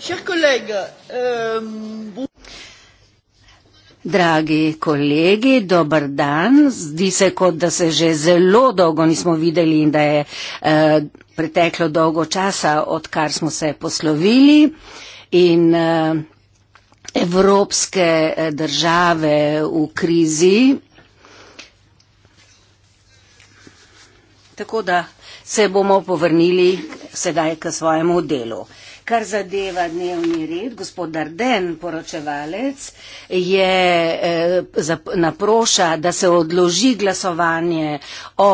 Chers collègues, euh, bon... Dragi kolegi, dober dan. Zdi se, kot da se že zelo dolgo nismo videli in da je eh, preteklo dolgo časa, odkar smo se poslovili. In eh, evropske eh, države v krizi. Tako da se bomo povrnili sedaj k svojemu delu. Eh, Kar zadeva dnevni red, gospod Darden, poročevalec, je eh, naproša, da se odloži glasovanje o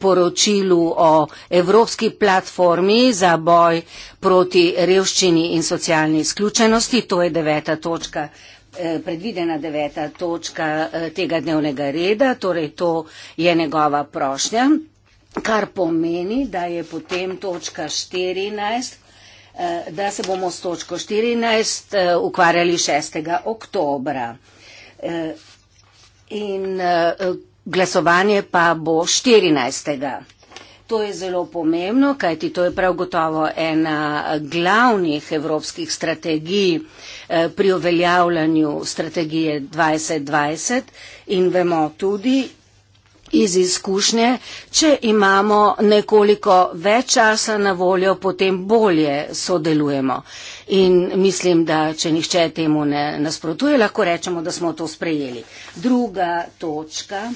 poročilu o Evropski platformi za boj proti revščini in socialni izključenosti. To je deveta točka, eh, predvidena deveta točka eh, tega dnevnega reda, torej to je njegova prošnja, kar pomeni, da je potem točka 14 Eh, da se bomo s točko 14 eh, ukvarjali 6. oktober. Eh, in glasovanje pa bo 14. To je zelo pomembno, kajti to je prav gotovo ena glavnih evropskih strategij pri uveljavljanju strategije 2020 in vemo tudi, iz izkušnje, če imamo nekoliko več časa na voljo, potem bolje sodelujemo. In mislim, da če nihče temu ne nasprotuje, lahko rečemo, da smo to sprejeli. Druga točka.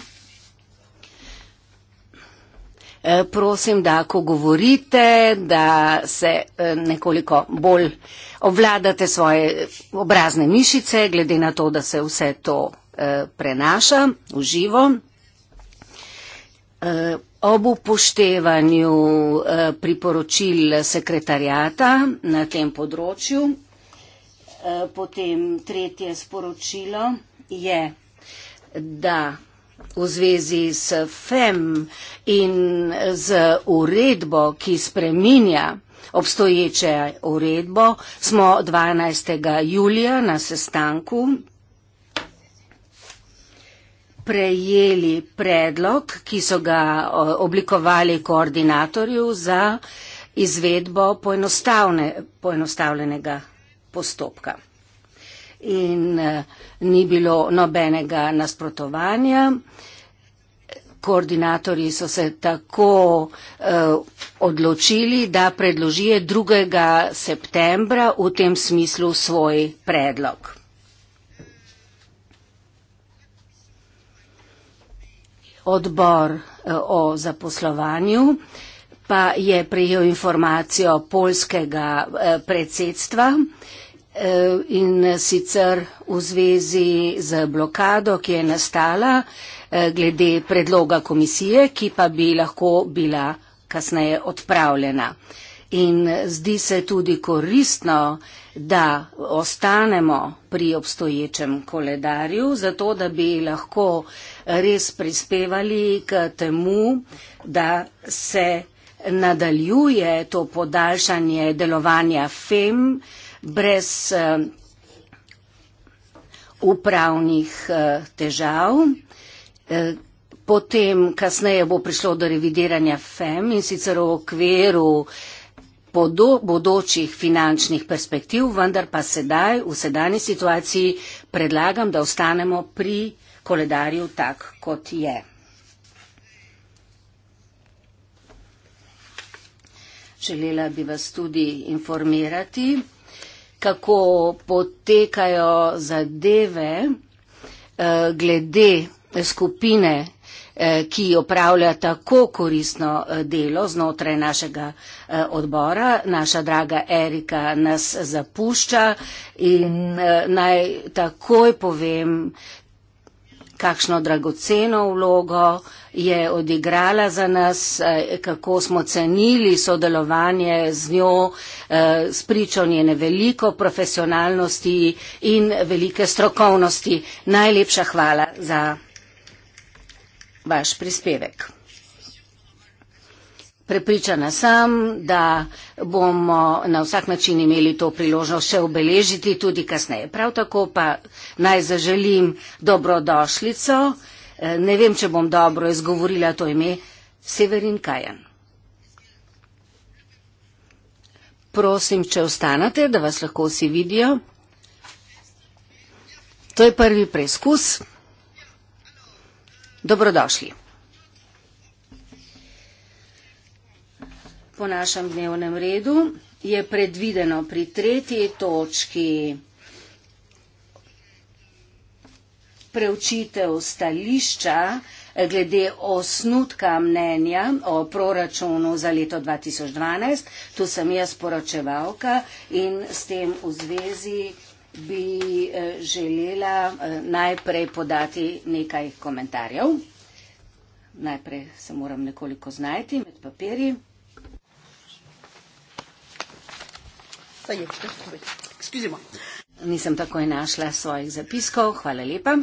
E, prosim, da ko govorite, da se e, nekoliko bolj obvladate svoje obrazne mišice, glede na to, da se vse to e, prenaša v živo. Eh, ob upoštevanju eh, priporočil sekretarjata na tem področju. Eh, potem tretje sporočilo je, da v zvezi s FEM in z uredbo, ki spreminja obstoječe uredbo, smo 12. julija na sestanku prejeli predlog, ki so ga oblikovali koordinatorju za izvedbo poenostavne, poenostavljenega postopka. In eh, ni bilo nobenega nasprotovanja. Koordinatorji so se tako eh, odločili, da predložijo 2. septembra v tem smislu svoj predlog. odbor eh, o zaposlovanju, pa je prejel informacijo polskega eh, predsedstva eh, in sicer v zvezi z blokado, ki je nastala glede predloga komisije, ki pa bi lahko bila kasneje odpravljena. In zdi se tudi koristno, da ostanemo pri obstoječem koledarju, zato da bi lahko res prispevali k temu, da se nadaljuje to podaljšanje delovanja FEM brez eh, upravnih eh, težav. Eh, potem kasneje bo prišlo do revidiranja FEM in sicer v okviru eh, podo bodočih finančnih perspektiv, vendar pa sedaj v sedajni situaciji predlagam, da ostanemo pri koledarju tak, kot je. Želela bi vas tudi informirati, kako potekajo zadeve eh, glede skupine Eh, ki opravlja tako koristno eh, delo znotraj našega eh, odbora. Naša draga Erika nas zapušča in naj takoj povem, kakšno dragoceno vlogo je odigrala za nas, kako smo cenili sodelovanje z njo, spričanje ne veliko profesionalnosti in velike strokovnosti. Najlepša hvala za vaš prispevek. Prepričana sem, da bomo na vsak način imeli to priložnost še obeležiti tudi kasneje. Prav tako pa naj zaželim dobrodošlico. E, ne vem, če bom dobro izgovorila to ime. Severin Kajan. Prosim, če ostanete, da vas lahko vsi vidijo. To je prvi preizkus. Dobrodošli. Po našem dnevnem redu je predvideno pri tretji točki preučitev stališča glede osnutka mnenja o proračunu za leto 2012. Tu sem jaz poročevalka in s tem v zvezi bi eh, želela eh, najprej podati nekaj komentarjev. Najprej se moram nekoliko znajti med papiri. Nisem takoj našla svojih zapiskov. Hvala lepa.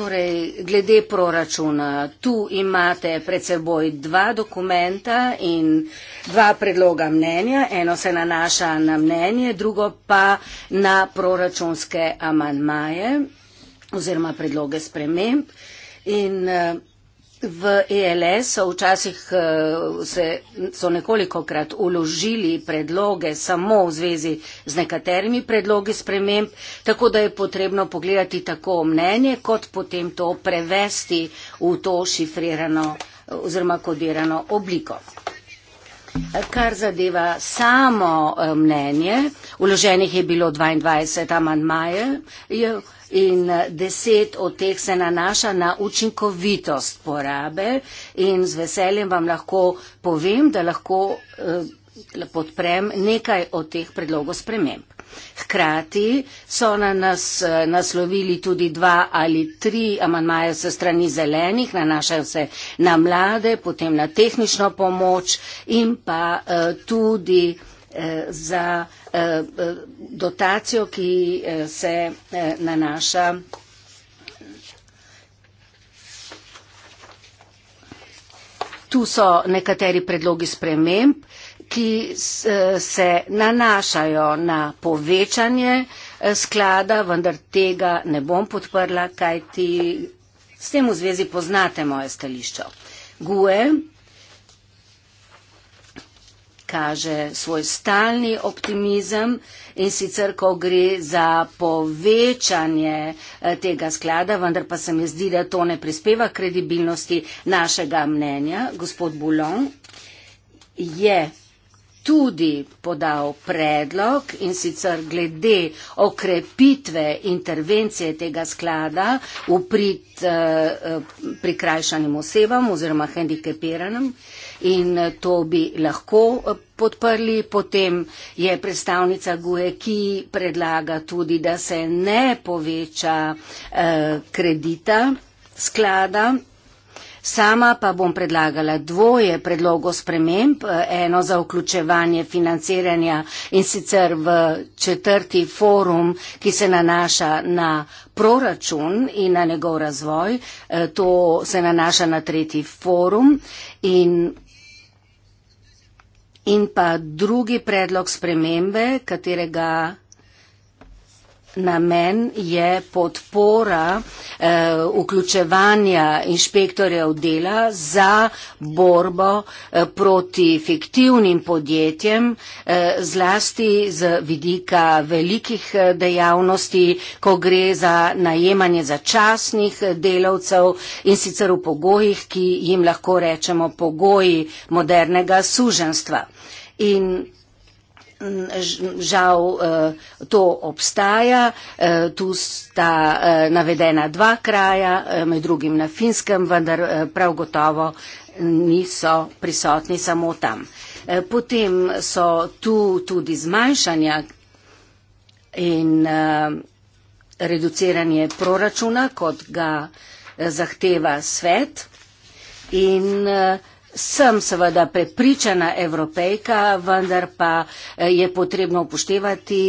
Torej, glede proračuna, tu imate pred seboj dva dokumenta in dva predloga mnenja. Eno se nanaša na mnenje, drugo pa na proračunske amanmaje oziroma predloge sprememb. In, uh, V ELS so včasih eh, se, so nekoliko krat uložili predloge samo v zvezi z nekaterimi predlogi sprememb, tako da je potrebno pogledati tako mnenje, kot potem to prevesti v to šifrirano oziroma kodirano obliko. Kar zadeva samo eh, mnenje, uloženih je bilo 22 amantmaje in 10 eh, od teh se nanaša na učinkovitost porabe in z veseljem vam lahko povem, da lahko eh, podprem nekaj od teh predlogov sprememb. Hkrati so na nas eh, naslovili tudi dva ali tri amandmaje se strani zelenih, nanašajo se na mlade, potem na tehnično pomoč in pa eh, tudi eh, za dotacijo, ki se nanaša. Tu so nekateri predlogi sprememb, ki se nanašajo na povečanje eh, sklada, vendar tega ne bom podprla, kajti s tem v zvezi poznate moje stališče. GUE kaže svoj stalni optimizem in sicer, ko gre za povečanje eh, tega sklada, vendar pa se mi zdi, da to ne prispeva kredibilnosti našega mnenja. Gospod Boulon je tudi podal predlog in sicer glede okrepitve intervencije tega sklada v prid uh, prikrajšanim osebam oziroma hendikepiranim in eh, to bi lahko podprli. Potem je predstavnica GUE, ki predlaga tudi, da se ne poveča uh, kredita sklada Sama pa bom predlagala dvoje predlogov sprememb, eno za vključevanje financiranja in sicer v četrti forum, ki se nanaša na proračun in na njegov razvoj. E, to se nanaša na tretji forum in. In pa drugi predlog spremembe, katerega namen je podpora eh, vključevanja inšpektorjev dela za borbo eh, proti fiktivnim podjetjem, eh, zlasti z vidika velikih eh, dejavnosti, ko gre za najemanje začasnih eh, delavcev in sicer v pogojih, ki jim lahko rečemo pogoji modernega suženstva. In žal eh, to obstaja. Eh, tu sta eh, navedena dva kraja, med drugim na Finskem, vendar prav gotovo niso prisotni samo tam. Potem so tu tudi zmanjšanja in reduciranje proračuna, kot ga zahteva svet. In uh, Sem seveda prepričana evropejka, vendar pa eh, je potrebno upoštevati,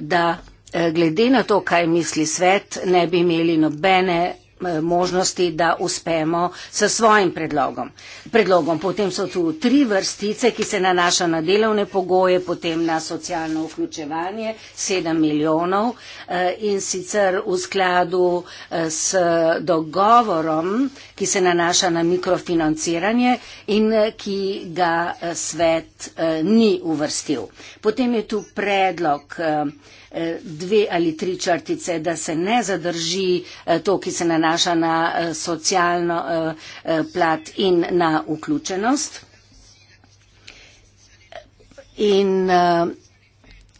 da eh, glede na to, kaj misli svet, ne bi imeli nobene Eh, možnosti, da uspemo s svojim predlogom. predlogom. Potem so tu tri vrstice, ki se nanaša na delovne pogoje, potem na socialno vključevanje, sedem milijonov eh, in sicer v skladu eh, s dogovorom, ki se nanaša na mikrofinanciranje in ki ga svet ni uvrstil. Potem je tu predlog dve ali tri črtice, da se ne zadrži eh, to, ki se nanaša na eh, socialno eh, plat in na vključenost. In uh,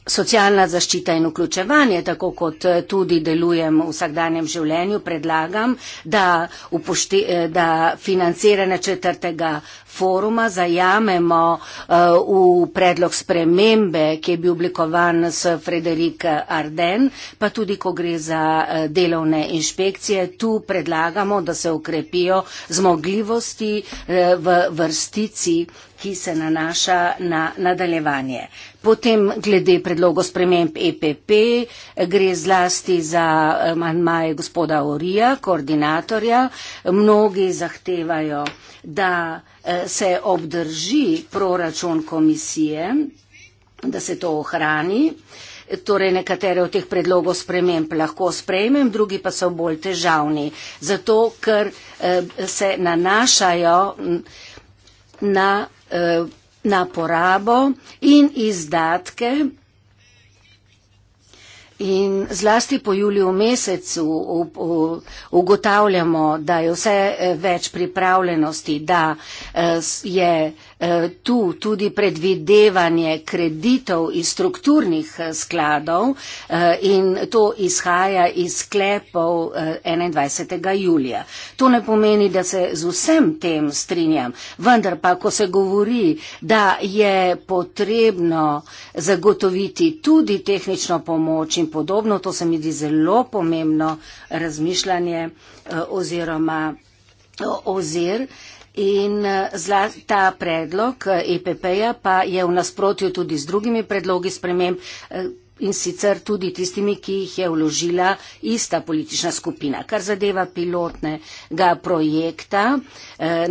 socialna zaščita in vključevanje, tako kot eh, tudi delujem v vsakdanjem življenju, predlagam, da, upošte, eh, da financiranje četrtega foruma zajamemo eh, v predlog spremembe, ki je bil oblikovan s Frederik Arden, pa tudi, ko gre za delovne inšpekcije, tu predlagamo, da se ukrepijo zmogljivosti v vrstici ki se nanaša na nadaljevanje. Potem glede predlogo sprememb EPP gre zlasti za eh, manjmaje gospoda Orija, koordinatorja. Mnogi zahtevajo, da eh, se obdrži proračun komisije, da se to ohrani. Torej, nekatere od teh predlogov sprememb lahko sprejmem, drugi pa so bolj težavni, zato ker eh, se nanašajo na Eh, na porabo in izdatke. In zlasti po juliju mesecu ugotavljamo, da je vse eh, več pripravljenosti, da eh, je Eh, tu tudi predvidevanje kreditov iz strukturnih eh, skladov eh, in to izhaja iz sklepov 21. julija. To ne pomeni, da se z vsem tem strinjam, vendar pa, ko se govori, da je potrebno zagotoviti tudi tehnično pomoč in podobno, to se mi zdi zelo pomembno razmišljanje oziroma ozir. Oziroma, In eh, zla, ta predlog EPP-ja eh, e pa je v nasprotju tudi z drugimi predlogi sprememb eh, in sicer tudi tistimi, ki jih je vložila ista politična skupina. Kar zadeva pilotnega projekta,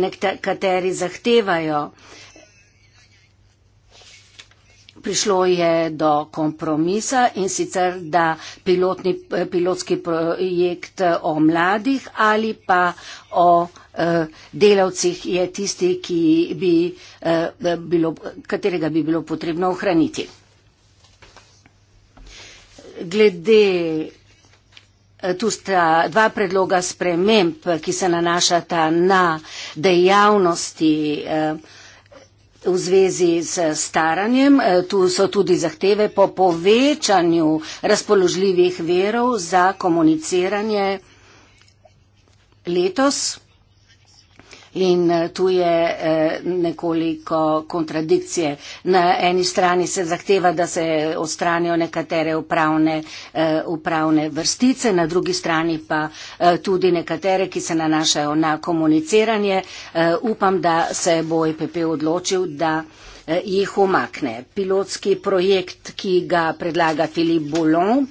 nekateri zahtevajo. Prišlo je do kompromisa in sicer, da pilotni, pilotski projekt o mladih ali pa o Eh, delavcih je tisti, bi, eh, bilo, katerega bi bilo potrebno ohraniti. Glede eh, tu sta dva predloga sprememb, ki se nanašata na dejavnosti v zvezi s staranjem. Tu so tudi zahteve po povečanju razpoložljivih verov za komuniciranje letos in eh, tu je eh, nekoliko kontradikcije. Na eni strani se zahteva, da se odstranijo nekatere upravne, eh, upravne vrstice, na drugi strani pa tudi nekatere, ki se nanašajo na komuniciranje. Upam, da se bo IPP e odločil, da jih umakne. Pilotski projekt, ki ga predlaga Filip Boulogne,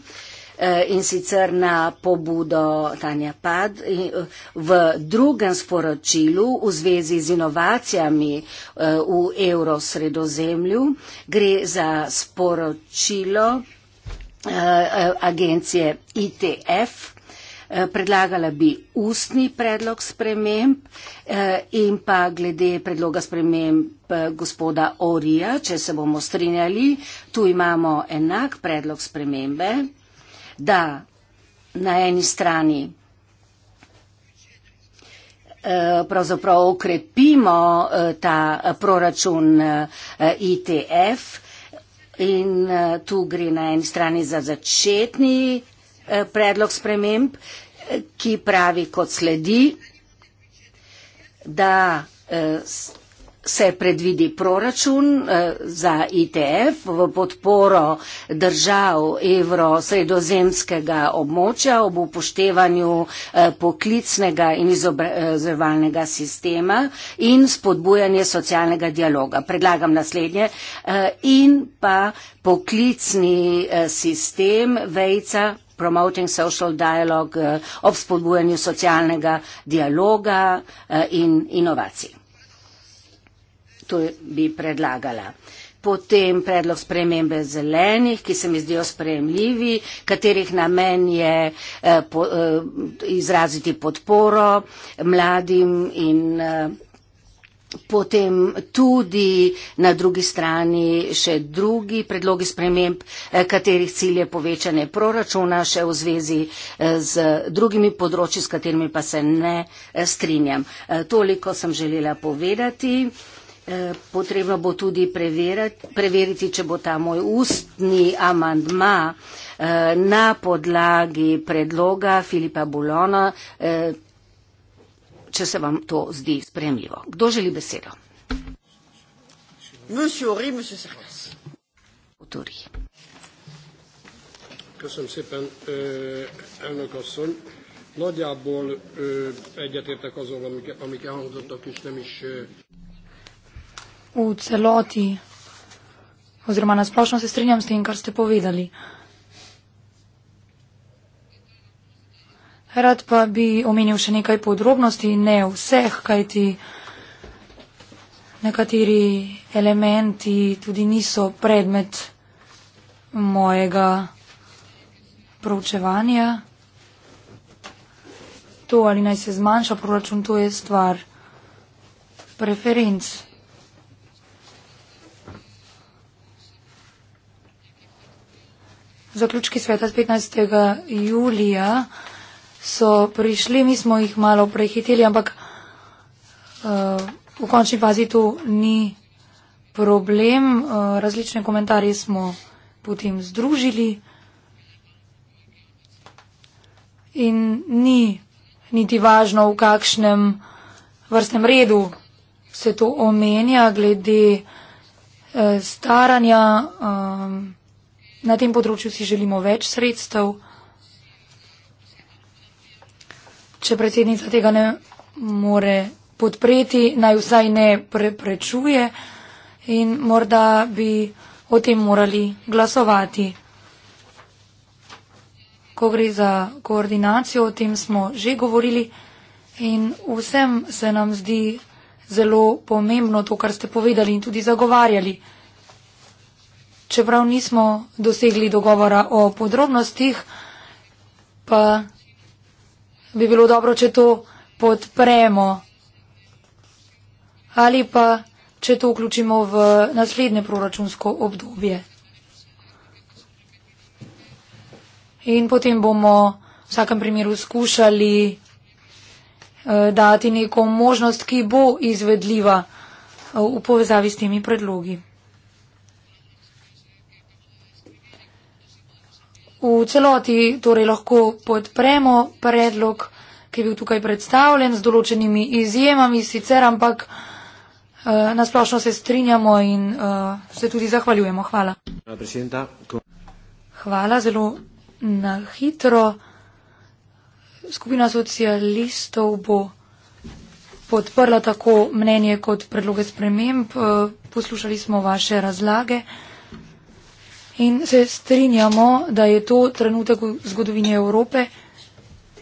Eh, in sicer na pobudo Tanja Pad eh, v drugem sporočilu v zvezi z inovacijami eh, v Evrosredozemlju. Gre za sporočilo agencije ITF. Predlagala bi ustni predlog sprememb in pa glede predloga sprememb gospoda Orija, če se bomo strinjali, tu imamo enak predlog spremembe da na eni strani eh, pravzaprav okrepimo eh, ta proračun ITF eh, e in tu gre na eni strani za začetni predlog sprememb, ki pravi kot sledi, da se predvidi proračun eh, za ITF e v podporo držav evrosredozemskega območja ob upoštevanju eh, poklicnega in izobraževalnega sistema in spodbujanje socialnega dialoga. Predlagam naslednje eh, in pa poklicni sistem vejca promoting social dialogue ob spodbujanju socialnega dialoga in inovacij to bi predlagala. Potem predlog spremembe zelenih, ki se mi zdijo sprejemljivi, katerih namen je eh, po, eh, izraziti podporo mladim in eh, potem tudi na drugi strani še drugi predlogi sprememb, eh, katerih cilj je povečanje proračuna še v zvezi eh, z drugimi področji, s katerimi pa se ne eh, strinjam. Eh, toliko sem želela povedati. Eh, Eh, potrebno bo tudi preveriti, če bo ta moj ustni amandma eh, na podlagi predloga Filipa Bulona, eh, če se vam to zdi spremljivo. Kdo želi besedo? Köszönöm szépen, uh, elnök asszony. Nagyjából uh, egyetértek azon, amik, amik elhangzottak, és nem is. Uh v celoti oziroma nasplošno se strinjam s tem, kar ste povedali. Rad pa bi omenil še nekaj podrobnosti, ne vseh, kajti nekateri elementi tudi niso predmet mojega proučevanja. To ali naj se zmanjša proračun, to je stvar preferenc. zaključki sveta 15. julija so prišli, mi smo jih malo prehiteli, ampak uh, v končni fazi tu ni problem. Uh, različne komentarje smo potem združili in ni niti važno, v kakšnem vrstnem redu se to omenja glede uh, staranja. Uh, Na tem področju si želimo več sredstev. Če predsednica tega ne more podpreti, naj vsaj ne preprečuje in morda bi o tem morali glasovati. Ko gre za koordinacijo, o tem smo že govorili in vsem se nam zdi zelo pomembno to, kar ste povedali in tudi zagovarjali čeprav nismo dosegli dogovora o podrobnostih, pa bi bilo dobro, če to podpremo ali pa če to vključimo v naslednje proračunsko obdobje. In potem bomo v vsakem primeru skušali eh, dati neko možnost, ki bo izvedljiva eh, v povezavi s temi predlogi. v celoti torej lahko podpremo predlog, ki je bil tukaj predstavljen z določenimi izjemami, sicer ampak uh, eh, nasplošno se strinjamo in uh, se tudi zahvaljujemo. Hvala. Hvala, zelo na hitro. Skupina socialistov bo podprla tako mnenje kot predloge sprememb. Eh, poslušali smo vaše razlage. In se strinjamo, da je to trenutek v zgodovini Evrope,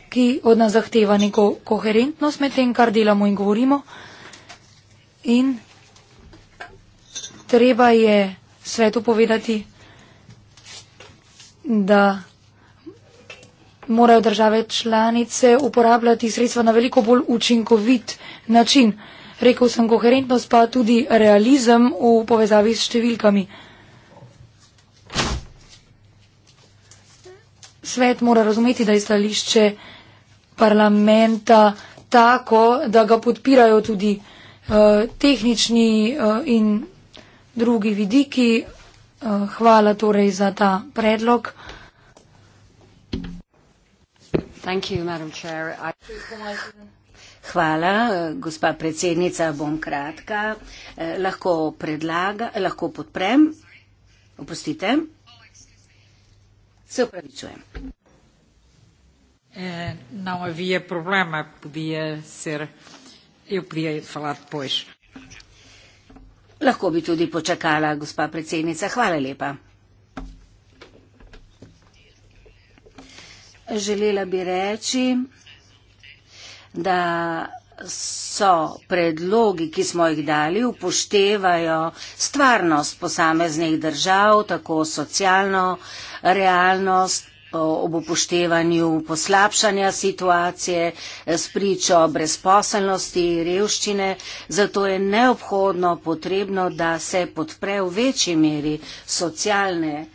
ki od nas zahteva neko koherentnost med tem, kar delamo in govorimo. In treba je svetu povedati, da morajo države članice uporabljati sredstva na veliko bolj učinkovit način. Rekel sem koherentnost, pa tudi realizem v povezavi s številkami. svet mora razumeti, da je stališče parlamenta tako, da ga podpirajo tudi uh, tehnični uh, in drugi vidiki. Uh, hvala torej za ta predlog. You, I... Hvala, gospa predsednica, bom kratka. Eh, lahko, predlaga, lahko podprem. Opustite. Se upravičujem. É, eh, não havia problema, podia ser. Eu podia falar depois. Lahko bi tudi počakala, gospa predsednica. Hvala lepa. Želela bi reči, da so predlogi, ki smo jih dali, upoštevajo stvarnost posameznih držav, tako socialno realnost ob upoštevanju poslabšanja situacije s pričo brezposelnosti in revščine. Zato je neobhodno potrebno, da se podpre v večji meri socialne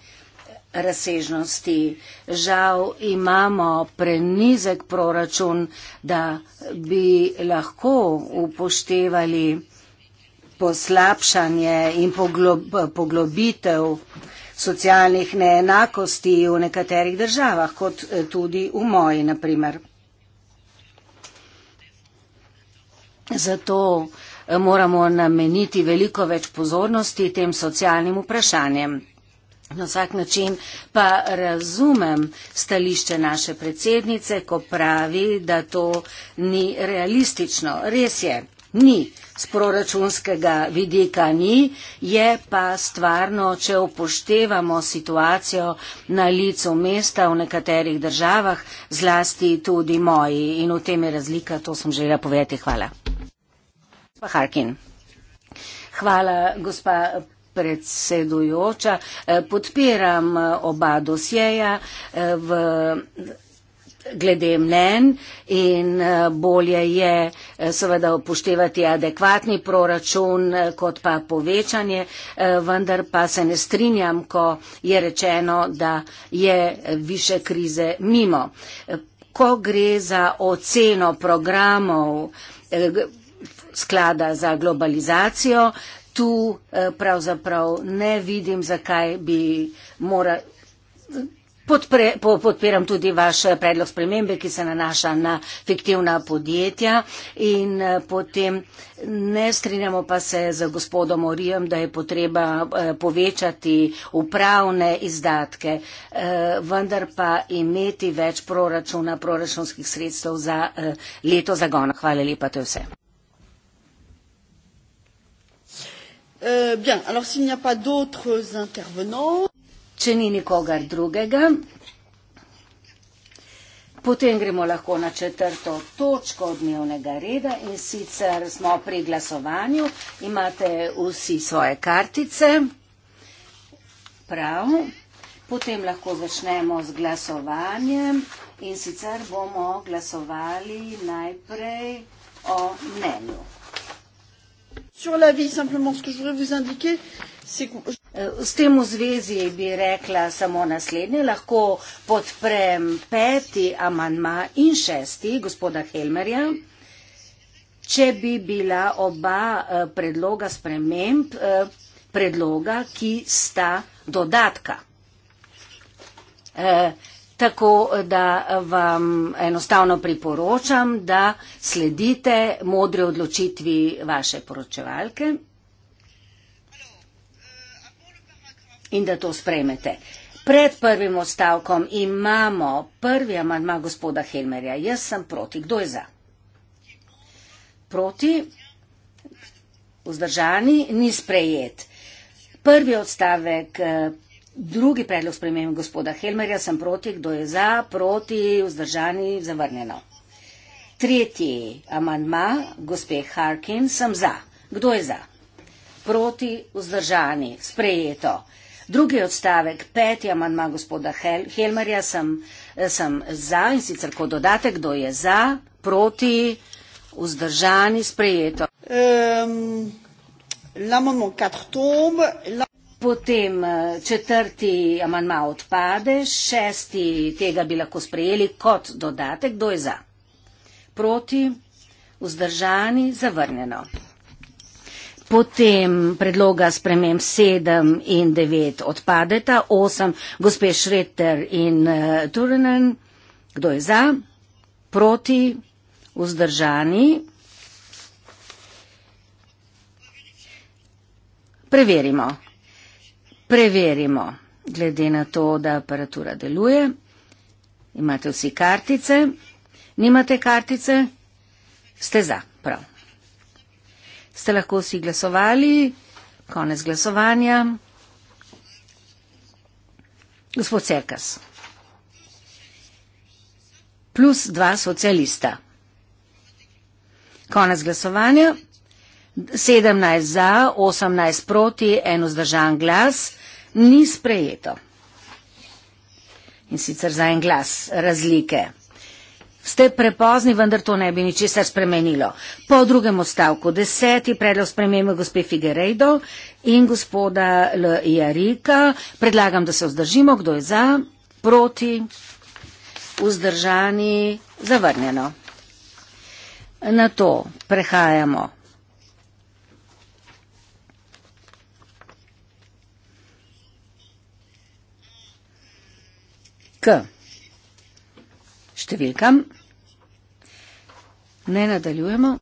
razsežnosti. Žal imamo prenizek proračun, da bi lahko upoštevali poslabšanje in poglob, poglobitev socialnih neenakosti v nekaterih državah, kot eh, tudi v moji, na primer. Zato eh, moramo nameniti veliko več pozornosti tem socialnim vprašanjem. Na vsak način pa razumem stališče naše predsednice, ko pravi, da to ni realistično. Res je, ni. Z proračunskega vidika ni, je pa stvarno, če upoštevamo situacijo na licu mesta v nekaterih državah, zlasti tudi moji. In v tem je razlika, to sem želela povedati. Hvala. Hvala, gospa predsedujoča, eh, podpiram eh, oba dosjeja eh, v glede mnen in bolje je seveda upoštevati adekvatni proračun kot pa povečanje, vendar pa se ne strinjam, ko je rečeno, da je više krize mimo. Ko gre za oceno programov sklada za globalizacijo, tu eh, pravzaprav ne vidim, zakaj bi mora. Podpre, po, podpiram tudi vaš predlog spremembe, ki se nanaša na fiktivna podjetja in eh, potem ne strinjamo pa se z gospodom Orijem, da je potreba eh, povečati upravne izdatke, vendar pa imeti več proračuna, proračunskih sredstev za leto zagona. Hvala lepa, to je vse. Euh, bien, alors s'il n'y a pas d'autres intervenants. Če ni nikogar drugega, potem gremo lahko na četrto točko dnevnega reda in sicer smo pri glasovanju. Imate vsi svoje kartice. Prav. Potem lahko začnemo z glasovanjem in sicer bomo glasovali najprej o mnenju sur la vie. Simplement, ce que je voudrais vous indiquer, c'est que. Eh, s tem v zvezi bi rekla samo naslednje, lahko podprem peti amanma in šesti gospoda Helmerja. Če bi bila oba eh, predloga sprememb, eh, predloga, ki sta dodatka tako da vam enostavno priporočam, da sledite modre odločitvi vaše poročevalke in da to spremete. Pred prvim odstavkom imamo prvi amandma gospoda Helmerja. Jaz sem proti. Kdo je za? Proti? Vzdržani? Ni sprejet. Prvi odstavek Drugi predlog spremem gospoda Helmerja, sem proti, kdo je za, proti, vzdržani, zavrnjeno. Tretji amandma, gospe Harkin, sem za. Kdo je za? Proti, vzdržani, sprejeto. Drugi odstavek, peti amandma gospoda Hel Helmerja, sem, sem za in sicer kot dodatek, kdo je za, proti, vzdržani, sprejeto. Um, Potem eh, četrti amanma odpade, šesti tega bi lahko sprejeli kot dodatek, kdo je za? Proti, vzdržani, zavrnjeno. Potem predloga spremem sedem in devet odpadeta, osem gospe Šreter in uh, Turnen, kdo je za? Proti, vzdržani. Preverimo preverimo, glede na to, da aparatura deluje. Imate vsi kartice? Nimate kartice? Ste za, prav. Ste lahko vsi glasovali? Konec glasovanja. Gospod Cerkas. Plus dva socialista. Konec glasovanja. 17 za, 18 proti, en vzdržan glas ni sprejeto. In sicer za en glas razlike. Ste prepozni, vendar to ne bi ničesar spremenilo. Po drugem odstavku deseti predlog spremembe gospe Figerejdo in gospoda L. Jarika. Predlagam, da se vzdržimo. Kdo je za? Proti? Vzdržani? Zavrnjeno. Na to prehajamo. k številkam. Ne nadaljujemo.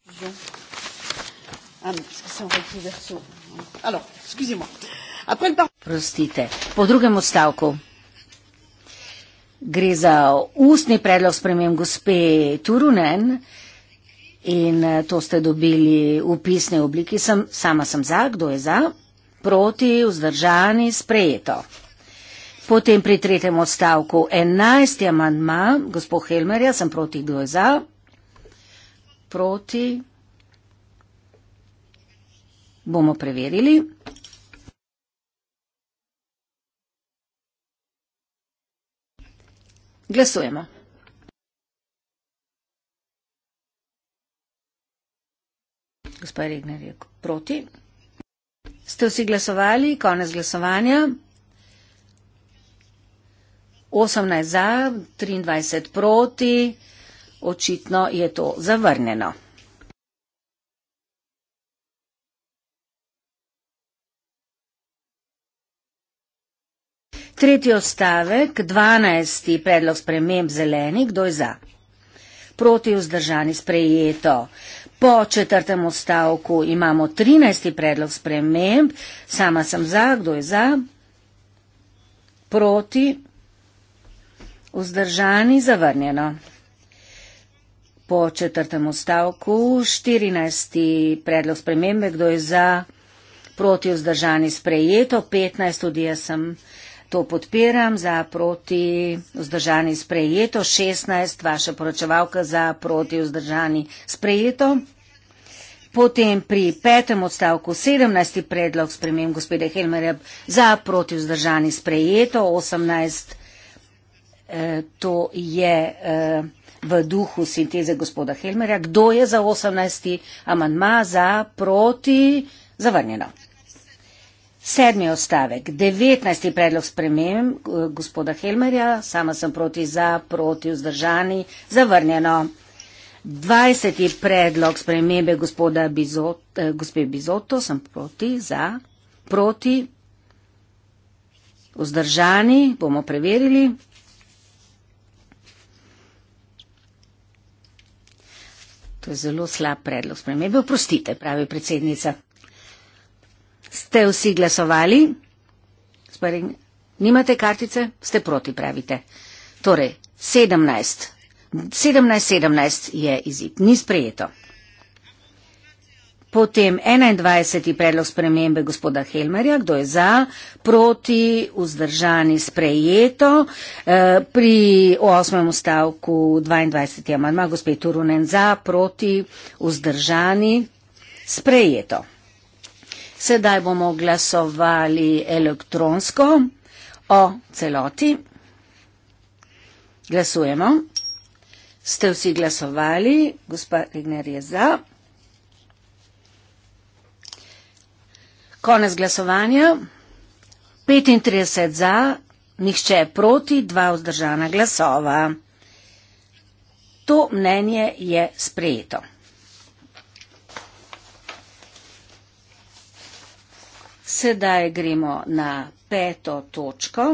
Prostite, po drugem odstavku. Gre za ustni predlog spremem gospe Turunen in eh, to ste dobili v pisni obliki. Sem, sama sem za, kdo je za? Proti, vzdržani, sprejeto. Potem pri tretjem odstavku 11. amandma, gospod Helmer, jaz sem proti, kdo je za? Proti. Bomo preverili. Glasujemo. Gospod Regner je proti. Ste vsi glasovali? Konec glasovanja. 18 za, 23 proti, očitno je to zavrnjeno. Tretji ostavek, 12. predlog sprememb zeleni, kdo je za? Proti vzdržani sprejeto. Po četrtem ostavku imamo 13. predlog sprememb, sama sem za, kdo je za? Proti. Vzdržani zavrnjeno. Po četrtem ustavku 14. predlog spremembe, kdo je za proti vzdržani sprejeto, 15. tudi jaz sem to podpiram, za proti vzdržani sprejeto, 16. vaša poročevalka za proti vzdržani sprejeto. Potem pri petem odstavku 17. predlog spremem gospode Helmerja za proti vzdržani sprejeto, 18. Eh, to je eh, v duhu sinteze gospoda Helmerja. Kdo je za 18. amandma za proti zavrnjeno? Sedmi ostavek, devetnajsti predlog spremem eh, gospoda Helmerja, sama sem proti za, proti vzdržani, zavrnjeno. Dvajseti predlog spremembe gospoda Bizot, gospe Bizoto, sem proti za, proti vzdržani, bomo preverili. To je zelo slab predlog spremembe, oprostite, pravi predsednica. Ste vsi glasovali? Spari, nimate kartice? Ste proti, pravite. Torej, 17. 17-17 je izid, ni sprejeto. Potem 21. predlog spremembe gospoda Helmerja, kdo je za, proti, vzdržani, sprejeto. E, pri osmem stavku 22. amadma gospe Turunen za, proti, vzdržani, sprejeto. Sedaj bomo glasovali elektronsko o celoti. Glasujemo. Ste vsi glasovali, gospa Regner je za. Konec glasovanja. 35 za, nihče proti, dva vzdržana glasova. To mnenje je sprejeto. Sedaj gremo na peto točko.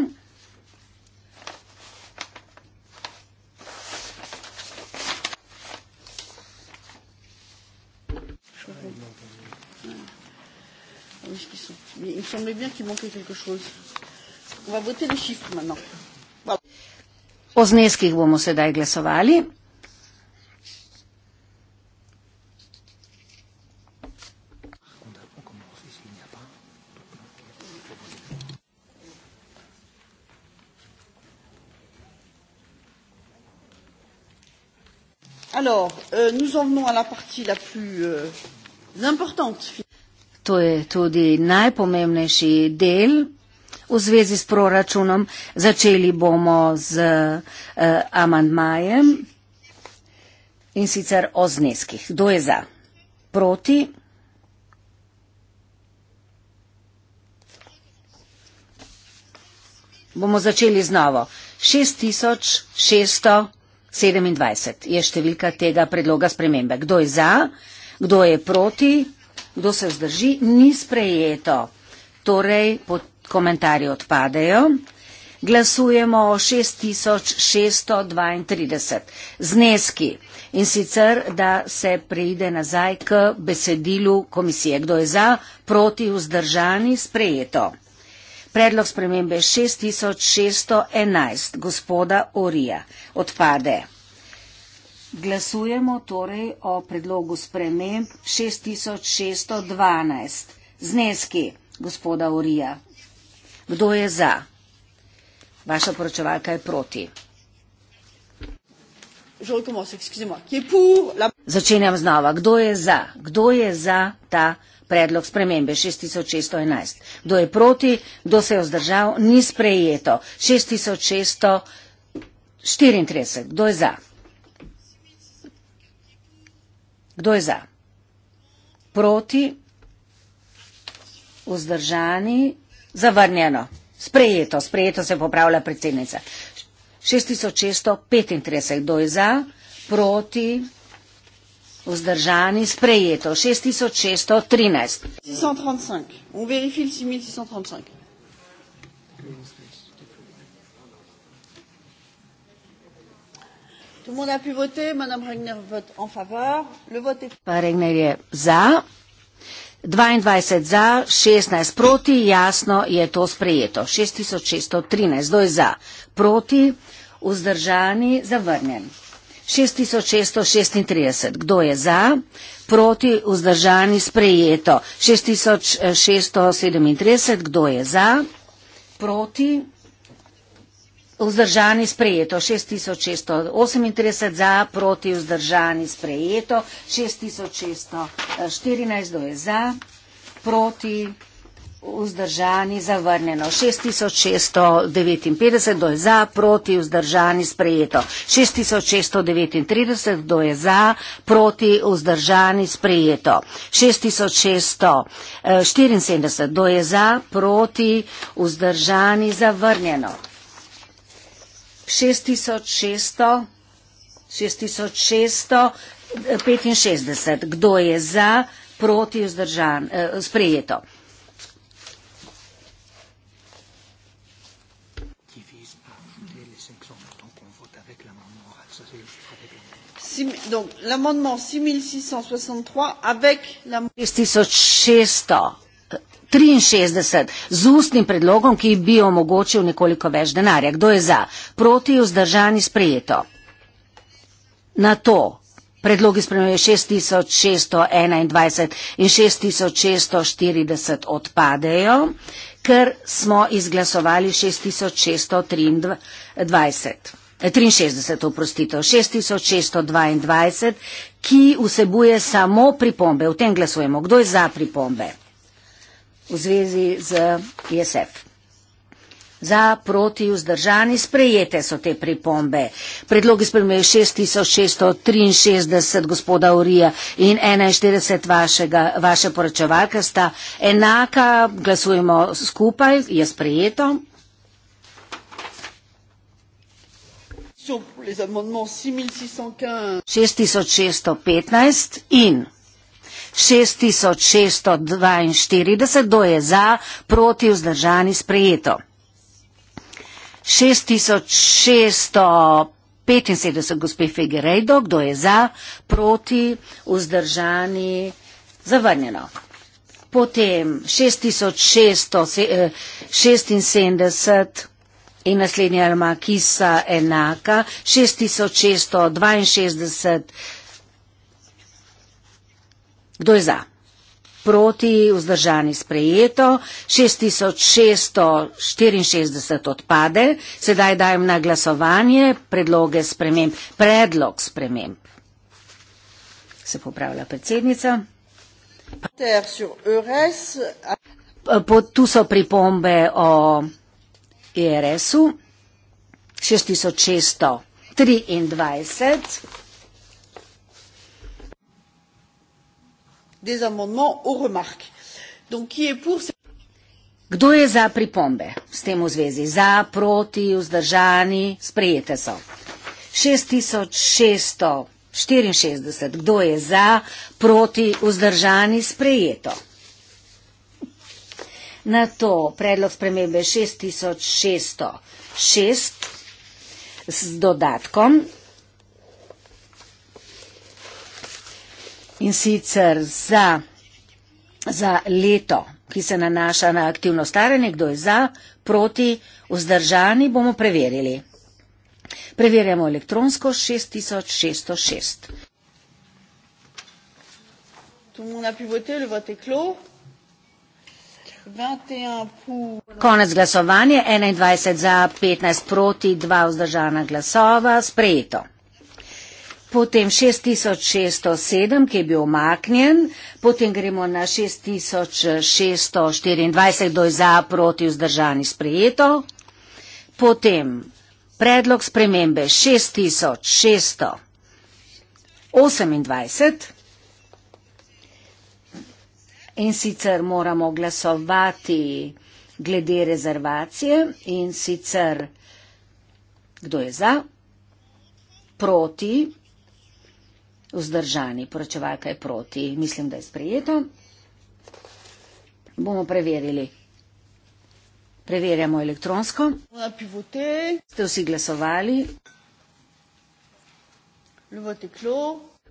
Mais il me semblait bien qu'il manquait quelque chose. On va voter les chiffres maintenant. O zneskih bomo sedaj glasovali. Alors, euh, nous en venons à la partie la plus euh, importante. To je tudi najpomembnejši del v zvezi s proračunom. Začeli bomo z uh, amandmajem in sicer o zneskih. Kdo je za? Proti? Bomo začeli znovo. 6627 je številka tega predloga spremembe. Kdo je za? Kdo je proti? kdo se vzdrži, ni sprejeto. Torej, komentarji odpadejo. Glasujemo o 6632 zneski in sicer, da se preide nazaj k besedilu komisije. Kdo je za, proti, vzdržani, sprejeto. Predlog spremembe 6611 gospoda Orija odpade. Glasujemo torej o predlogu sprememb 6612. Zneski, gospoda Urija. Kdo je za? Vaša poročevalka je proti. Začenjam znova. Kdo je za? Kdo je za ta predlog spremembe 6611? Kdo je proti? Kdo se je vzdržal? Ni sprejeto. 6634. Kdo je za? Kdo je za? Proti? Vzdržani? Zavrnjeno. Sprejeto, sprejeto se popravlja predsednica. 6635, kdo je za? Proti? Vzdržani? Sprejeto. 6613. 635. Tout le monde a pu voter. Madame Regner vote en faveur. Le vote est. Regner est za. 22 za, 16 proti, jasno je to sprejeto. 6613, doj za, proti, vzdržani, zavrnjen. 6636, kdo je za, proti, vzdržani, sprejeto. 6637, eh, kdo je za, proti, vzdržani. Vzdržani sprejeto 6638 za, proti vzdržani sprejeto 6614 eh, do je za, proti vzdržani zavrnjeno 6659 do je za, proti vzdržani sprejeto 6639 do je za, proti vzdržani sprejeto 6674 eh, do je za, proti vzdržani zavrnjeno. 6665. Eh, Kdo je za, proti, vzdržan, eh, sprejeto? Donc, l'amendement 6663 avec l'amendement 6600. 63 z ustnim predlogom, ki bi omogočil nekoliko več denarja. Kdo je za? Proti vzdržani sprejeto. Na to predlogi spremljajo 6621 in 6640 odpadejo, ker smo izglasovali 6623. 63, eh, oprostite, 6622, ki vsebuje samo pripombe. V tem glasujemo. Kdo je za pripombe? v zvezi z ISF. E Za proti vzdržani sprejete so te pripombe. Predlogi spremljajo 6663 gospoda Urija in 41 vašega, vaše poročevalke sta enaka, glasujemo skupaj, je sprejeto. Šest tisoč šeststo petnajst in. 6642, kdo je za, proti, vzdržani, sprejeto. 6675, gospe Figerejdo, kdo je za, proti, vzdržani, zavrnjeno. Potem 6676. Eh, in naslednja armakisa enaka, 6662, Kdo je za? Proti, vzdržani sprejeto, 6664 odpade, sedaj dajem na glasovanje predloge sprememb, predlog sprememb. Se popravlja predsednica. Tu so pripombe o ERS-u, 6623. des amendements aux remarques. Donc, qui est pour ces... Kdo je za pripombe? S tem v zvezi za, proti, vzdržani, sprejete so. 6664. Kdo je za, proti, vzdržani, sprejeto? Na to predlog spremembe 6606 s dodatkom in sicer za, za leto, ki se nanaša na aktivno staranje, kdo je za, proti, vzdržani, bomo preverili. Preverjamo elektronsko 6606. Konec glasovanja 21 za 15 proti 2 vzdržana glasova sprejeto potem 6607, ki je bil omaknjen, potem gremo na 6624, kdo je za, proti, vzdržani, sprejeto, potem predlog spremembe 6628 in sicer moramo glasovati glede rezervacije in sicer kdo je za, proti, vzdržani, poročevalka je proti, mislim, da je sprejeto. Bomo preverili. Preverjamo elektronsko. Ste vsi glasovali?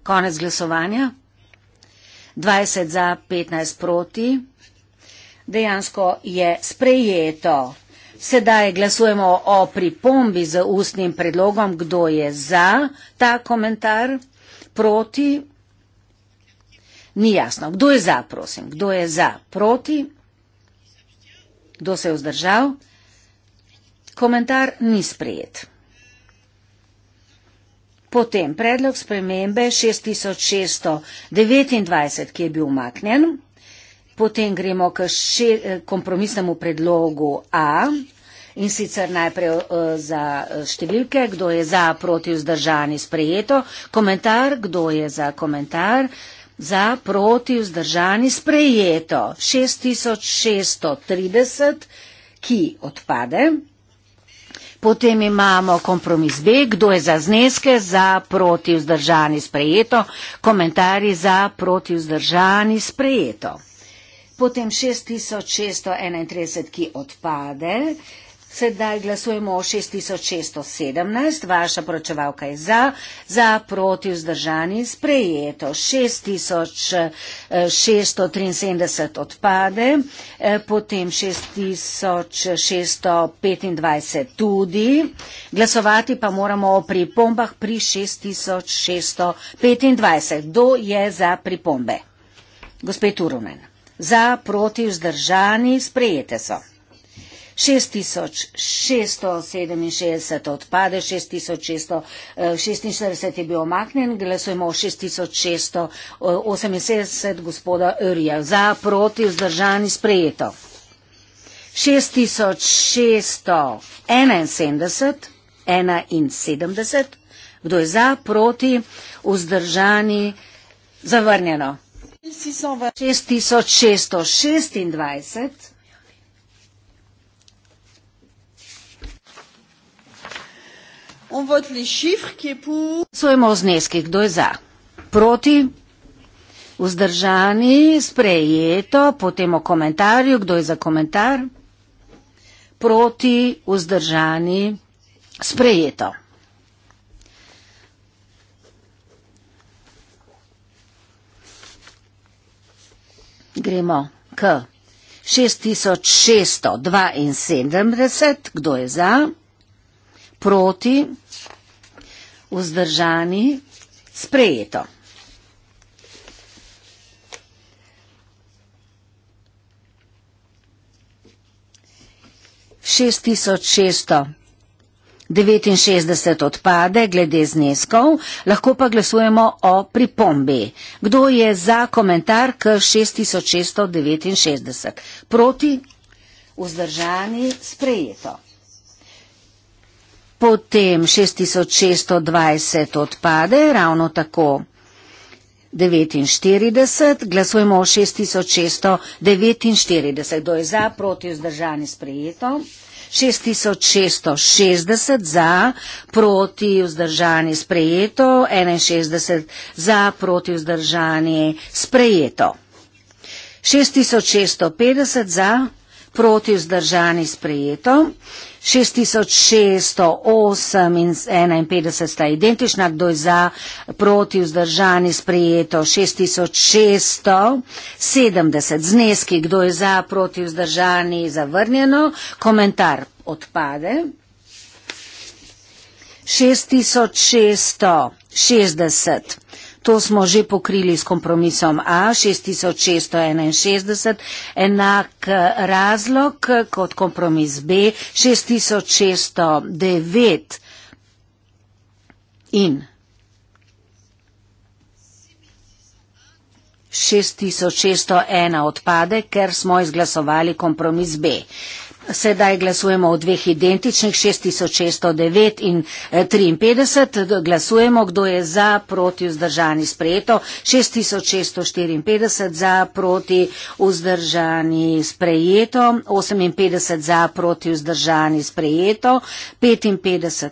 Konec glasovanja. 20 za, 15 proti. Dejansko je sprejeto. Sedaj glasujemo o pripombi z ustnim predlogom, kdo je za ta komentar proti? Ni jasno. Kdo je za, prosim? Kdo je za, proti? Kdo se je vzdržal? Komentar ni sprejet. Potem predlog spremembe 6629, ki je bil umaknjen. Potem gremo k še, kompromisnemu predlogu A, in sicer najprej eh, za eh, številke, kdo je za proti vzdržani sprejeto, komentar, kdo je za komentar. Za proti vzdržani sprejeto 6630, ki odpade. Potem imamo kompromis B, kdo je za zneske, za proti vzdržani sprejeto, komentarji za proti vzdržani sprejeto. Potem 6631, ki odpade. Sedaj glasujemo o 6617, vaša poročevalka je za, za proti vzdržani sprejeto. 6673 eh, odpade, eh, potem 6625 tudi. Glasovati pa moramo o pripombah pri 6625. Kdo je za pripombe? Gospod Turumen. Za proti vzdržani sprejete so. 6667 odpade, 6646 eh, je bil omaknjen, glasujemo o 6678 eh, gospoda Rija. Za, proti, vzdržani, sprejeto. 6671, 71, kdo je za, proti, vzdržani, zavrnjeno. 6626. Sojmo o zneskih, kdo je za? Proti? Vzdržani? Sprejeto? Potem o komentarju, kdo je za komentar? Proti? Vzdržani? Sprejeto. Gremo k 6672, kdo je za? proti, vzdržani, sprejeto. Šest tisoč šeststo devetinšestdeset odpade glede zneskov, lahko pa glasujemo o pripombi. Kdo je za komentar k šest tisoč šeststo devetinšestdeset? Proti, vzdržani, sprejeto potem 6620 odpade ravno tako. 49, glasujemo o 6649, kdo je za, proti vzdržani sprejeto. 6660 za, proti vzdržani sprejeto. 61 za, proti vzdržani sprejeto. 6650 za, proti vzdržani sprejeto. 6608 in 51 sta identična, kdo je za, proti, vzdržani, sprijeto 6670 zneski, kdo je za, proti, vzdržani, zavrnjeno, komentar odpade. 6660 To smo že pokrili s kompromisom A 6661, enak eh, razlog eh, kot kompromis B 6609. In 6601 odpade, ker smo izglasovali kompromis B. Sedaj glasujemo o dveh identičnih 6609 in 53. Eh, glasujemo, kdo je za, proti, vzdržani, sprejeto. 6654 za, proti, vzdržani, sprejeto. 58 za, proti, vzdržani, sprejeto. 55.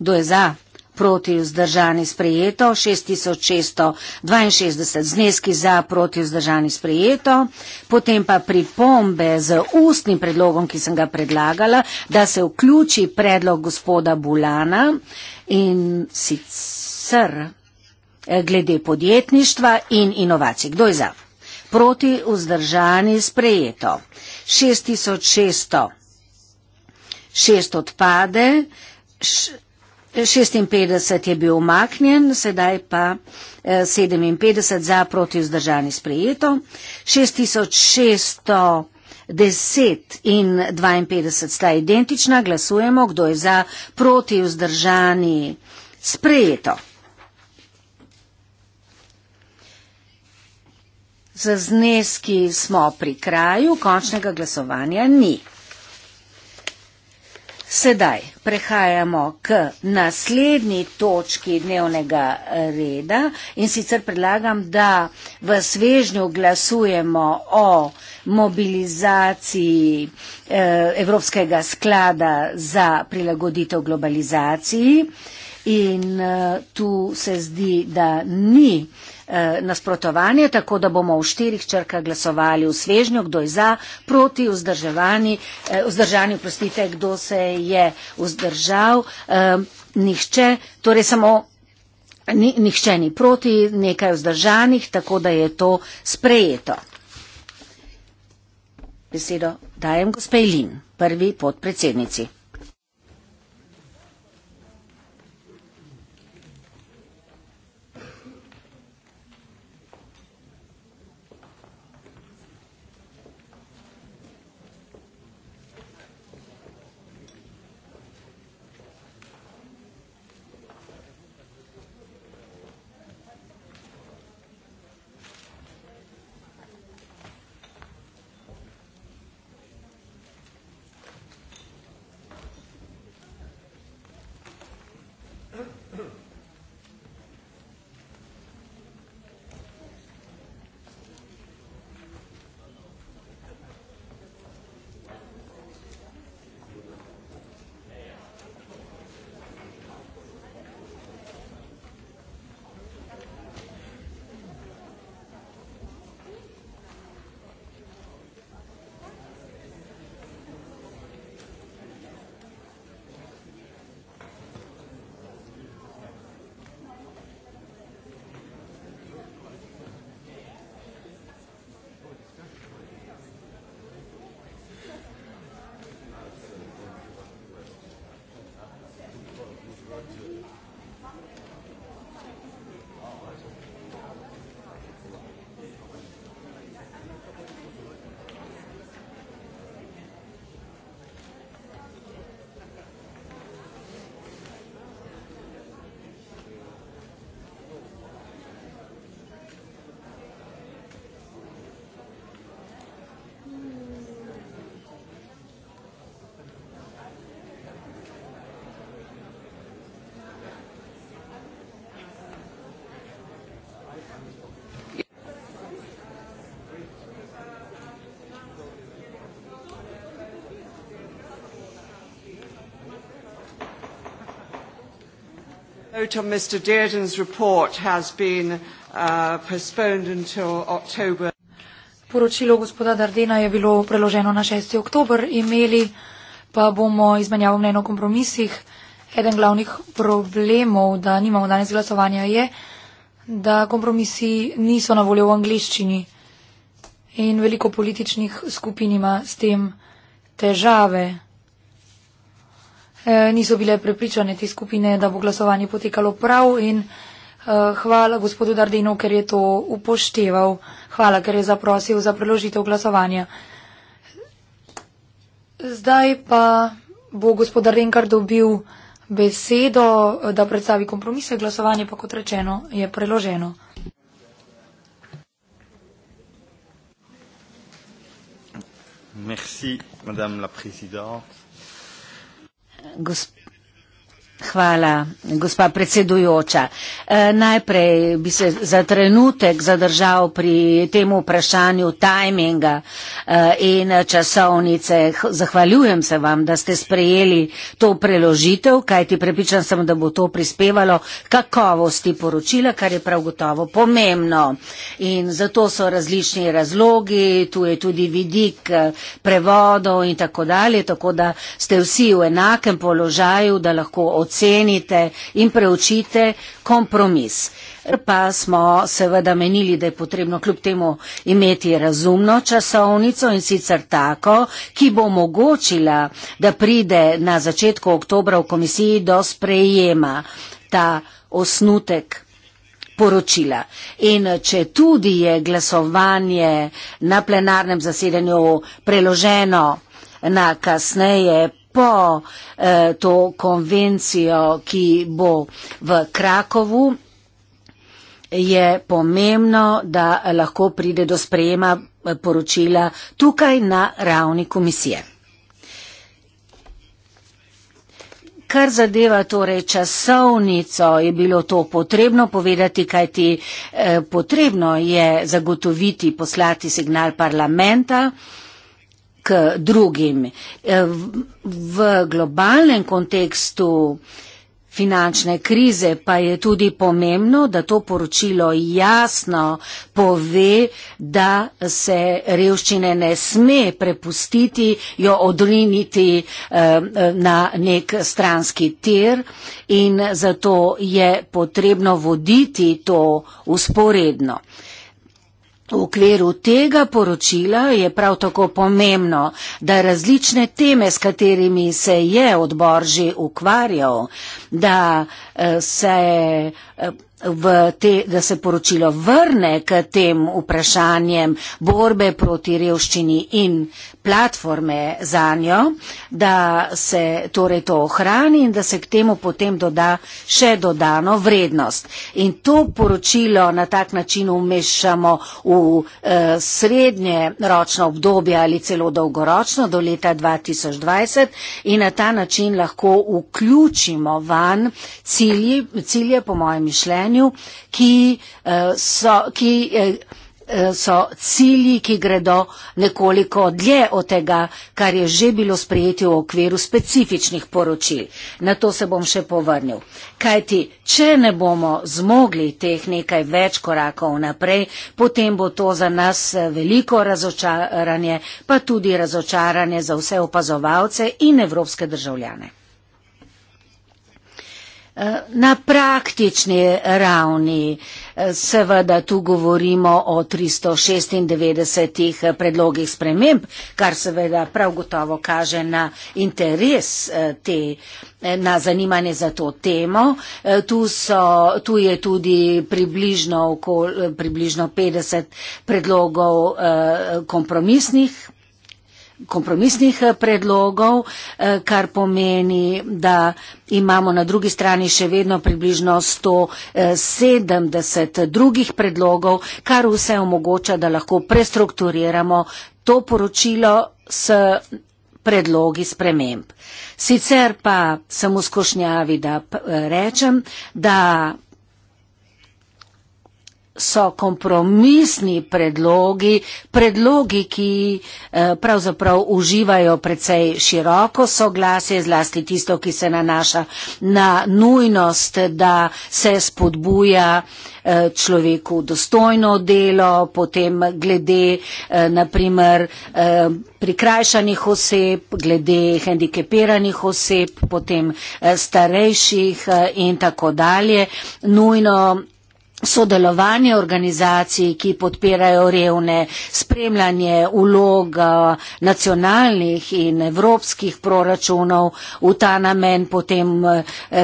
Kdo je za? proti vzdržani sprejeto, 6662 zneski za proti vzdržani sprejeto, potem pa pripombe z ustnim predlogom, ki sem ga predlagala, da se vključi predlog gospoda Bulana in sicer eh, glede podjetništva in inovacij. Kdo je za? Proti vzdržani sprejeto. 6600. Šest odpade, 56 je bil umaknjen, sedaj pa 57 eh, za proti vzdržani sprejeto, 6610 in 52 sta identična, glasujemo, kdo je za proti vzdržani sprejeto. Z zneski smo pri kraju, končnega glasovanja ni. Sedaj prehajamo k naslednji točki dnevnega eh, reda in sicer predlagam, da v svežnju glasujemo o mobilizaciji eh, Evropskega sklada za prilagoditev globalizaciji in eh, tu se zdi, da ni Eh, nasprotovanje, tako da bomo v štirih črkah glasovali v svežnju, kdo je za, proti, eh, vzdržani, prostite, kdo se je vzdržal, eh, nihče, torej samo nihče ni proti, nekaj vzdržanih, tako da je to sprejeto. Besedo dajem gospej Lin, prvi podpredsednici. vote on Mr. Dearden's report has been uh, postponed until October. Poročilo gospoda Dardena je bilo preloženo na 6. oktober, imeli pa bomo izmenjavo mnenja o kompromisih. Eden glavnih problemov, da nimamo danes glasovanja, je, da kompromisi niso na voljo v angliščini in veliko političnih skupin ima s tem težave. Eh, niso bile prepričane te skupine, da bo glasovanje potekalo prav in eh, hvala gospodu Dardinu, ker je to upošteval. Hvala, ker je zaprosil za preložitev glasovanja. Zdaj pa bo gospod Darden kar dobil besedo, eh, da predstavi kompromise, glasovanje pa kot rečeno je preloženo. Merci, madame la présidente gospod Hvala, gospa predsedujoča. E, najprej bi se za trenutek zadržal pri tem vprašanju tajminga e, in časovnice. Zahvaljujem se vam, da ste sprejeli to preložitev, kajti prepričan sem, da bo to prispevalo kakovosti poročila, kar je prav gotovo pomembno. In zato so različni razlogi, tu je tudi vidik e, prevodov in tako dalje, tako da ste vsi v enakem položaju, da lahko odstavljate ocenite in preučite kompromis. Pa smo seveda menili, da je potrebno kljub temu imeti razumno časovnico in sicer tako, ki bo omogočila, da pride na začetku oktobra v komisiji do sprejema ta osnutek. Poročila. In če tudi je glasovanje na plenarnem zasedanju preloženo na kasneje, po eh, to konvencijo, ki bo v Krakovu, je pomembno, da lahko pride do sprejema eh, poročila tukaj na ravni komisije. Kar zadeva torej časovnico, je bilo to potrebno povedati, kajti eh, potrebno je zagotoviti poslati signal parlamenta. Eh, k drugim. E, v globalnem kontekstu finančne krize pa je tudi pomembno, da to poročilo jasno pove, da se revščine ne sme prepustiti, jo odriniti e, na nek stranski tir in zato je potrebno voditi to usporedno. V okviru tega poročila je prav tako pomembno, da različne teme, s katerimi se je odbor že ukvarjal, da eh, se. Eh, te, da se poročilo vrne k tem vprašanjem borbe proti revščini in platforme za njo, da se torej to ohrani in da se k temu potem doda še dodano vrednost. In to poročilo na tak način umešamo v eh, srednje ročno obdobje ali celo dolgoročno do leta 2020 in na ta način lahko vključimo van cilje, cilje po mojem mišljenju, dejanju, ki uh, so. Ki, uh, so cilji, ki gredo nekoliko dlje od tega, kar je že bilo sprejeti v okviru specifičnih poročil. Na to se bom še povrnil. Kajti, če ne bomo zmogli teh nekaj več korakov naprej, potem bo to za nas veliko razočaranje, pa tudi razočaranje za vse opazovalce in evropske državljane. Na praktični ravni eh, seveda tu govorimo o 396 eh, predlogih sprememb, kar seveda prav gotovo kaže na interes eh, te, na zanimanje za to temo. Tu, so, tu je tudi približno, okol, približno 50 predlogov kompromisnih, kompromisnih eh, predlogov, eh, kar pomeni, da imamo na drugi strani še vedno približno 170 eh, drugih predlogov, kar vse omogoča, da lahko prestrukturiramo to poročilo s predlogi sprememb. Sicer pa sem v skušnjavi, da rečem, da so kompromisni predlogi, predlogi, ki eh, pravzaprav uživajo precej široko soglasje, zlasti tisto, ki se nanaša na nujnost, da se spodbuja eh, človeku dostojno delo, potem glede eh, naprimer prikrajšanih oseb, glede hendikepiranih oseb, potem starejših in tako dalje. Nujno sodelovanje organizacij, ki podpirajo revne, spremljanje ulog nacionalnih in evropskih proračunov v ta namen, potem e,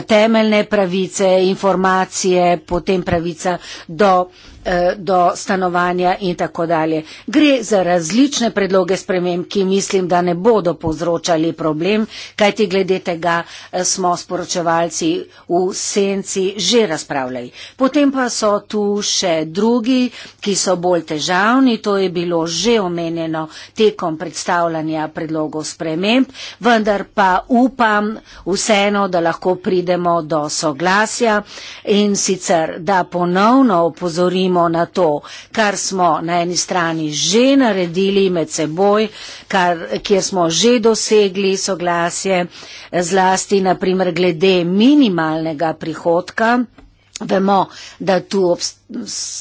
temeljne pravice, informacije, potem pravica do Eh, do stanovanja in tako dalje. Gre za različne predloge sprememb, ki mislim, da ne bodo povzročali problem, kajti glede tega eh, smo sporočevalci v senci že razpravljali. Potem pa so tu še drugi, ki so bolj težavni, to je bilo že omenjeno tekom predstavljanja predlogov sprememb, vendar pa upam vseeno, da lahko pridemo do soglasja in sicer, da ponovno opozorim, spremenimo na to, kar smo na eni strani že naredili med seboj, kar, kjer smo že dosegli soglasje, zlasti naprimer glede minimalnega prihodka. Vemo, da, tu,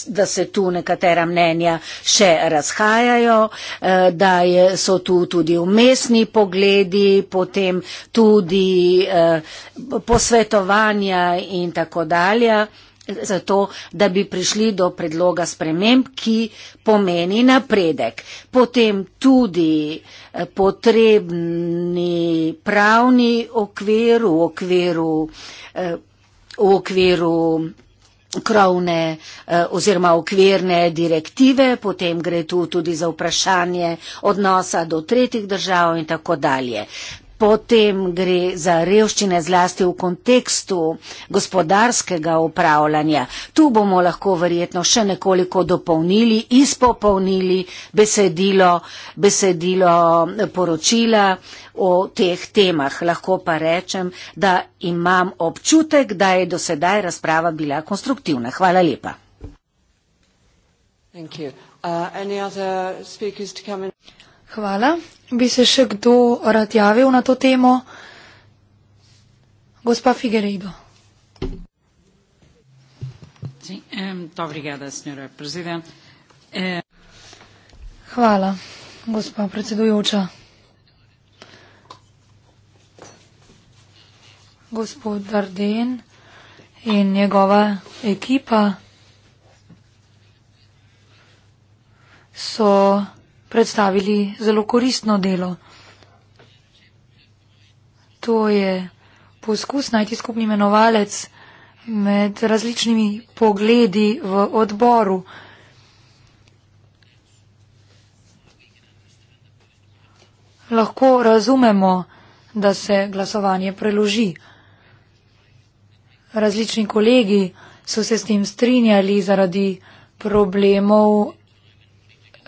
da se tu nekatera mnenja še razhajajo, eh, da so tu tudi umestni pogledi, potem tudi eh, posvetovanja in tako dalje zato, da bi prišli do predloga sprememb, ki pomeni napredek. Potem tudi eh, potrebni pravni okvir v okviru, eh, v okviru krovne eh, oziroma okvirne direktive, potem gre tu tudi za vprašanje odnosa do tretjih držav in tako dalje. Potem gre za revščine zlasti v kontekstu gospodarskega upravljanja. Tu bomo lahko verjetno še nekoliko dopolnili, izpopolnili besedilo, besedilo poročila o teh temah. Lahko pa rečem, da imam občutek, da je do sedaj razprava bila konstruktivna. Hvala lepa. Uh, hvala. Bi se še kdo rad javil na to temo? Gospa Figueiredo. Hvala, gospa predsedujoča. Gospod Darden in njegova ekipa so predstavili zelo koristno delo. To je poskus najti skupni imenovalec med različnimi pogledi v odboru. Lahko razumemo, da se glasovanje preloži. Različni kolegi so se s tem strinjali zaradi problemov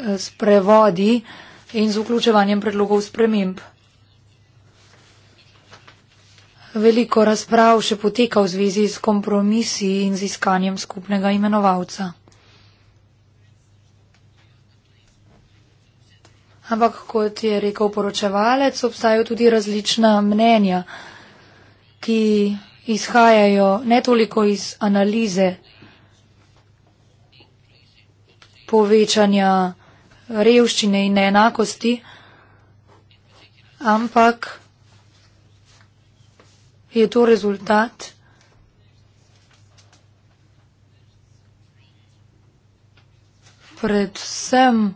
s prevodi in z vključevanjem predlogov sprememb. Veliko razprav še poteka v zvezi s kompromisi in z iskanjem skupnega imenovalca. Ampak, kot je rekel poročevalec, obstajajo tudi različna mnenja, ki izhajajo ne toliko iz analize povečanja revščine in neenakosti, ampak je to rezultat predvsem uh,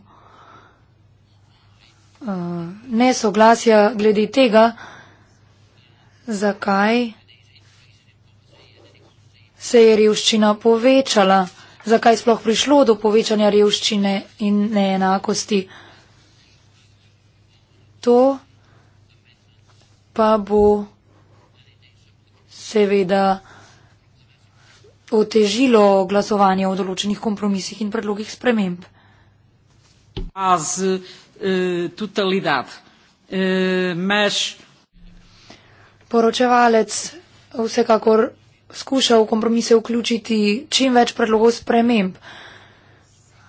nesoglasja glede tega, zakaj se je revščina povečala zakaj sploh prišlo do povečanja revščine in neenakosti. To pa bo seveda otežilo glasovanje o določenih kompromisih in predlogih sprememb. Az, uh, eh, eh, Poročevalec vsekakor skušal v kompromise vključiti čim več predlogov sprememb.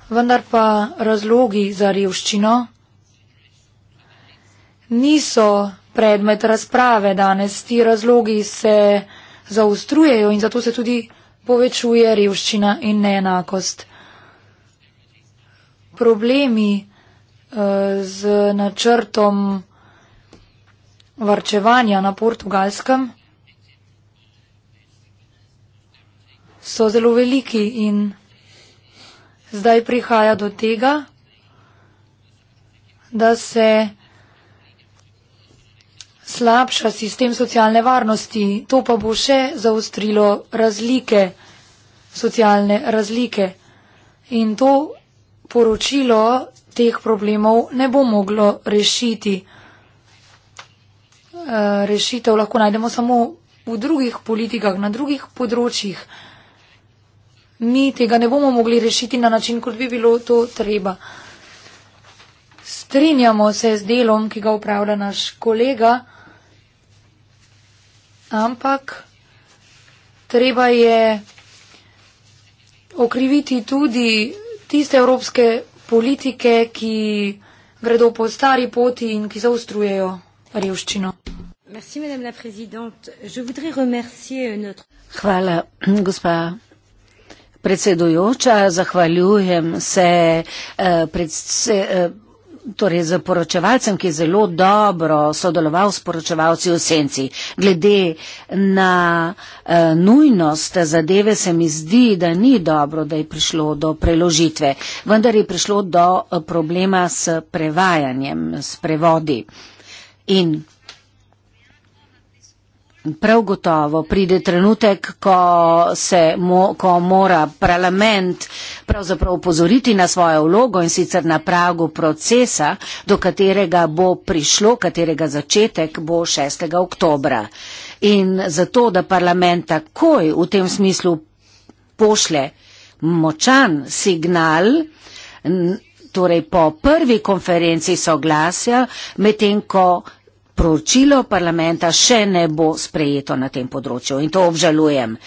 Vendar pa razlogi za revščino niso predmet razprave danes. Ti razlogi se zaustrujejo in zato se tudi povečuje revščina in neenakost. Problemi eh, z načrtom varčevanja na portugalskem so zelo veliki in zdaj prihaja do tega, da se slabša sistem socialne varnosti. To pa bo še zaustrilo razlike, socialne razlike. In to poročilo teh problemov ne bo moglo rešiti. Eh, rešitev lahko najdemo samo v drugih politikah, na drugih področjih mi tega ne bomo mogli rešiti na način, kot bi bilo to treba. Strinjamo se z delom, ki ga upravlja naš kolega, ampak treba je okriviti tudi tiste evropske politike, ki gredo po stari poti in ki zaustrujejo revščino. Hvala, gospa Predsedujoča, zahvaljujem se eh, predse, eh, torej z poročevalcem, ki je zelo dobro sodeloval s poročevalci v senci. Glede na eh, nujnost zadeve se mi zdi, da ni dobro, da je prišlo do preložitve, vendar je prišlo do problema s prevajanjem, s prevodi. In Prav gotovo pride trenutek, ko, se, ko mora parlament pravzaprav upozoriti na svojo vlogo in sicer na pragu procesa, do katerega bo prišlo, katerega začetek bo 6. oktober. In zato, da parlament takoj v tem smislu pošle močan signal, torej po prvi konferenci soglasja, medtem ko Proučilo parlamenta še ne bo sprejeto na tem področju in to obžalujem.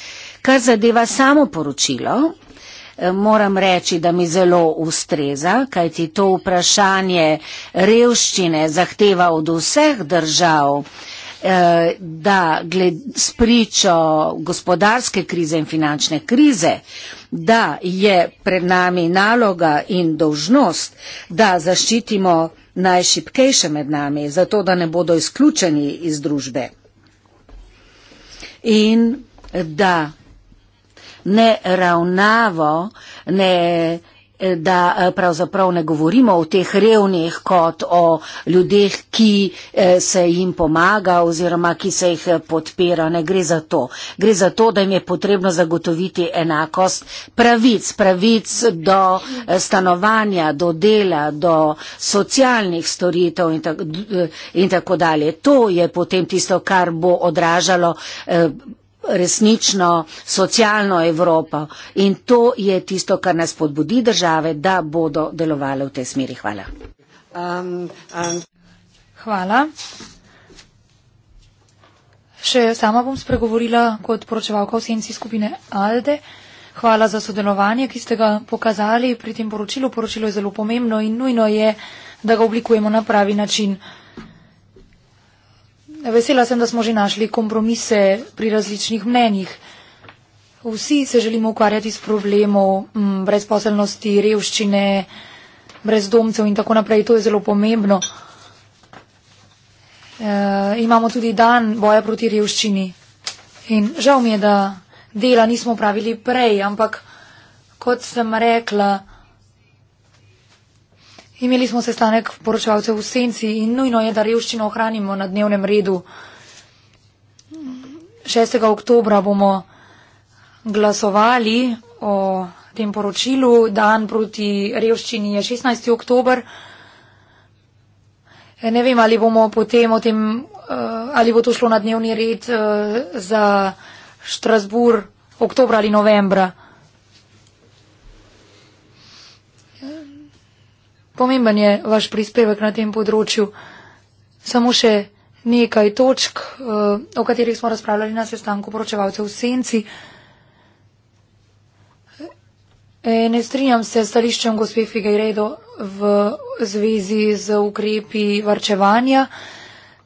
Kar zadeva samo poročilo, eh, moram reči, da mi zelo ustreza, kajti to vprašanje revščine zahteva od vseh držav, eh, da spričo gospodarske krize in finančne krize, da je pred nami naloga in dožnost, da zaščitimo najšipkejše med nami, zato da ne bodo izključeni iz družbe. In da ne ravnavo, ne da eh, pravzaprav ne govorimo o teh revnih kot o ljudeh, ki eh, se jim pomaga oziroma ki se jih eh, podpira. Ne gre za to. Gre za to, da jim je potrebno zagotoviti enakost pravic, pravic do stanovanja, do dela, do socialnih storitev in tako, in tako dalje. To je potem tisto, kar bo odražalo resnično socialno Evropo in to je tisto, kar nas podbudi države, da bodo delovale v tej smeri. Hvala. Um, um. Hvala. Še sama bom spregovorila kot poročevalka v senci skupine ALDE. Hvala za sodelovanje, ki ste ga pokazali pri tem poročilu. Poročilo je zelo pomembno in nujno je, da ga oblikujemo na pravi način. Vesela sem, da smo že našli kompromise pri različnih mnenjih. Vsi se želimo ukvarjati s problemom mm, brezposelnosti, revščine, brezdomcev in tako naprej. To je zelo pomembno. E, imamo tudi dan boja proti revščini. In žal mi je, da dela nismo pravili prej, ampak kot sem rekla, Imeli smo sestanek poročevalcev v senci in nujno je, da revščino ohranimo na dnevnem redu. 6. oktobra bomo glasovali o tem poročilu. Dan proti revščini je 16. oktober. Ne vem, ali, o tem, eh, ali bo to šlo na dnevni red eh, za Štrasbur oktober ali novembra. Pomemben je vaš prispevek na tem področju. Samo še nekaj točk, eh, o katerih smo razpravljali na sestanku poročevalcev v Senci. E, ne strinjam se s stališčem gospe Figueiredo v zvezi z ukrepi varčevanja.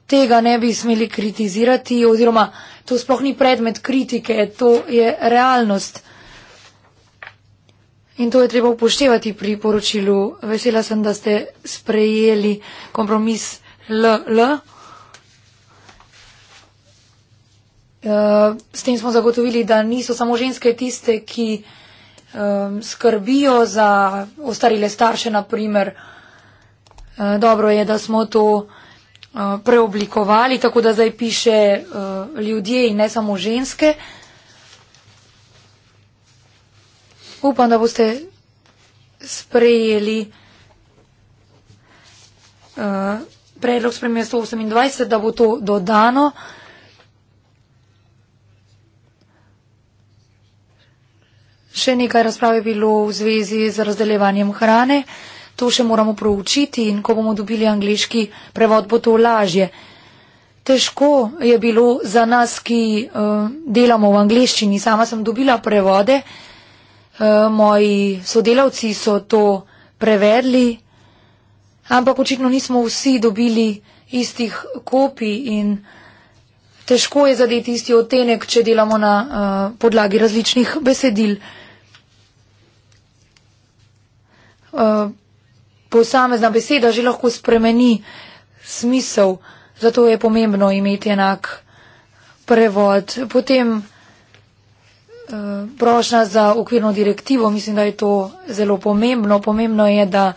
Tega ne bi smeli kritizirati oziroma to sploh ni predmet kritike, to je realnost. In to je treba upoštevati pri poročilu. Vesela sem, da ste sprejeli kompromis LL. Eh, s tem smo zagotovili, da niso samo ženske tiste, ki ehm, skrbijo za ostarile starše, naprimer. Eh, dobro je, da smo to eh, preoblikovali, tako da zdaj piše ljudje in ne samo ženske. Upam, da boste sprejeli uh, predlog spremenja 128, da bo to dodano. Še nekaj razprave je bilo v zvezi z razdeljevanjem hrane. To še moramo proučiti in ko bomo dobili angliški prevod, bo to lažje. Težko je bilo za nas, ki uh, delamo v angliščini. Sama sem dobila prevode. Uh, Eh, moji sodelavci so to prevedli, ampak očitno nismo vsi dobili istih kopij in težko je zadeti isti otenek, če delamo na uh, podlagi različnih besedil. Uh, posamezna beseda že lahko spremeni smisel, zato je pomembno imeti enak prevod. Potem Eh, prošnja za okvirno direktivo. Mislim, da je to zelo pomembno. Pomembno je, da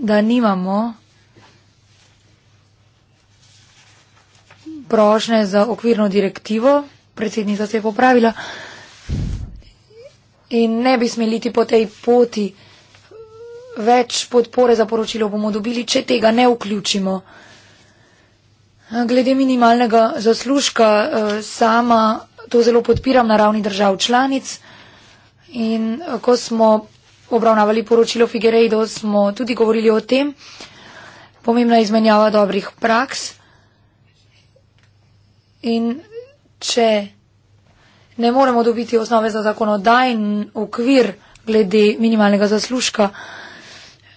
da nimamo prošnje za okvirno direktivo, predsednica se je popravila, in ne bi smeliti po tej poti več podpore za poročilo bomo dobili, če tega ne vključimo. Uh, Glede minimalnega zaslužka eh, sama to zelo podpiram na ravni držav članic in eh, ko smo obravnavali poročilo Figueiredo, smo tudi govorili o tem, pomembna je izmenjava dobrih praks in če ne moremo dobiti osnove za zakonodajen okvir glede minimalnega zaslužka,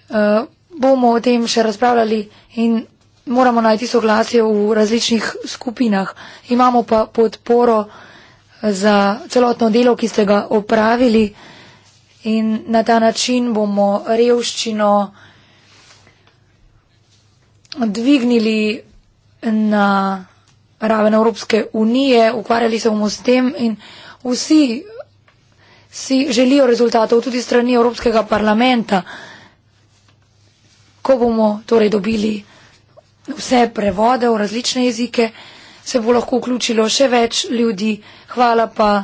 eh, bomo o tem še razpravljali in moramo najti soglasje v različnih skupinah. Imamo pa podporo eh, za celotno delo, ki ste ga opravili in na ta način bomo revščino dvignili na raven Evropske unije, ukvarjali se bomo s tem in vsi si želijo rezultatov tudi strani Evropskega parlamenta, ko bomo torej dobili vse prevode v različne jezike, se bo lahko vključilo še več ljudi. Hvala pa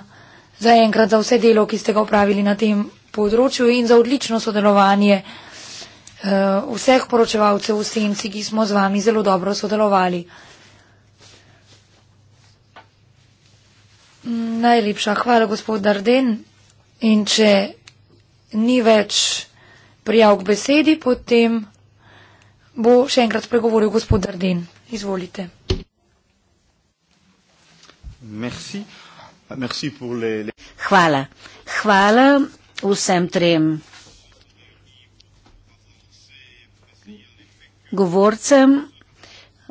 za enkrat za vse delo, ki ste ga upravili na tem področju in za odlično sodelovanje eh, vseh poročevalcev v Senci, ki smo z vami zelo dobro sodelovali. Najlepša hvala, gospod Darden. In če ni več prijav k besedi, potem bo še enkrat spregovoril gospod Darden. Izvolite. Merci. Merci pour les, les... Hvala. Hvala vsem trem govorcem.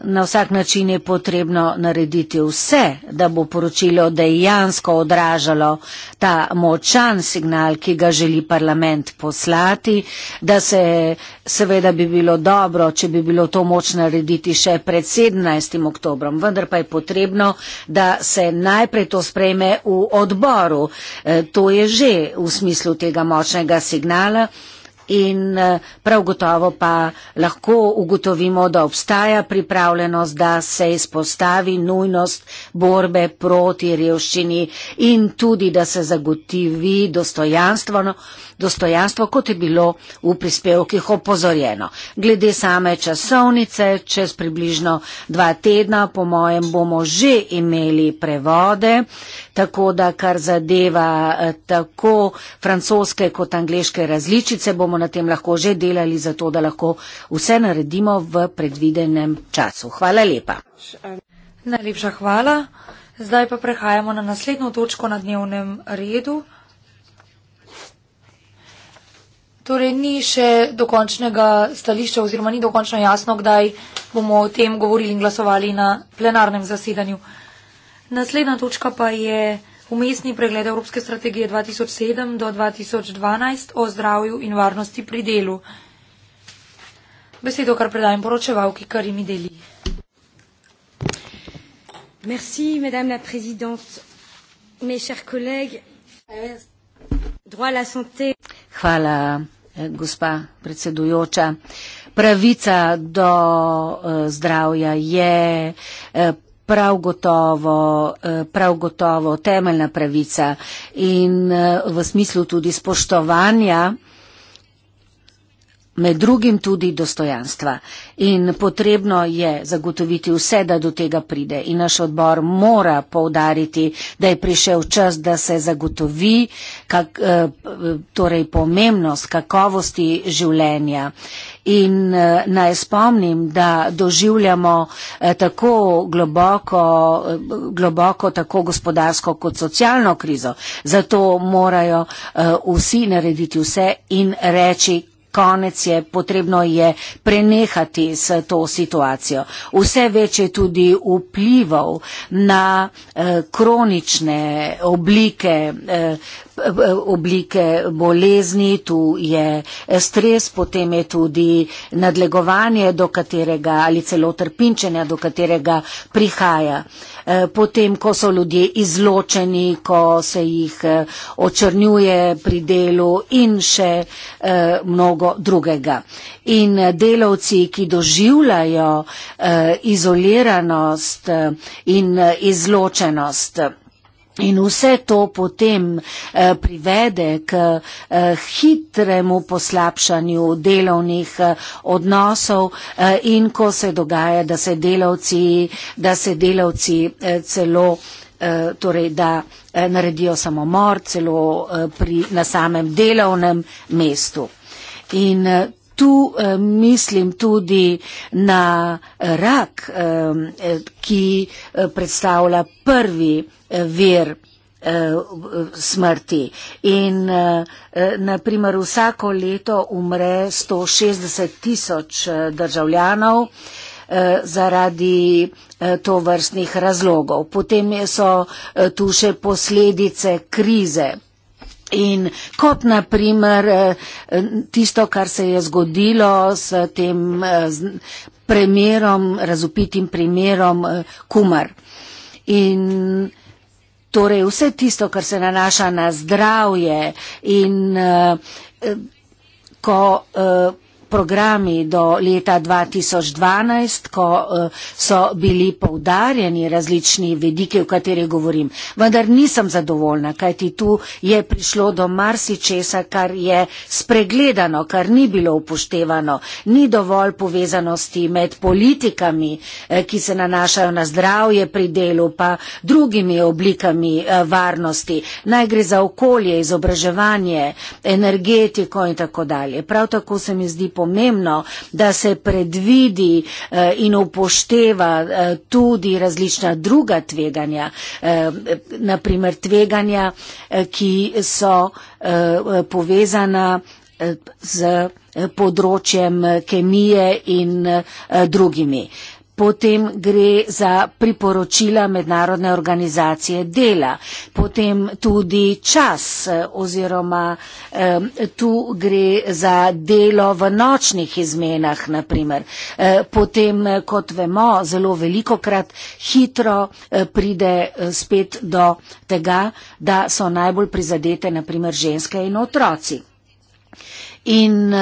Na vsak način je potrebno narediti vse, da bo poročilo dejansko odražalo ta močan signal, ki ga želi parlament poslati, da se seveda bi bilo dobro, če bi bilo to moč narediti še pred 17. oktobrom, vendar pa je potrebno, da se najprej to sprejme v odboru. E, to je že v smislu tega močnega signala in eh, prav gotovo pa lahko ugotovimo, da obstaja pripravljenost, da se izpostavi nujnost borbe proti revščini in tudi, da se zagotivi dostojanstveno dostojanstvo, kot je bilo v prispevkih opozorjeno. Glede same časovnice, čez približno dva tedna, po mojem, bomo že imeli prevode, tako da kar zadeva eh, tako francoske kot angliške različice, bomo na tem lahko že delali, zato da lahko vse naredimo v predvidenem času. Hvala lepa. Najlepša hvala. Zdaj pa prehajamo na naslednjo točko na dnevnem redu. Torej, ni še dokončnega stališča oziroma ni dokončno jasno, kdaj bomo o tem govorili in glasovali na plenarnem zasedanju. Naslednja točka pa je umestni pregled Evropske strategije 2007 do 2012 o zdravju in varnosti pri delu. Besedo, kar predajem poročevalki Karimi Deli. Merci, madame la présidente, mes chers collègues. Droit à la santé. Voilà. Eh, gospa predsedujoča. Pravica do eh, zdravja je eh, prav gotovo, prav gotovo temeljna pravica in v smislu tudi spoštovanja med drugim tudi dostojanstva. In potrebno je zagotoviti vse, da do tega pride. In naš odbor mora povdariti, da je prišel čas, da se zagotovi kak, eh, torej pomembnost kakovosti življenja. In eh, naj spomnim, da doživljamo eh, tako globoko, globoko, tako gospodarsko kot socialno krizo. Zato morajo vsi narediti vse in reči, konec je, potrebno je prenehati s to situacijo. Vse več je tudi vplival na eh, kronične oblike, eh, oblike bolezni, tu je stres, potem je tudi nadlegovanje, do katerega ali celo trpinčenja, do katerega prihaja. Eh, potem, ko so ljudje izločeni, ko se jih eh, očrnjuje pri delu in še eh, mnogo drugega. In eh, delavci, ki doživljajo eh, izoliranost eh, in eh, izločenost. In vse to potem eh, privede k eh, hitremu poslabšanju delovnih eh, odnosov eh, in ko se dogaja, da se delavci, da se delavci eh, celo, eh, torej da eh, naredijo samomor celo eh, pri, na samem delovnem mestu. In eh, tu eh, mislim tudi na rak, eh, ki predstavlja prvi vir smrti. In naprimer vsako leto umre 160 tisoč državljanov zaradi to vrstnih razlogov. Potem so tu še posledice krize. In kot naprimer eh, eh, tisto, kar se je zgodilo s tem eh, primerom, razupitim primerom kumar. In torej vse tisto, kar se nanaša na zdravje in ko programi do leta 2012, ko eh, so bili povdarjeni različni vedike, o katerih govorim. Vendar nisem zadovoljna, kajti tu je prišlo do marsičesa, kar je spregledano, kar ni bilo upoštevano. Ni dovolj povezanosti med politikami, eh, ki se nanašajo na zdravje pri delu, pa drugimi oblikami eh, varnosti. Naj gre za okolje, izobraževanje, energetiko in tako dalje. Prav tako se mi zdi pomembno, da se predvidi eh, in upošteva eh, tudi različna druga tveganja, eh, naprimer tveganja, ki so povezana z področjem kemije in drugimi potem gre za priporočila mednarodne organizacije dela, potem tudi čas oziroma tu gre za delo v nočnih izmenah naprimer. E, potem, kot vemo, zelo veliko krat hitro e, pride e, spet do tega, da so najbolj prizadete naprimer ženske in otroci. In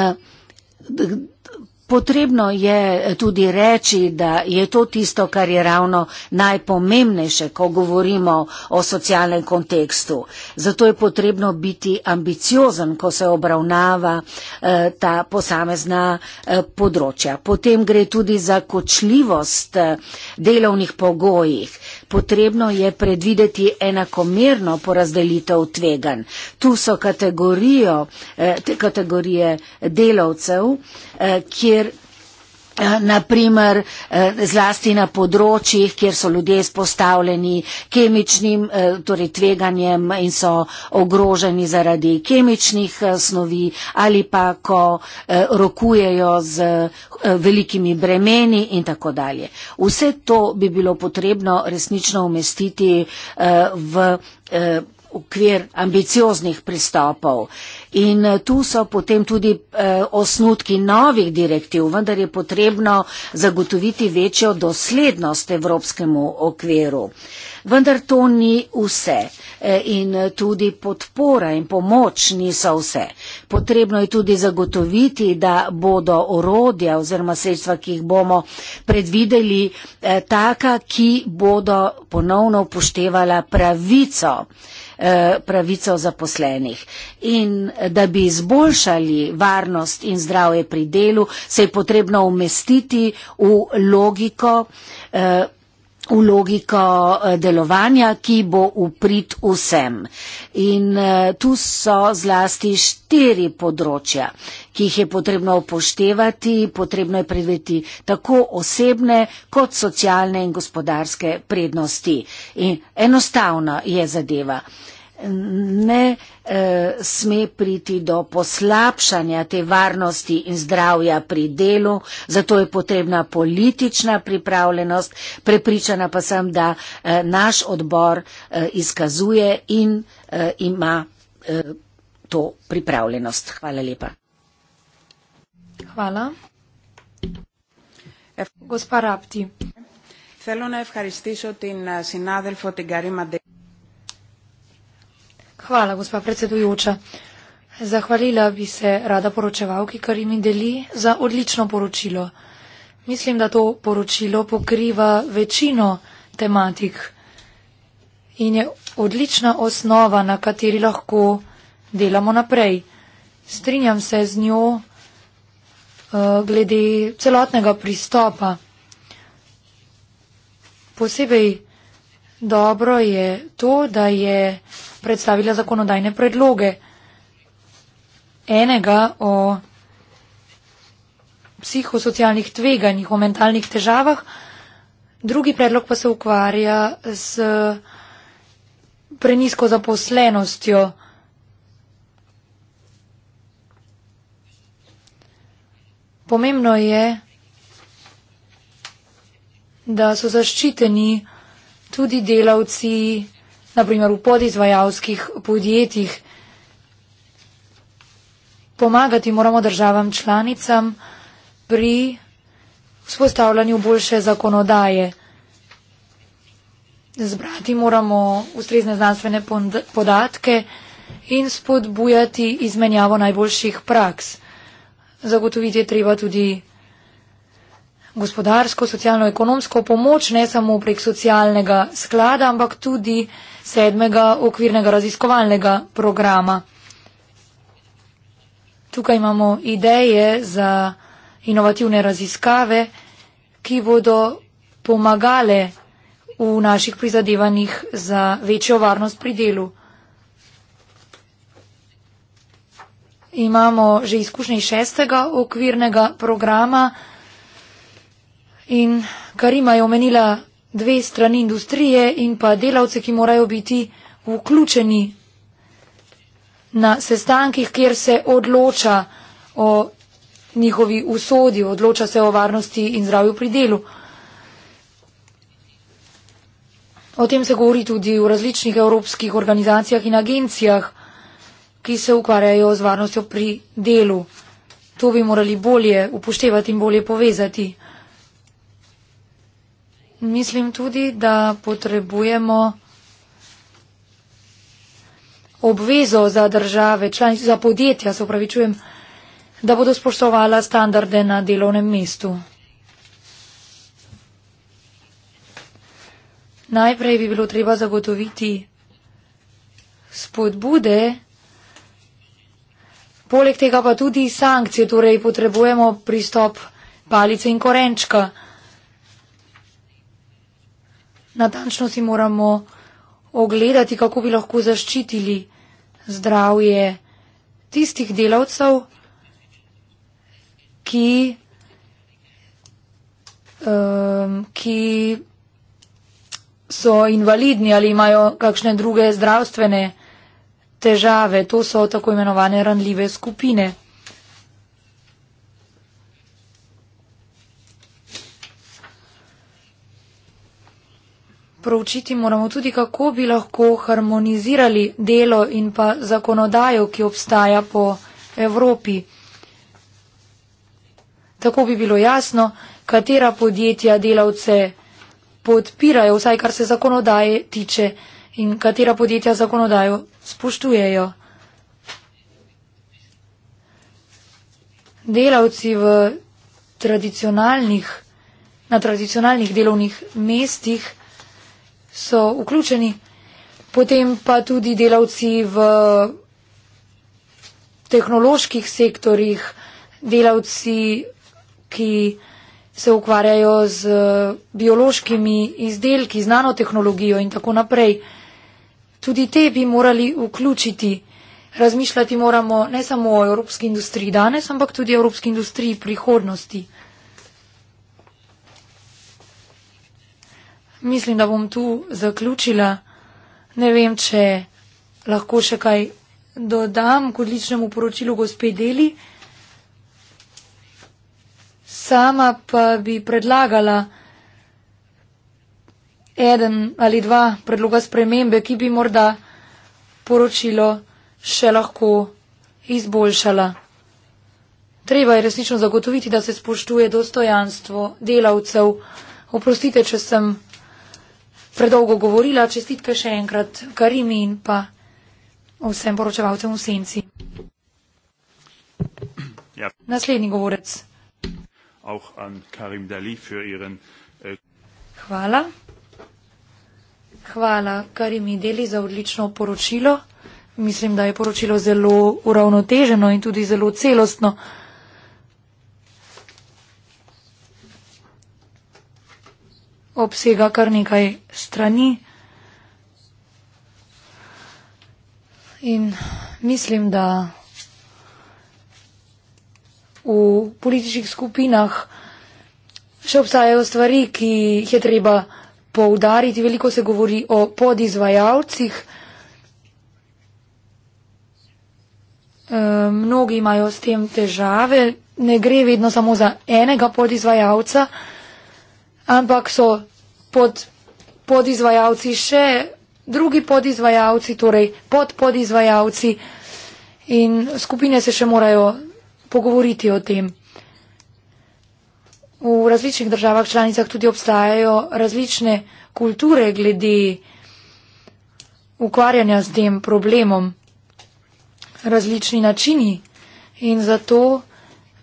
Potrebno je tudi reči, da je to tisto, kar je ravno najpomembnejše, ko govorimo o socialnem kontekstu. Zato je potrebno biti ambiciozen, ko se obravnava eh, ta posamezna eh, področja. Potem gre tudi za kočljivost eh, delovnih pogojih potrebno je predvideti enakomerno porazdelitev tvegan. Tu so kategorijo, eh, te kategorije delavcev, eh, kjer Eh, naprimer eh, zlasti na področjih, kjer so ljudje izpostavljeni kemičnim eh, torej tveganjem in so ogroženi zaradi kemičnih snovi ali pa ko rokujejo z velikimi bremeni in tako dalje. Vse to bi bilo potrebno resnično umestiti v okvir ambicioznih pristopov. In eh, tu so potem tudi eh, osnutki novih direktiv, vendar je potrebno zagotoviti večjo doslednost evropskemu okviru. Vendar to ni vse eh, in eh, tudi podpora in pomoč niso vse. Potrebno je tudi zagotoviti, da bodo orodja oziroma sredstva, ki jih bomo predvideli, taka, ki bodo ponovno upoštevala pravico eh, Eh, pravico zaposlenih. In da bi izboljšali varnost in zdravje pri delu, se je potrebno umestiti v logiko. Eh, v logiko eh, delovanja, ki bo uprit vsem. In eh, tu so zlasti štiri področja, ki jih je potrebno upoštevati, potrebno je predvideti tako osebne kot socialne in gospodarske prednosti. In enostavno je zadeva ne eh, sme priti do poslabšanja te varnosti in zdravja pri delu, zato je potrebna politična pripravljenost. Prepričana pa sem, da eh, naš odbor eh, izkazuje in eh, ima eh, to pripravljenost. Hvala lepa. Hvala. Gospa Rapti. Hvala lepa. Hvala, gospa predsedujoča. Zahvalila bi se rada poročevalki, kar mi deli, za odlično poročilo. Mislim, da to poročilo pokriva večino tematik in je odlična osnova, na kateri lahko delamo naprej. Strinjam se z njo eh, glede celotnega pristopa. Posebej dobro je to, da je predstavila zakonodajne predloge. Enega o psihosocialnih tveganjih, o mentalnih težavah, drugi predlog pa se ukvarja s prenisko zaposlenostjo. Pomembno je, da so zaščiteni tudi delavci, naprimer v podizvajalskih podjetjih. Pomagati moramo državam članicam pri vzpostavljanju boljše zakonodaje. Zbrati moramo ustrezne znanstvene podatke in spodbujati izmenjavo najboljših praks. Zagotoviti je treba tudi gospodarsko, socialno-ekonomsko pomoč, ne samo prek socialnega sklada, ampak tudi sedmega okvirnega raziskovalnega programa. Tukaj imamo ideje za inovativne raziskave, ki bodo pomagale v naših prizadevanjih za večjo varnost pri delu. Imamo že izkušnje iz šestega okvirnega programa in Karima je omenila dve strani industrije in pa delavce, ki morajo biti vključeni na sestankih, kjer se odloča o njihovi usodi, odloča se o varnosti in zdravju pri delu. O tem se govori tudi v različnih evropskih organizacijah in agencijah, ki se ukvarjajo z varnostjo pri delu. To bi morali bolje upoštevati in bolje povezati. Mislim tudi, da potrebujemo obvezo za države, član, za podjetja, se upravičujem, da bodo spoštovala standarde na delovnem mestu. Najprej bi bilo treba zagotoviti spodbude, poleg tega pa tudi sankcije, torej potrebujemo pristop palice in korenčka natančno si moramo ogledati, kako bi lahko zaščitili zdravje tistih delavcev, ki, um, ki so invalidni ali imajo kakšne druge zdravstvene težave. To so tako imenovane ranljive skupine. proučiti moramo tudi, kako bi lahko harmonizirali delo in pa zakonodajo, ki obstaja po Evropi. Tako bi bilo jasno, katera podjetja delavce podpirajo, vsaj kar se zakonodaje tiče in katera podjetja zakonodajo spoštujejo. Delavci v tradicionalnih, na tradicionalnih delovnih mestih so vključeni, potem pa tudi delavci v tehnoloških sektorjih, delavci, ki se ukvarjajo z eh, biološkimi izdelki, z nanotehnologijo in tako naprej. Tudi te bi morali vključiti. Razmišljati moramo ne samo o evropski industriji danes, ampak tudi o evropski industriji prihodnosti. mislim, da bom tu zaključila. Ne vem, če lahko še kaj dodam k odličnemu poročilu gospe Deli. Sama pa bi predlagala eden ali dva predloga spremembe, ki bi morda poročilo še lahko izboljšala. Treba je resnično zagotoviti, da se spoštuje dostojanstvo delavcev. Oprostite, če sem predolgo govorila, čestitke še enkrat Karimi in pa vsem poročevalcem v senci. Ja. Naslednji govorec. Auch an Karim Dali für ihren, eh... Hvala. Hvala Karimi Deli za odlično poročilo. Mislim, da je poročilo zelo uravnoteženo in tudi zelo celostno. obsega kar nekaj strani. In mislim, da v političnih skupinah še obstajajo stvari, ki jih je treba poudariti. Veliko se govori o podizvajalcih. E, mnogi imajo s tem težave. Ne gre vedno samo za enega podizvajalca ampak so pod podizvajalci še drugi podizvajalci, torej pod podizvajalci in skupine se še morajo pogovoriti o tem. V različnih državah članicah tudi obstajajo različne kulture glede ukvarjanja s tem problemom, različni načini in zato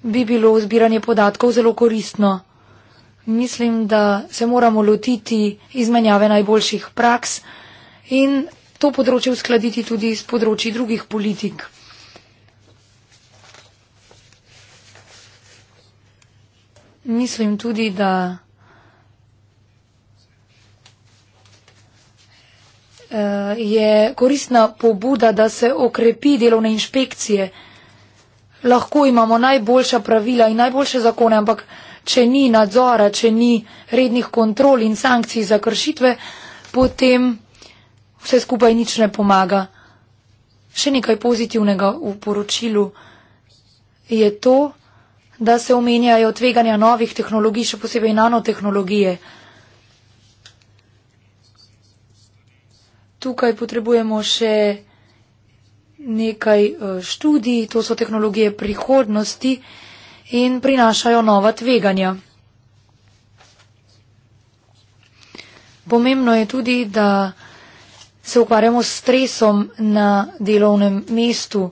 bi bilo zbiranje podatkov zelo koristno. Mislim, da se moramo lotiti izmenjave najboljših praks in to področje uskladiti tudi s področji drugih politik. Mislim tudi, da eh, je koristna pobuda, da se okrepi delovne inšpekcije. Lahko imamo najboljša pravila in najboljše zakone, ampak če ni nadzora, če ni rednih kontrol in sankcij za kršitve, potem vse skupaj nič ne pomaga. Še nekaj pozitivnega v poročilu je to, da se omenjajo tveganja novih tehnologij, še posebej nanotehnologije. Tukaj potrebujemo še nekaj eh, študij, to so tehnologije prihodnosti in prinašajo nova tveganja. Pomembno je tudi, da se ukvarjamo s stresom na delovnem mestu.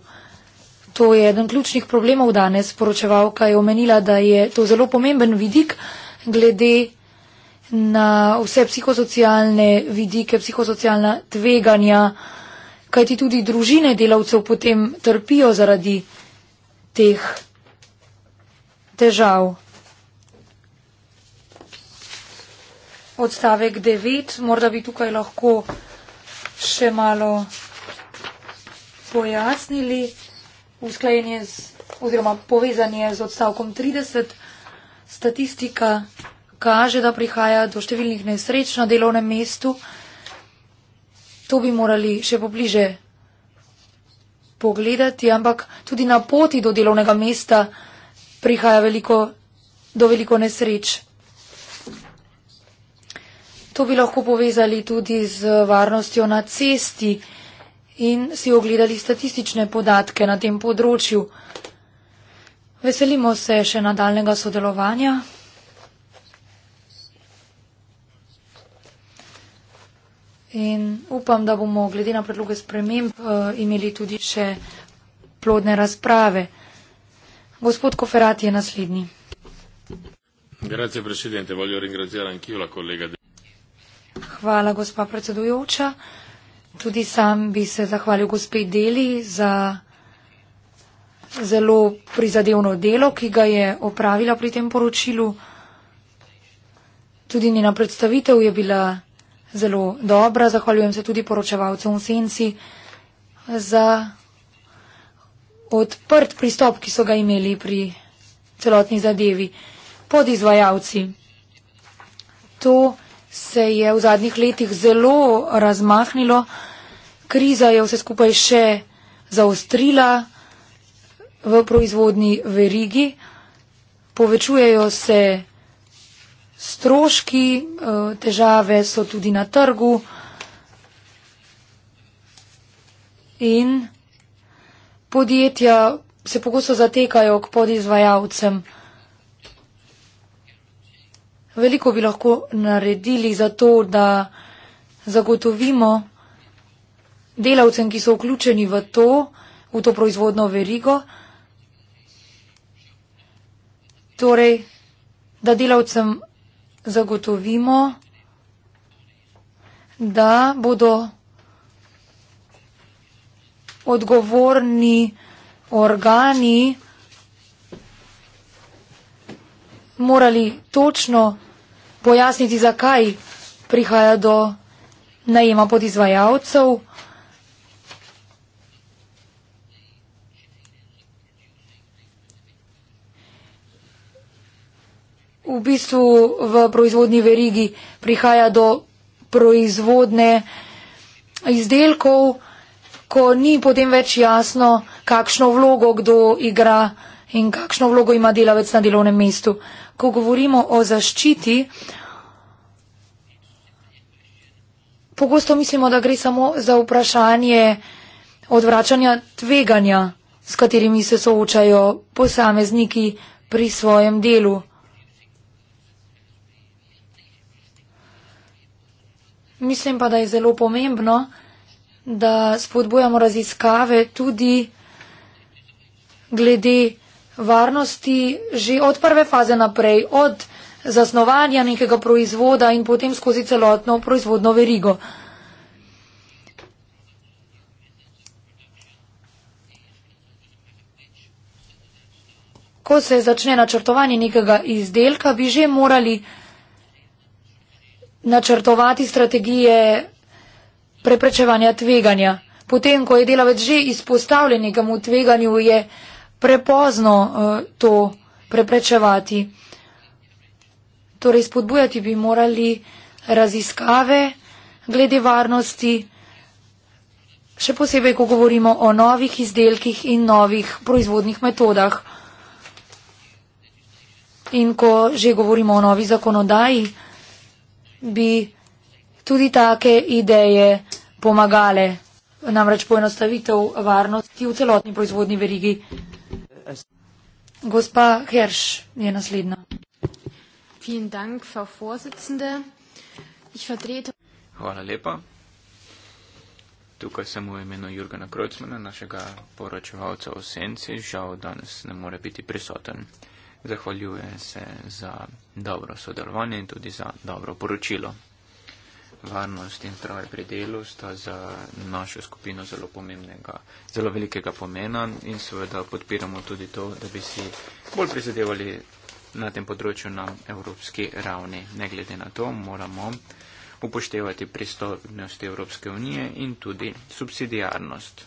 To je eden ključnih problemov danes. Poročevalka je omenila, da je to zelo pomemben vidik glede na vse psihosocialne vidike, psihosocialna tveganja, kajti tudi družine delavcev potem trpijo zaradi teh težav. Odstavek 9, morda bi tukaj lahko še malo pojasnili, usklajenje z, oziroma povezanje z odstavkom 30. Statistika kaže, da prihaja do številnih nesreč na delovnem mestu. To bi morali še pobliže pogledati, ampak tudi na poti do delovnega mesta prihaja veliko, do veliko nesreč. To bi lahko povezali tudi z varnostjo na cesti in si ogledali statistične podatke na tem področju. Veselimo se še nadaljnega sodelovanja. In upam, da bomo glede na predloge sprememb uh, imeli tudi še plodne razprave. Gospod Koferat je naslednji. Hvala, gospa predsedujoča. Tudi sam bi se zahvalil gospe Deli za zelo prizadevno delo, ki ga je opravila pri tem poročilu. Tudi njena predstavitev je bila zelo dobra. Zahvaljujem se tudi poročevalcem v senci za odprt pristop, ki so ga imeli pri celotni zadevi pod izvajalci. To se je v zadnjih letih zelo razmahnilo, kriza je vse skupaj še zaostrila v proizvodni verigi, povečujejo se stroški, eh, težave so tudi na trgu in podjetja se pogosto zatekajo k podizvajalcem. Veliko bi lahko naredili za to, da zagotovimo delavcem, ki so vključeni v to, v to proizvodno verigo, torej, da delavcem zagotovimo, da bodo odgovorni organi morali točno pojasniti, zakaj prihaja do najema podizvajalcev. V bistvu v proizvodni verigi prihaja do proizvodne izdelkov, ko ni potem več jasno, kakšno vlogo kdo igra in kakšno vlogo ima delavec na delovnem mestu. Ko govorimo o zaščiti, pogosto mislimo, da gre samo za vprašanje odvračanja tveganja, s katerimi se soočajo posamezniki pri svojem delu. Mislim pa, da je zelo pomembno, da spodbujamo raziskave tudi glede varnosti že od prve faze naprej, od zasnovanja nekega proizvoda in potem skozi celotno proizvodno verigo. Ko se začne načrtovanje nekega izdelka, bi že morali načrtovati strategije preprečevanja tveganja. Potem, ko je delavec že izpostavljen nekemu tveganju, je prepozno eh, to preprečevati. Torej, spodbujati bi morali raziskave glede varnosti, še posebej, ko govorimo o novih izdelkih in novih proizvodnih metodah. In ko že govorimo o novi zakonodaji, bi tudi take ideje pomagale, namreč poenostavitev varnosti v celotni proizvodni verigi. Gospa Herš je naslednja. Hvala lepa. Tukaj sem v imenu Jurgena Krocmana, našega poročevalca o senci. Žal danes ne more biti prisoten. Zahvaljujem se za dobro sodelovanje in tudi za dobro poročilo varnost in zdravje pri delu sta za našo skupino zelo pomembnega, zelo velikega pomena in seveda podpiramo tudi to, da bi si bolj prizadevali na tem področju na evropski ravni. Ne glede na to, moramo upoštevati pristopnosti Evropske unije in tudi subsidijarnost.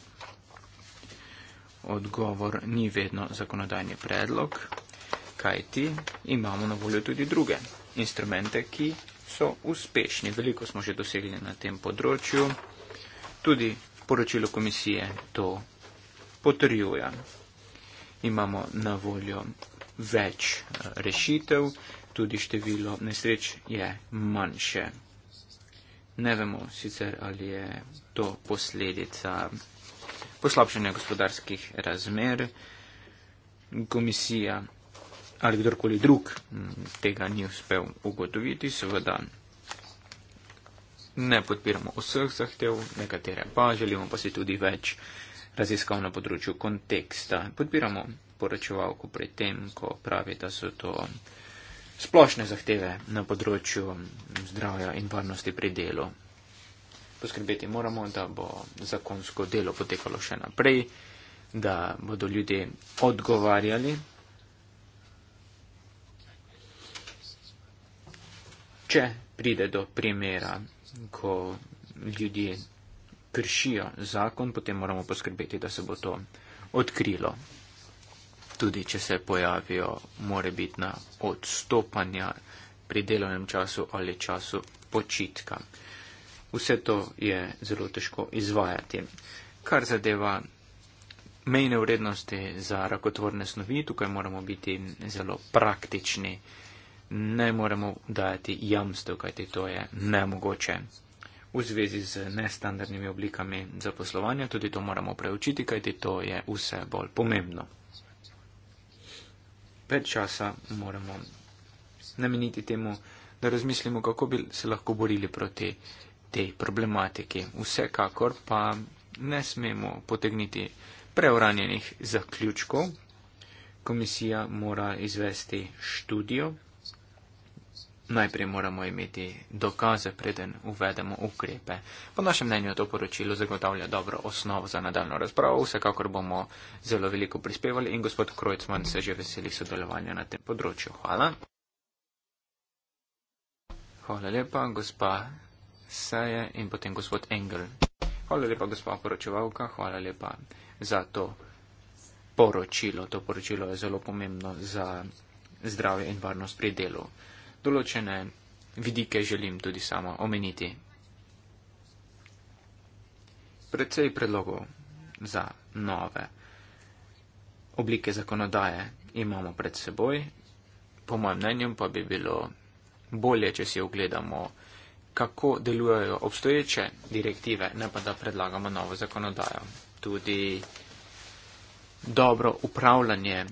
Odgovor ni vedno zakonodajni predlog, kajti imamo na voljo tudi druge instrumente, ki so uspešni. Veliko smo že dosegli na tem področju. Tudi poročilo komisije to potrjuje. Imamo na voljo več eh, rešitev, tudi število nesreč je manjše. Ne vemo sicer, ali je to posledica poslabšanja gospodarskih razmer. Komisija ali kdorkoli drug mm, tega ni uspel ugotoviti, seveda ne podpiramo vseh zahtev, nekatere pa želimo pa si tudi več raziskav na področju konteksta. Podpiramo poročevalko pri tem, ko pravi, da so to splošne zahteve na področju zdravja in varnosti pri delu. Poskrbeti moramo, da bo zakonsko delo potekalo še naprej, da bodo ljudje odgovarjali če pride do primera, ko ljudje kršijo zakon, potem moramo poskrbeti, da se bo to odkrilo. Tudi, če se pojavijo morebitna odstopanja pri delovnem času ali času počitka. Vse to je zelo težko izvajati. Kar zadeva mejne vrednosti za rakotvorne snovi, tukaj moramo biti zelo praktični ne moremo dajati jamstev, kajti to je nemogoče. V zvezi z nestandardnimi oblikami zaposlovanja tudi to moramo preučiti, kajti to je vse bolj pomembno. Pred časa moramo nameniti temu, da razmislimo, kako bi se lahko borili proti tej problematiki. Vsekakor pa ne smemo potegniti preuranjenih zaključkov. Komisija mora izvesti študijo Najprej moramo imeti dokaze, preden uvedemo ukrepe. Po našem mnenju to poročilo zagotavlja dobro osnovo za nadaljno razpravo. Vsekakor bomo zelo veliko prispevali in gospod Krojcman se že veseli sodelovanja na tem področju. Hvala. Hvala lepa, gospa Seje in potem gospod Engel. Hvala lepa, gospa poročevalka. Hvala lepa za to poročilo. To poročilo je zelo pomembno za zdravje in varnost pri delu določene vidike želim tudi samo omeniti. Predvsej predlogov za nove oblike zakonodaje imamo pred seboj. Po mojem mnenju pa bi bilo bolje, če si ogledamo, kako delujejo obstoječe direktive, ne pa da predlagamo novo zakonodajo. Tudi dobro upravljanje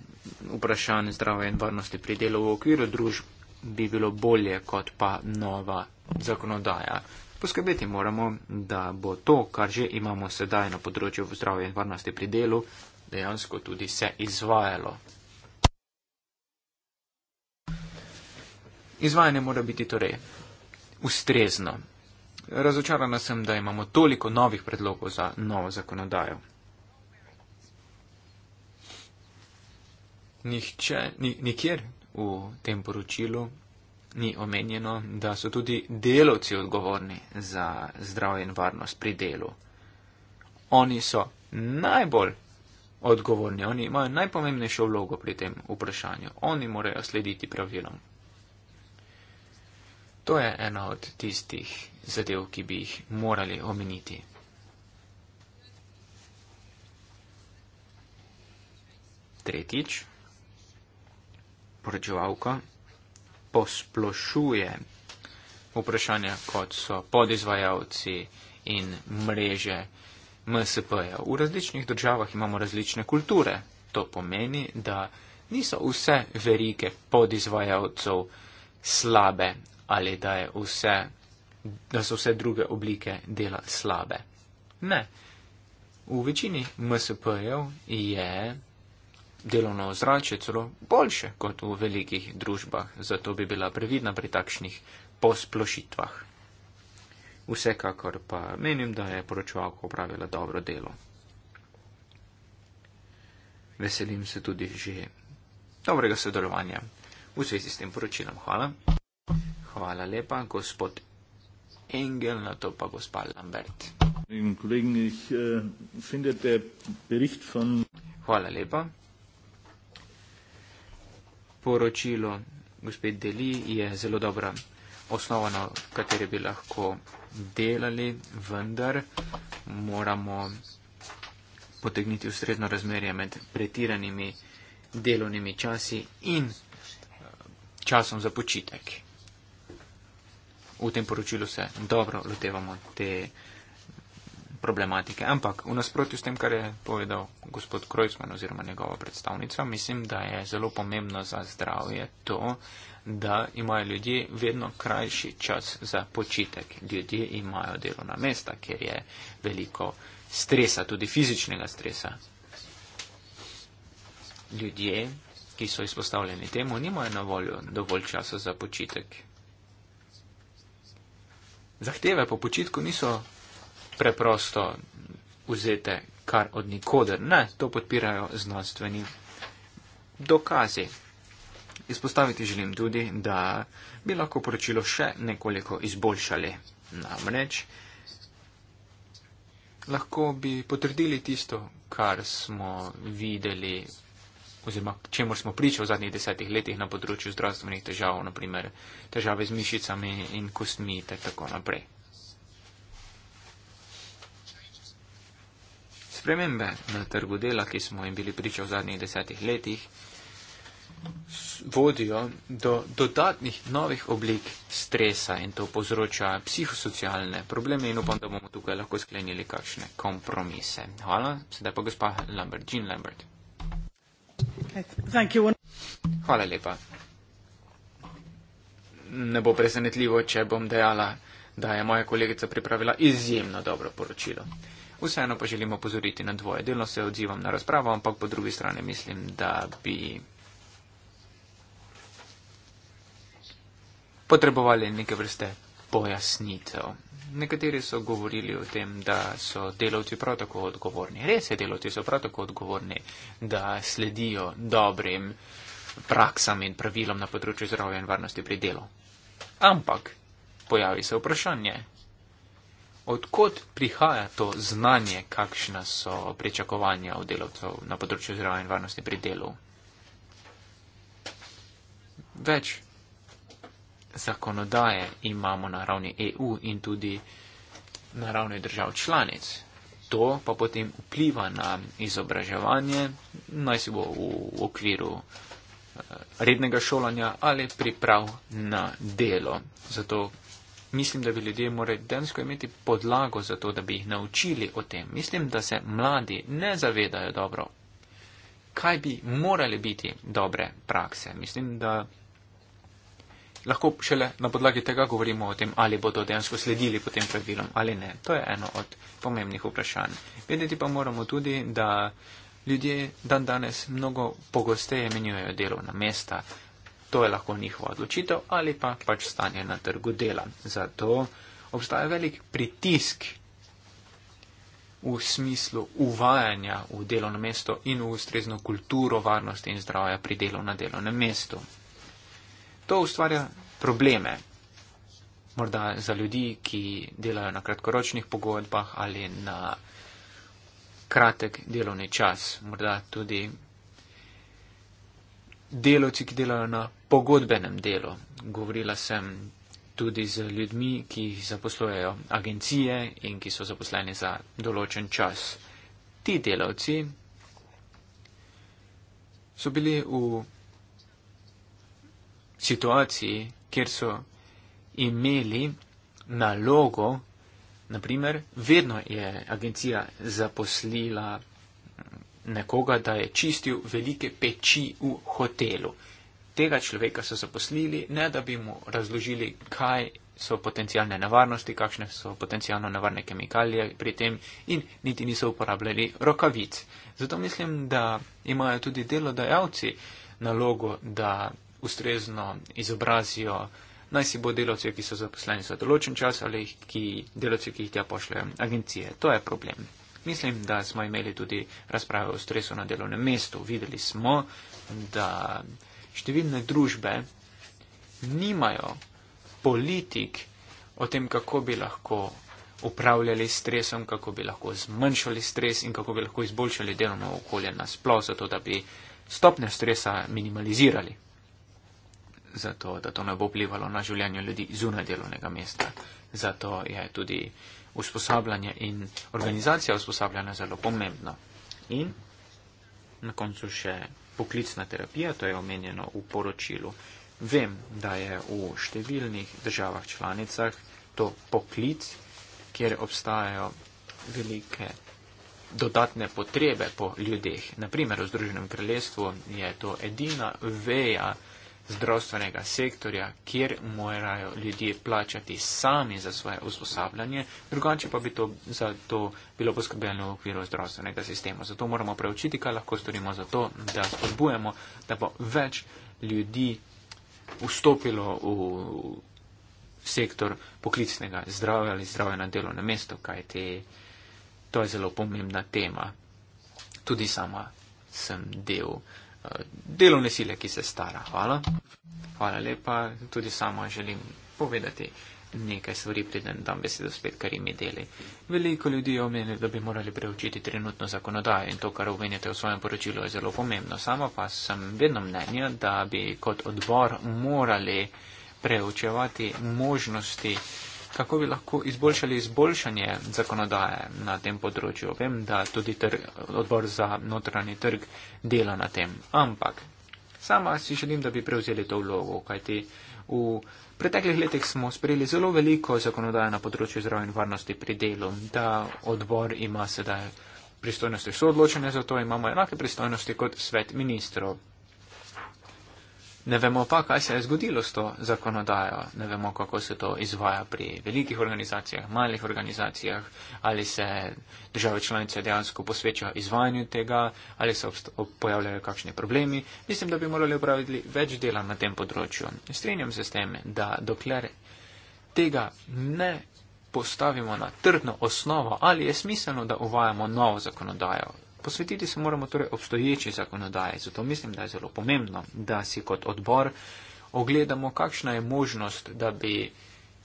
vprašanj zdrave in varnosti pri delu v okviru družb bi bilo bolje kot pa nova zakonodaja. Poskrbeti moramo, da bo to, kar že imamo sedaj na področju zdravja in varnosti pri delu, dejansko tudi se izvajalo. Izvajanje mora biti torej ustrezno. Razočarana sem, da imamo toliko novih predlogov za novo zakonodajo. Nihče, nikjer, v tem poročilu ni omenjeno, da so tudi delovci odgovorni za zdravje in varnost pri delu. Oni so najbolj odgovorni, oni imajo najpomembnejšo vlogo pri tem vprašanju. Oni morajo slediti pravilom. To je ena od tistih zadev, ki bi jih morali omeniti. Tretjič poročevalka posplošuje vprašanja, kot so podizvajalci in mreže MSP-ja. V različnih državah imamo različne kulture. To pomeni, da niso vse verike podizvajalcev slabe ali da, vse, da so vse druge oblike dela slabe. Ne. V večini MSP-jev je delovno ozračje celo boljše kot v velikih družbah, zato bi bila previdna pri takšnih posplošitvah. Vsekakor pa menim, da je poročevalka opravila dobro delo. Veselim se tudi že dobrega sodelovanja v zvezi s tem poročilom. Hvala. Hvala lepa, gospod Engel, na to pa gospa Lambert. Eh, eh, Hvala lepa poročilo gospe Deli je zelo dobra osnova, na kateri bi lahko delali, vendar moramo potegniti ustrezno razmerje med pretiranimi delovnimi časi in eh, časom za počitek. V tem poročilu se dobro lotevamo te problematike. Ampak v nasprotju s tem, kar je povedal gospod Krojcman oziroma njegova predstavnica, mislim, da je zelo pomembno za zdravje to, da imajo ljudje vedno krajši čas za počitek. Ljudje imajo delovna mesta, kjer je veliko stresa, tudi fizičnega stresa. Ljudje, ki so izpostavljeni temu, nimajo na voljo dovolj časa za počitek. Zahteve po počitku niso preprosto vzete kar od nikoder. Ne, to podpirajo znanstveni dokazi. Izpostaviti želim tudi, da bi lahko poročilo še nekoliko izboljšali. Namreč, lahko bi potrdili tisto, kar smo videli oziroma čemu smo priča v zadnjih desetih letih na področju zdravstvenih težav, naprimer težave z mišicami in kostmi ter tako naprej. spremembe na trgu dela, ki smo jim bili priča v zadnjih desetih letih, vodijo do dodatnih novih oblik stresa in to povzroča psihosocialne probleme in upam, da bomo tukaj lahko sklenili kakšne kompromise. Hvala. Sedaj pa gospa Lambert, Jean Lambert. Hvala lepa. Ne bo presenetljivo, če bom dejala, da je moja kolegica pripravila izjemno dobro poročilo. Vseeno pa želimo pozoriti na dvoje. Delno se odzivam na razpravo, ampak po drugi strani mislim, da bi potrebovali neke vrste pojasnitev. Nekateri so govorili o tem, da so delavci prav tako odgovorni. Res je, delavci so prav tako odgovorni, da sledijo dobrim praksam in pravilom na področju zdravja in varnosti pri delu. Ampak pojavi se vprašanje, Odkot prihaja to znanje, kakšna so pričakovanja od delavcev na področju zdravja in varnosti pri delu? Več zakonodaje imamo na ravni EU in tudi na ravni držav članic. To pa potem vpliva na izobraževanje, naj si bo v okviru eh, rednega šolanja ali priprav na delo. Zato Mislim, da bi ljudje morali densko imeti podlago za to, da bi jih naučili o tem. Mislim, da se mladi ne zavedajo dobro, kaj bi morali biti dobre prakse. Mislim, da lahko šele na podlagi tega govorimo o tem, ali bodo densko sledili po tem pravilom ali ne. To je eno od pomembnih vprašanj. Vedeti pa moramo tudi, da ljudje dan danes mnogo pogosteje menjujejo delovna mesta, To je lahko njihova odločitev ali pa pač stanje na trgu dela. Zato obstaja velik pritisk v smislu uvajanja v delovno mesto in v ustrezno kulturo varnosti in zdravja pri delu na delovnem mestu. To ustvarja probleme. Morda za ljudi, ki delajo na kratkoročnih pogodbah ali na kratek delovni čas, morda tudi delavci, ki delajo na pogodbenem delu. Govorila sem tudi z ljudmi, ki jih zaposlujejo agencije in ki so zaposleni za določen čas. Ti delavci so bili v situaciji, kjer so imeli nalogo, naprimer, vedno je agencija zaposlila nekoga, da je čistil velike peči v hotelu. Tega človeka so zaposlili, ne da bi mu razložili, kaj so potencijalne nevarnosti, kakšne so potencijalno nevarne kemikalije pri tem in niti niso uporabljali rokavic. Zato mislim, da imajo tudi delodajalci nalogo, da ustrezno izobrazijo naj si bo delovce, ki so zaposleni za določen čas ali ki delovce, ki jih tja pošljajo agencije. To je problem. Mislim, da smo imeli tudi razprave o stresu na delovnem mestu. Videli smo, da številne družbe nimajo politik o tem, kako bi lahko upravljali stresom, kako bi lahko zmanjšali stres in kako bi lahko izboljšali delovno okolje nasploh, zato da bi stopnjo stresa minimalizirali. Zato, da to ne bo vplivalo na življenje ljudi zunaj delovnega mesta. Zato je tudi uh, usposabljanje in organizacija usposabljanja zelo pomembna. In na koncu še poklicna terapija, to je omenjeno v poročilu. Vem, da je v številnih državah članicah to poklic, kjer obstajajo velike dodatne potrebe po ljudeh. Naprimer, v Združenem kraljestvu je to edina veja, zdravstvenega sektorja, kjer morajo ljudje plačati sami za svoje usposabljanje, drugače pa bi to, to bilo poskrbljeno v okviru zdravstvenega sistema. Zato moramo preučiti, kaj lahko storimo za to, da spodbujemo, da bo več ljudi vstopilo v sektor poklicnega zdravja ali zdravja na delovnem mestu, kaj te, to je zelo pomembna tema. Tudi sama sem del delovne sile, ki se stara. Hvala. Hvala lepa. Tudi sama želim povedati nekaj stvari, preden dam besedo spet, kar jim je deli. Veliko ljudi je omenilo, da bi morali preučiti trenutno zakonodajo in to, kar omenjate v svojem poročilu, je zelo pomembno. Sama pa sem vedno mnenja, da bi kot odbor morali preučevati možnosti, kako bi lahko izboljšali izboljšanje zakonodaje na tem področju. Vem, da tudi trg, odbor za notranji trg dela na tem. Ampak sama si želim, da bi prevzeli to vlogo, kajti v preteklih letih smo sprejeli zelo veliko zakonodaje na področju zdravja in varnosti pri delu. Ta odbor ima sedaj pristojnosti, so odločene, zato imamo enake pristojnosti kot svet ministrov. Ne vemo pa, kaj se je zgodilo s to zakonodajo, ne vemo, kako se to izvaja pri velikih organizacijah, malih organizacijah, ali se države članice dejansko posvečajo izvajanju tega, ali se pojavljajo kakšni problemi. Mislim, da bi morali upraviti več dela na tem področju. Strenjam se s tem, da dokler tega ne postavimo na trdno osnovo, ali je smiselno, da uvajamo novo zakonodajo Posvetiti se moramo torej obstoječi zakonodaji, zato mislim, da je zelo pomembno, da si kot odbor ogledamo, kakšna je možnost, da bi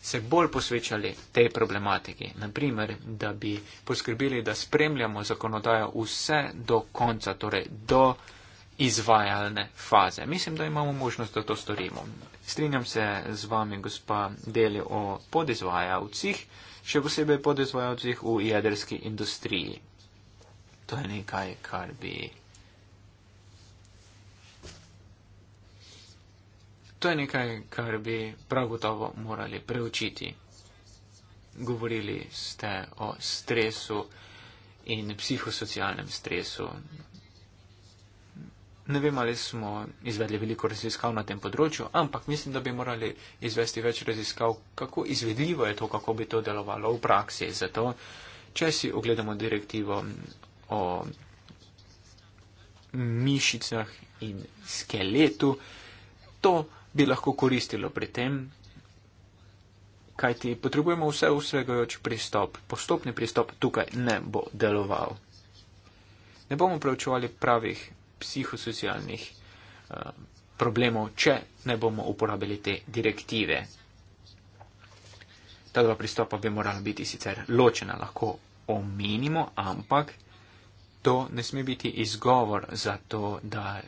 se bolj posvečali tej problematiki. Naprimer, da bi poskrbeli, da spremljamo zakonodajo vse do konca, torej do izvajalne faze. Mislim, da imamo možnost, da to storimo. Strinjam se z vami, gospa Deli, o podizvajalcih, še posebej podizvajalcih v jedrski industriji to je nekaj, kar bi. To je nekaj, kar bi prav gotovo morali preučiti. Govorili ste o stresu in psihosocialnem stresu. Ne vem, ali smo izvedli veliko raziskav na tem področju, ampak mislim, da bi morali izvesti več raziskav, kako izvedljivo je to, kako bi to delovalo v praksi. Zato, če si ogledamo direktivo o mišicah in skeletu. To bi lahko koristilo pri tem, kajti potrebujemo vse vsegajoč pristop. Postopni pristop tukaj ne bo deloval. Ne bomo preučevali pravih psihosocialnih uh, problemov, če ne bomo uporabili te direktive. Ta dva pristopa bi morala biti sicer ločena, lahko omenimo, ampak to ne sme biti izgovor za to, da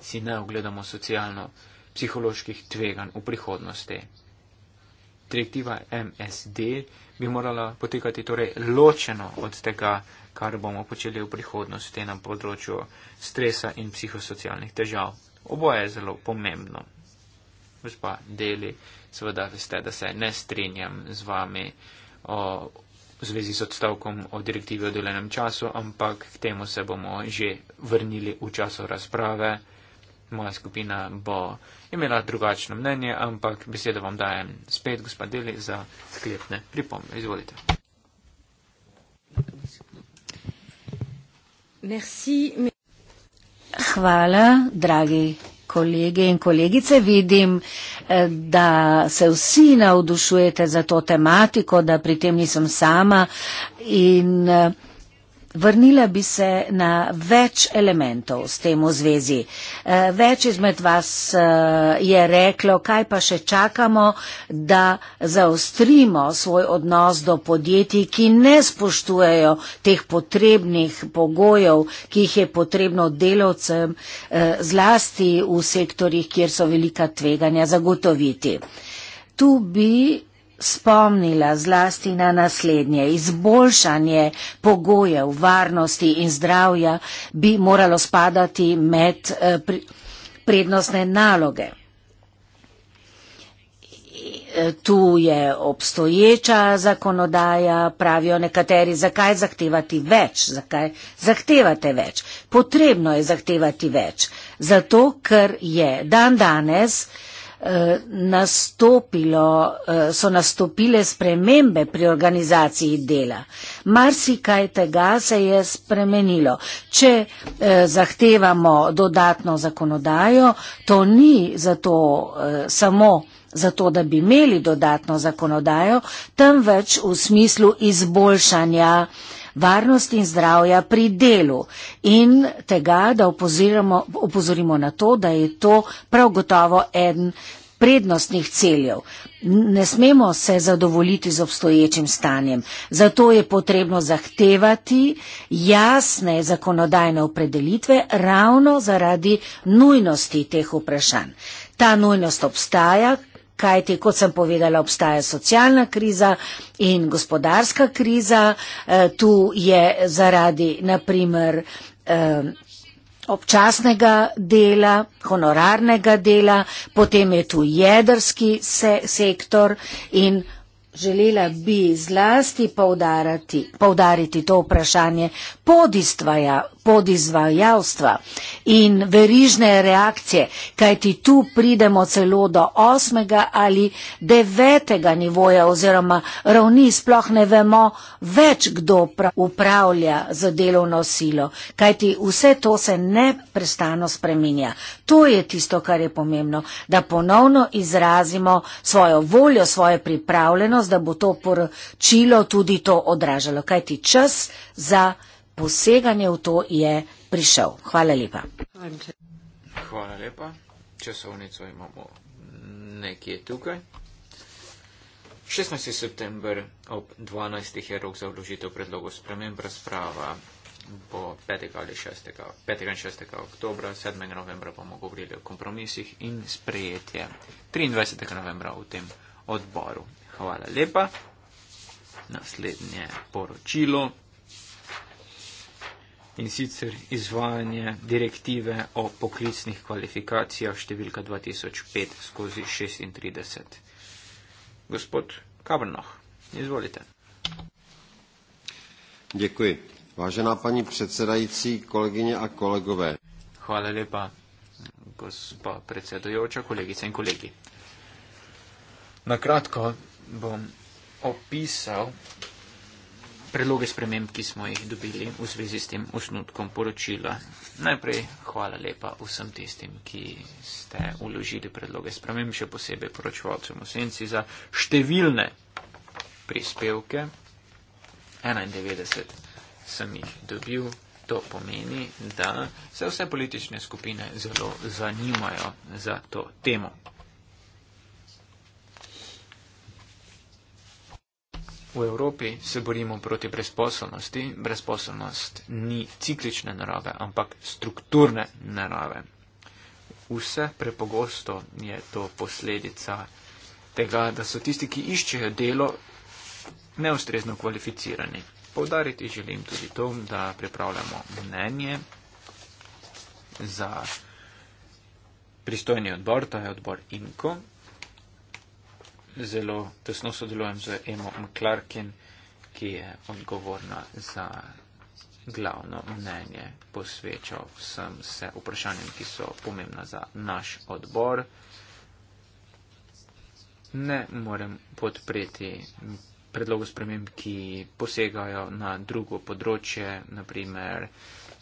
si ne ogledamo socialno-psiholoških tvegan v prihodnosti. Direktiva MSD bi morala potekati torej ločeno od tega, kar bomo počeli v prihodnosti na področju stresa in psihosocialnih težav. Oboje je zelo pomembno. Gospa Deli, seveda veste, da se ne strinjam z vami o v zvezi s odstavkom o direktivi o delenem času, ampak k temu se bomo že vrnili v času razprave. Moja skupina bo imela drugačno mnenje, ampak besedo vam dajem spet, gospod Deli, za sklepne pripombe. Izvolite. Hvala, dragi kolege in kolegice, vidim, eh, da se vsi navdušujete za to tematiko, da pri tem nisem sama in eh, Vrnila bi se na več elementov s tem v zvezi. Eh, več izmed vas eh, je reklo, kaj pa še čakamo, da zaostrimo svoj odnos do podjetij, ki ne spoštujejo teh potrebnih pogojev, ki jih je potrebno delovcem eh, zlasti v sektorjih, kjer so velika tveganja zagotoviti. Tu bi spomnila zlasti na naslednje. Izboljšanje pogojev varnosti in zdravja bi moralo spadati med eh, prednostne naloge. E, tu je obstoječa zakonodaja, pravijo nekateri, zakaj zahtevati več, zakaj zahtevate več. Potrebno je zahtevati več, zato ker je dan danes uh, Eh, nastopilo, eh, so nastopile spremembe pri organizaciji dela. Marsikaj tega se je spremenilo. Če eh, zahtevamo dodatno zakonodajo, to ni zato, samo zato, da bi imeli dodatno zakonodajo, temveč v smislu izboljšanja varnosti in zdravja pri delu in tega, da opoziramo, opozorimo na to, da je to prav gotovo en prednostnih ciljev. Ne smemo se zadovoljiti z obstoječim stanjem. Zato je potrebno zahtevati jasne zakonodajne opredelitve ravno zaradi nujnosti teh vprašanj. Ta nujnost obstaja, kajti, kot sem povedala, obstaja socialna kriza in gospodarska kriza. E, tu je zaradi, naprimer, e, občasnega dela, honorarnega dela, potem je tu jedrski se sektor in želela bi zlasti povdariti to vprašanje podistvaja, podizvajalstva in verižne reakcije, kajti tu pridemo celo do osmega ali devetega nivoja oziroma ravni, sploh ne vemo več, kdo upravlja z delovno silo, kajti vse to se neprestano spreminja. To je tisto, kar je pomembno, da ponovno izrazimo svojo voljo, svojo pripravljenost, da bo to poročilo tudi to odražalo, kajti čas za poseganje v to je prišel. Hvala lepa. Hvala lepa. Časovnico imamo nekje tukaj. 16. september ob 12. je rok za vložitev predlogov sprememb razprava. Bo 5. ali 6. 5. in 6. oktober, 7. novembra bomo govorili o kompromisih in sprejetje 23. novembra v tem odboru. Hvala lepa. Naslednje poročilo in sicer izvajanje direktive o poklicnih kvalifikacijah številka 2005 skozi 36. Gospod Kabrnoh, izvolite. Děkuji. Vážená paní předsedající, kolegyně a kolegové. Hvala lepa, gospa predsedujoča, kolegice in kolegi. Nakratko bom opisal predloge sprememb, ki smo jih dobili v zvezi s tem osnutkom poročila. Najprej hvala lepa vsem tistim, ki ste uložili predloge sprememb, še posebej poročevalcem v senci za številne prispevke. 91 sem jih dobil. To pomeni, da se vse politične skupine zelo zanimajo za to temo. V Evropi se borimo proti brezposobnosti. Brezposobnost ni ciklične narave, ampak strukturne narave. Vse prepogosto je to posledica tega, da so tisti, ki iščejo delo, neustrezno kvalificirani. Povdariti želim tudi to, da pripravljamo mnenje za pristojni odbor, to je odbor IMKO, zelo tesno sodelujem z Emo Mklarkin, ki je odgovorna za glavno mnenje, posvečal sem se vprašanjem, ki so pomembna za naš odbor. Ne morem podpreti predlogov sprememb, ki posegajo na drugo področje, naprimer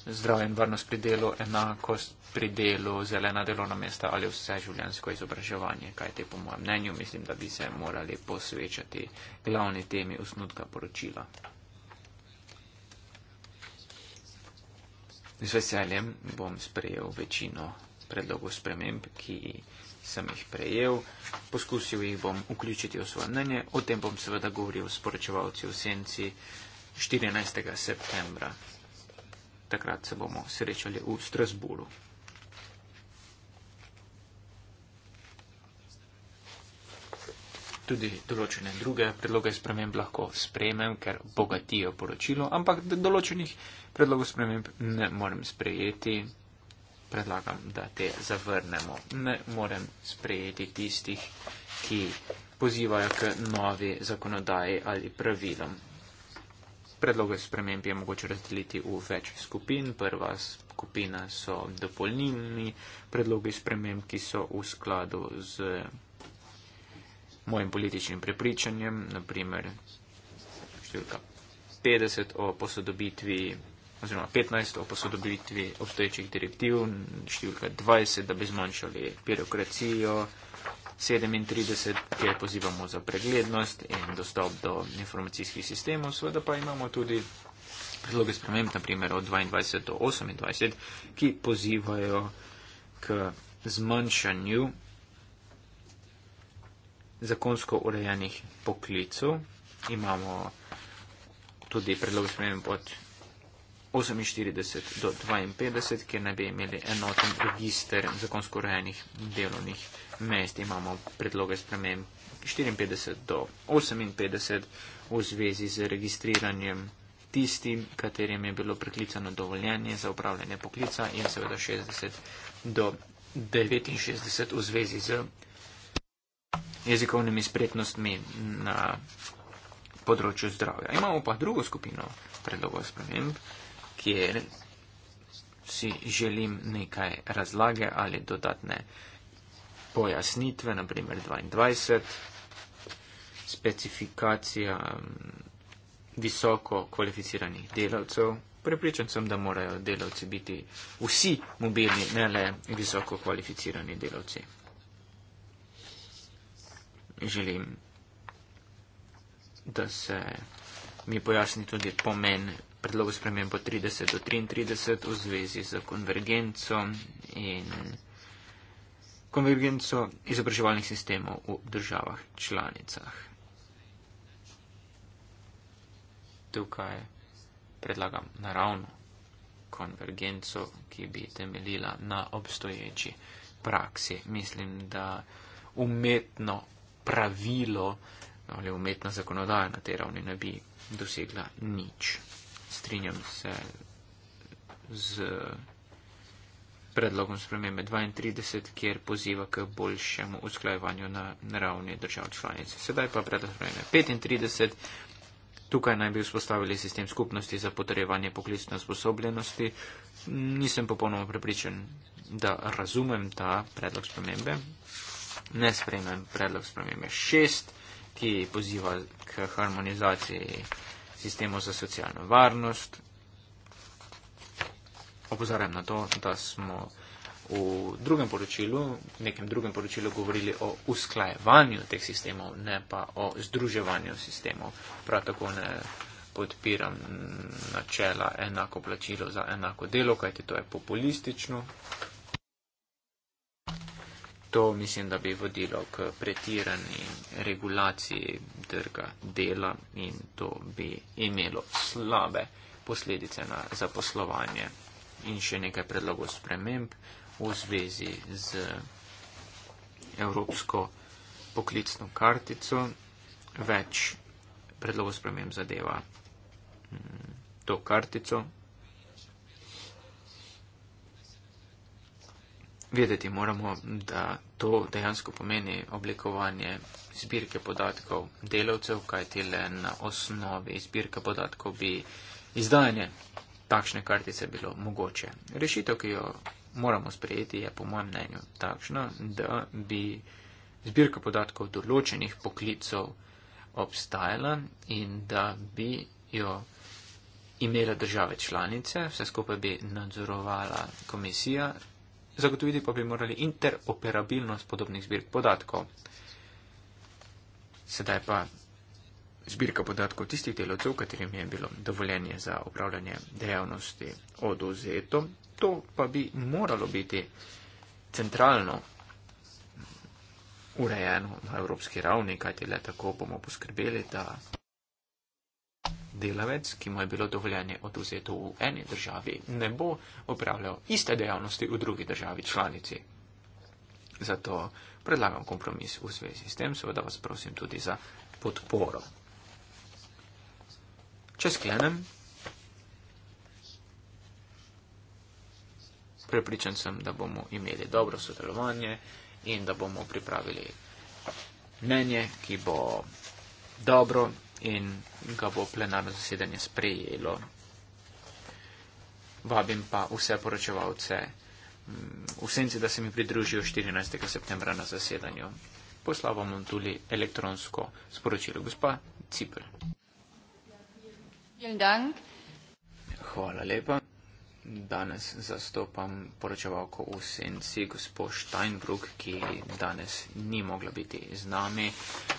zdrav in varnost pri delu, enakost pri delu, zelena delovna mesta ali vse življensko izobraževanje, kaj te po mojem mnenju mislim, da bi se morali posvečati glavni temi osnutka poročila. Z veseljem bom sprejel večino predlogov sprememb, ki sem jih prejel. Poskusil jih bom vključiti v svoje mnenje. O tem bom seveda govoril s poročevalci v Senci 14. septembra takrat se bomo srečali v Strasburu. Tudi določene druge predloge sprememb lahko sprejmem, ker bogatijo poročilo, ampak določenih predlogov sprememb ne morem sprejeti. Predlagam, da te zavrnemo. Ne morem sprejeti tistih, ki pozivajo k novi zakonodaji ali pravilom predloge sprememb je mogoče razdeliti v več skupin. Prva skupina so dopolnilni predloge sprememb, ki so v skladu z mojim političnim prepričanjem, naprimer številka 50 o posodobitvi oziroma 15 o posodobitvi obstoječih direktiv, številka 20, da bi zmanjšali birokracijo, 37, kjer pozivamo za preglednost in dostop do informacijskih sistemov. Sveda pa imamo tudi predloge sprememb, naprimer od 22 do 28, ki pozivajo k zmanjšanju zakonsko urejenih poklicov. Imamo tudi predloge sprememb od 48 do 52, kjer ne bi imeli enoten register zakonsko urejenih delovnih mest. Imamo predloge sprememb 54 do 58 v zvezi z registriranjem tistim, katerim je bilo preklicano dovoljenje za upravljanje poklica in seveda 60 do 69 v zvezi z jezikovnimi spretnostmi na področju zdravja. Imamo pa drugo skupino predlogov sprememb kjer si želim nekaj razlage ali dodatne pojasnitve, naprimer 22, specifikacija mm, visoko kvalificiranih delavcev. Prepričan sem, da morajo delavci biti vsi mobilni, ne le visoko kvalificirani delavci. Želim, da se mi pojasni tudi pomen predlogu spremembo 30 do 33 v zvezi z konvergenco in konvergenco izobraževalnih sistemov v državah članicah. Tukaj predlagam naravno konvergenco, ki bi temeljila na obstoječi praksi. Mislim, da umetno pravilo ali umetna zakonodaja na tej ravni ne bi dosegla nič strinjam se z predlogom spremembe 32, kjer poziva k boljšemu usklajevanju na ravni držav članic. Sedaj pa predlog spremembe 35. Tukaj naj bi vzpostavili sistem skupnosti za potrejevanje poklicne usposobljenosti. Nisem popolnoma prepričan, da razumem ta predlog spremembe. Ne spremem predlog spremembe 6, ki poziva k harmonizaciji sistemu za socialno varnost. Opozarjam na to, da smo v drugem poročilu, nekem drugem poročilu govorili o usklajevanju teh sistemov, ne pa o združevanju sistemov. Prav tako ne podpiram načela enako plačilo za enako delo, kajti to je populistično. To mislim, da bi vodilo k pretirani regulaciji trga dela in to bi imelo slabe posledice na zaposlovanje. In še nekaj predlogov sprememb v zvezi z evropsko poklicno kartico. Več predlogov sprememb zadeva mm, to kartico, vedeti moramo, da to dejansko pomeni oblikovanje zbirke podatkov delavcev, kajti le na osnovi zbirke podatkov bi izdajanje takšne kartice bilo mogoče. Rešitev, ki jo moramo sprejeti, je po mojem mnenju takšna, da bi zbirka podatkov določenih poklicov obstajala in da bi jo imela države članice, vse skupaj bi nadzorovala komisija zagotoviti pa bi morali interoperabilnost podobnih zbirk podatkov. Sedaj pa zbirka podatkov tistih delovcev, katerim je bilo dovoljenje za upravljanje dejavnosti oduzeto, to pa bi moralo biti centralno urejeno na evropski ravni, kajti le tako bomo poskrbeli, da delavec, ki mu je bilo dovoljenje oduzeto v eni državi, ne bo opravljal iste dejavnosti v drugi državi članici. Zato predlagam kompromis v zvezi s tem, seveda vas prosim tudi za podporo. Če sklenem, prepričan sem, da bomo imeli dobro sodelovanje in da bomo pripravili mnenje, ki bo dobro in ga bo plenarno zasedanje sprejelo. Vabim pa vse poročevalce mm, v senci, da se mi pridružijo 14. septembra na zasedanju. Poslal vam tudi elektronsko sporočilo. Gospa Cipr. Hvala lepa danes zastopam poročevalko v senci, gospo Steinbrug, ki danes ni mogla biti z nami.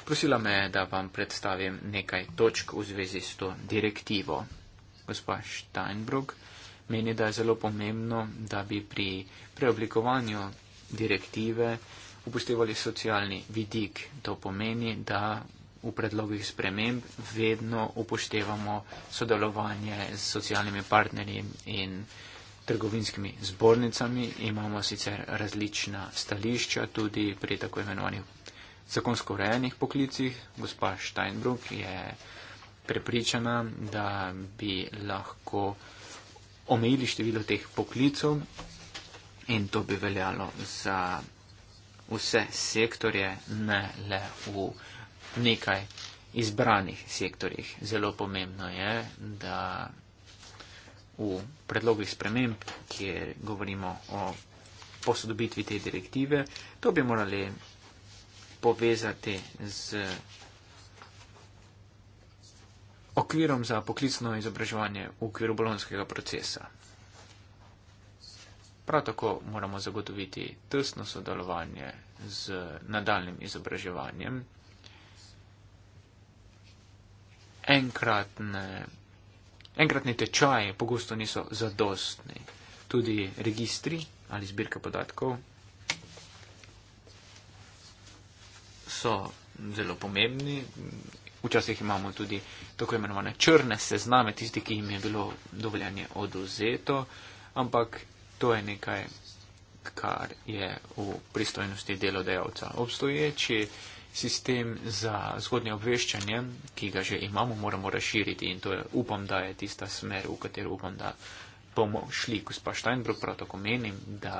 Prosila me je, da vam predstavim nekaj točk v zvezi s to direktivo. Gospa Steinbrug meni, da je zelo pomembno, da bi pri preoblikovanju direktive upoštevali socialni vidik. To pomeni, da v predlogih sprememb vedno upoštevamo sodelovanje s socialnimi partnerji in trgovinskimi zbornicami. Imamo sicer različna stališča tudi pri tako imenovanih zakonsko urejenih poklicih. Gospa Steinbrück je prepričana, da bi lahko omejili število teh poklicov in to bi veljalo za vse sektorje, ne le v nekaj izbranih sektorjih. Zelo pomembno je, da v predlogih sprememb, kjer govorimo o posodobitvi te direktive, to bi morali povezati z okvirom za poklicno izobraževanje v okviru bolonskega procesa. Prav tako moramo zagotoviti tesno sodelovanje z nadaljnim izobraževanjem. enkratne, enkratni tečaji pogosto niso zadostni. Tudi registri ali zbirke podatkov so zelo pomembni. Včasih imamo tudi tako imenovane črne sezname, tisti, ki jim je bilo dovoljanje oduzeto, ampak to je nekaj, kar je v pristojnosti delodajalca. Obstoječi sistem za zgodnje obveščanje, ki ga že imamo, moramo razširiti in to je, upam, da je tista smer, v katero upam, da bomo šli. Gospa Steinbrück, prav tako menim, da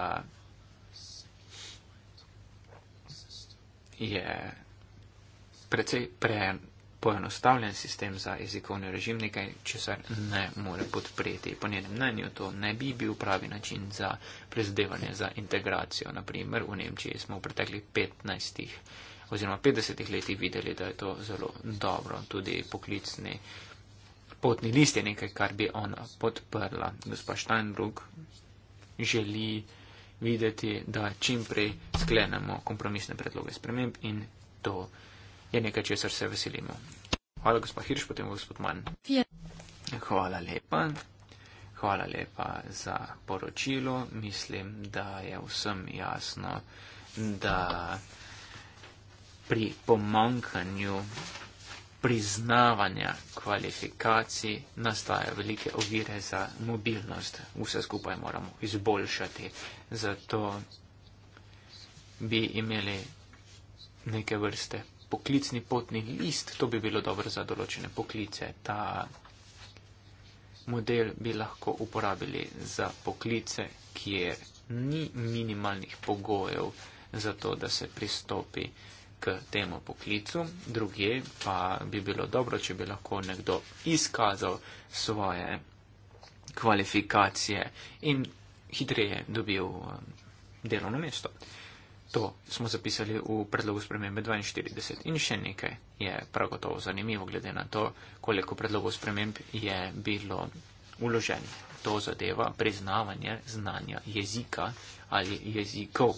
je precej poenostavljen sistem za jezikovni režim, nekaj, če se ne more podpreti. Po njenem mnenju to ne bi bil pravi način za prezdevanje za integracijo. Naprimer, v Nemčiji smo v preteklih 15-ih oziroma 50 letih videli, da je to zelo dobro. Tudi poklicni potni list je nekaj, kar bi ona podprla. Gospa Steinbrug želi videti, da čim prej sklenemo kompromisne predloge sprememb in to je nekaj, česar se veselimo. Hvala, gospod Hirš, potem gospod Mann. Hvala lepa. Hvala lepa za poročilo. Mislim, da je vsem jasno, da pri pomankanju priznavanja kvalifikacij nastajajo velike ovire za mobilnost. Vse skupaj moramo izboljšati. Zato bi imeli neke vrste poklicni potni list. To bi bilo dobro za določene poklice. Ta model bi lahko uporabili za poklice, kjer ni minimalnih pogojev za to, da se pristopi k temu poklicu, druge pa bi bilo dobro, če bi lahko nekdo izkazal svoje kvalifikacije in hitreje dobil eh, delovno mesto. To smo zapisali v predlogu spremembe 42 in še nekaj je prav gotovo zanimivo, glede na to, koliko predlogov sprememb je bilo uloženo. To zadeva priznavanje znanja jezika ali jezikov.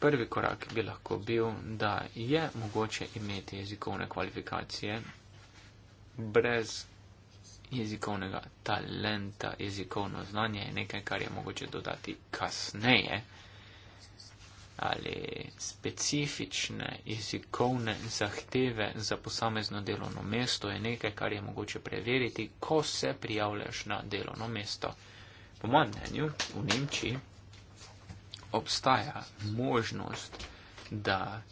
prvi korak bi lahko bil, da je mogoče imeti jezikovne kvalifikacije brez jezikovnega talenta, jezikovno znanje je nekaj, kar je mogoče dodati kasneje ali specifične jezikovne zahteve za posamezno delovno mesto je nekaj, kar je mogoče preveriti, ko se prijavljaš na delovno mesto. Po mojem mnenju, v Nemčiji obstaja možnost, da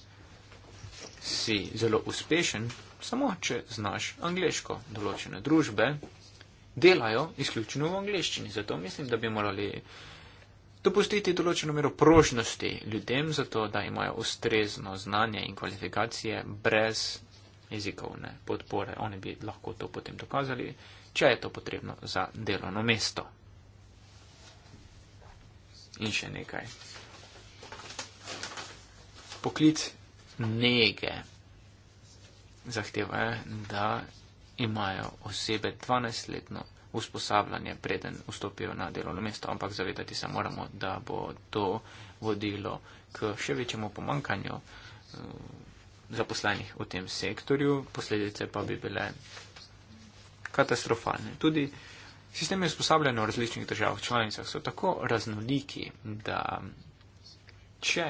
si zelo uspešen, samo če znaš angliško. Določene družbe delajo izključno v angliščini, zato mislim, da bi morali dopustiti določeno mero prožnosti ljudem, zato da imajo ustrezno znanje in kvalifikacije brez jezikovne podpore. Oni bi lahko to potem dokazali, če je to potrebno za delovno mesto in še nekaj. Poklic nege zahteva, da imajo osebe 12-letno usposabljanje, preden vstopijo na delovno mesto, ampak zavedati se moramo, da bo to vodilo k še večjemu pomankanju eh, zaposlenih v tem sektorju, posledice pa bi bile katastrofalne. Tudi uh, Sistemi usposabljanja v različnih državah članicah so tako raznoliki, da če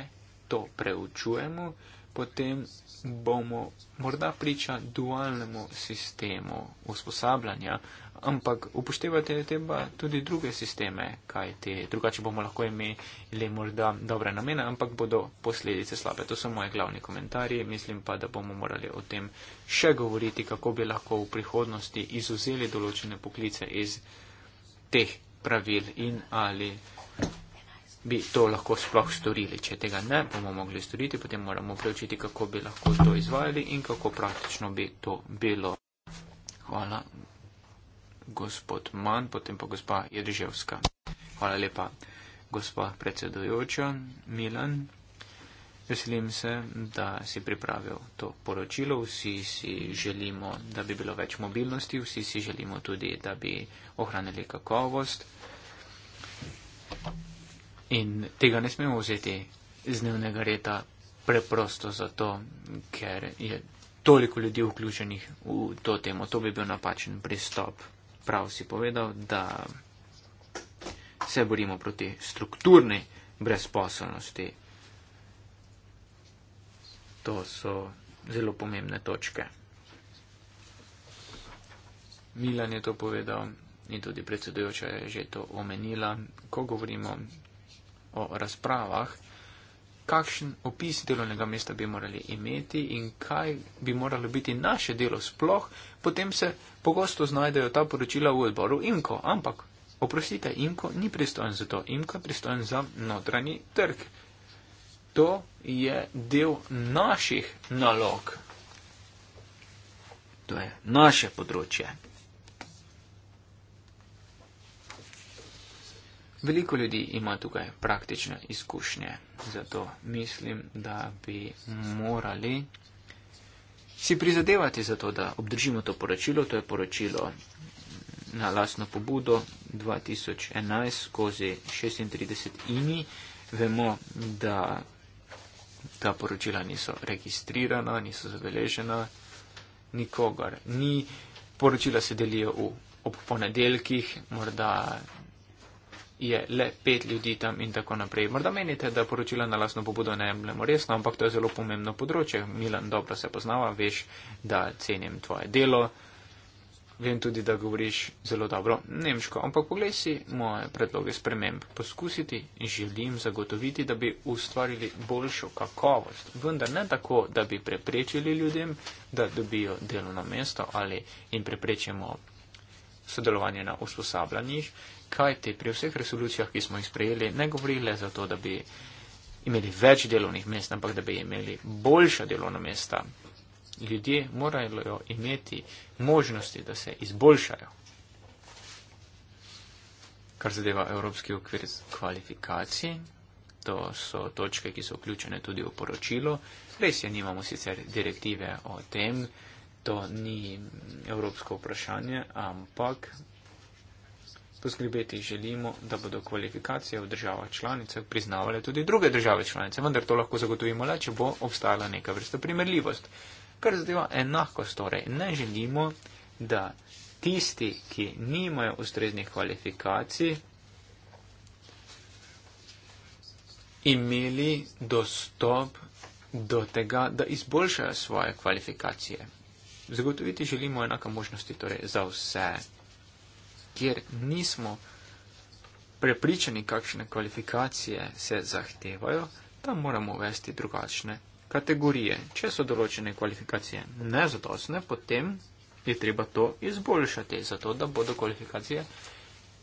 to preučujemo, potem bomo morda priča dualnemu sistemu usposabljanja, ampak upoštevati je treba tudi druge sisteme, kaj te, drugače bomo lahko imeli morda dobre namene, ampak bodo posledice slabe. To so moje glavni komentarji, mislim pa, da bomo morali o tem še govoriti, kako bi lahko v prihodnosti izuzeli določene poklice iz teh pravil in ali bi to lahko sploh storili. Če tega ne bomo mogli storiti, potem moramo preučiti, kako bi lahko to izvajali in kako praktično bi to bilo. Hvala, gospod Mann, potem pa gospa Jedriževska. Hvala lepa, gospa predsedujoča Milan. Veselim se, da si pripravil to poročilo. Vsi si želimo, da bi bilo več mobilnosti, vsi si želimo tudi, da bi ohranili kakovost. In tega ne smemo vzeti z dnevnega reda preprosto zato, ker je toliko ljudi vključenih v to temo. To bi bil napačen pristop. Prav si povedal, da se borimo proti strukturni brezposelnosti. To so zelo pomembne točke. Milan je to povedal in tudi predsedujoča je že to omenila, ko govorimo o razpravah, kakšen opis delovnega mesta bi morali imeti in kaj bi moralo biti naše delo sploh, potem se pogosto znajdejo ta poročila v odboru Imko. Ampak, oprostite, Imko ni pristojen za to, Imko je pristojen za notranji trg. To je del naših nalog. To je naše področje. Veliko ljudi ima tukaj praktične izkušnje, zato mislim, da bi morali si prizadevati za to, da obdržimo to poročilo. To je poročilo na lasno pobudo 2011 skozi 36 ini. Vemo, da ta poročila niso registrirana, niso zabeležena, nikogar ni. Poročila se delijo v, ob ponedeljkih, morda je le pet ljudi tam in tako naprej. Morda menite, da poročila na lasno pobudo ne jemljemo resno, ampak to je zelo pomembno področje. Milan, dobro se poznava, veš, da cenim tvoje delo. Vem tudi, da govoriš zelo dobro nemško, ampak poglej si moje predloge sprememb. Poskusiti želim zagotoviti, da bi ustvarili boljšo kakovost, vendar ne tako, da bi preprečili ljudem, da dobijo delovno mesto ali jim preprečimo sodelovanje na usposabljanjih, kajti pri vseh resolucijah, ki smo jih sprejeli, ne govori le za to, da bi imeli več delovnih mest, ampak da bi imeli boljša delovna mesta. Ljudje morajo imeti možnosti, da se izboljšajo, kar zadeva Evropski okvir kvalifikacij. To so točke, ki so vključene tudi v poročilo. Res je, nimamo sicer direktive o tem, to ni evropsko vprašanje, ampak poskrbeti želimo, da bodo kvalifikacije v državah članicah priznavale tudi druge države članice, vendar to lahko zagotovimo le, če bo obstajala neka vrsta primerljivost. Kar zadeva enakost, torej ne želimo, da tisti, ki nimajo ustreznih kvalifikacij, imeli dostop do tega, da izboljšajo svoje kvalifikacije. Zagotoviti želimo enaka možnosti torej, za vse kjer nismo prepričani, kakšne kvalifikacije se zahtevajo, tam moramo uvesti drugačne kategorije. Če so določene kvalifikacije nezadostne, potem je treba to izboljšati, zato da bodo kvalifikacije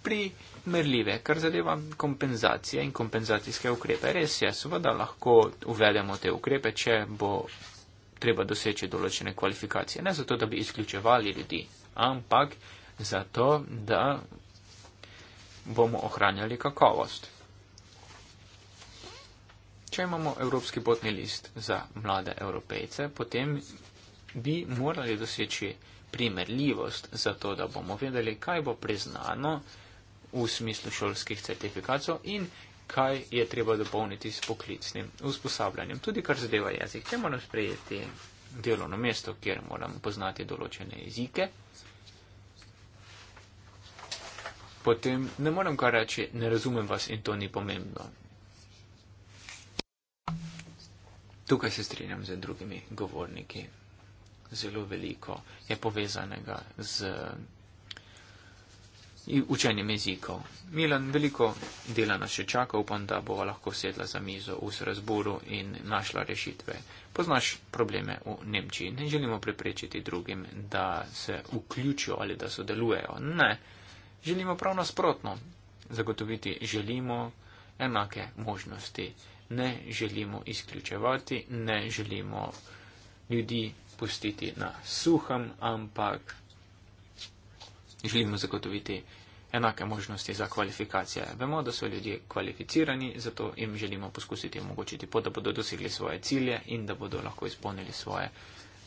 primerljive, kar zadeva kompenzacije in kompenzacijske ukrepe. Res je, seveda lahko uvedemo te ukrepe, če bo treba doseči določene kvalifikacije. Ne zato, da bi izključevali ljudi, ampak zato da bomo ohranjali kakovost. Če imamo evropski potni list za mlade evropejce, potem bi morali doseči primerljivost za to, da bomo vedeli, kaj bo priznano v smislu šolskih certifikacij in kaj je treba dopolniti s poklicnim usposabljanjem. Tudi kar zadeva jezik, če moram sprejeti delovno mesto, kjer moram poznati določene jezike, potem ne morem kar reči, ne razumem vas in to ni pomembno. Tukaj se strinjam z drugimi govorniki. Zelo veliko je povezanega z učenjem jezikov. Milan, veliko dela nas še čaka, upam, da bo lahko sedla za mizo v Srasburu in našla rešitve. Poznaš probleme v Nemčiji. Ne želimo preprečiti drugim, da se vključijo ali da sodelujejo. Ne želimo prav nasprotno. Zagotoviti želimo enake možnosti. Ne želimo izključevati, ne želimo ljudi pustiti na suhem, ampak želimo zagotoviti enake možnosti za kvalifikacije. Vemo, da so ljudje kvalificirani, zato jim želimo poskusiti omogočiti pot, da bodo dosegli svoje cilje in da bodo lahko izpolnili svoje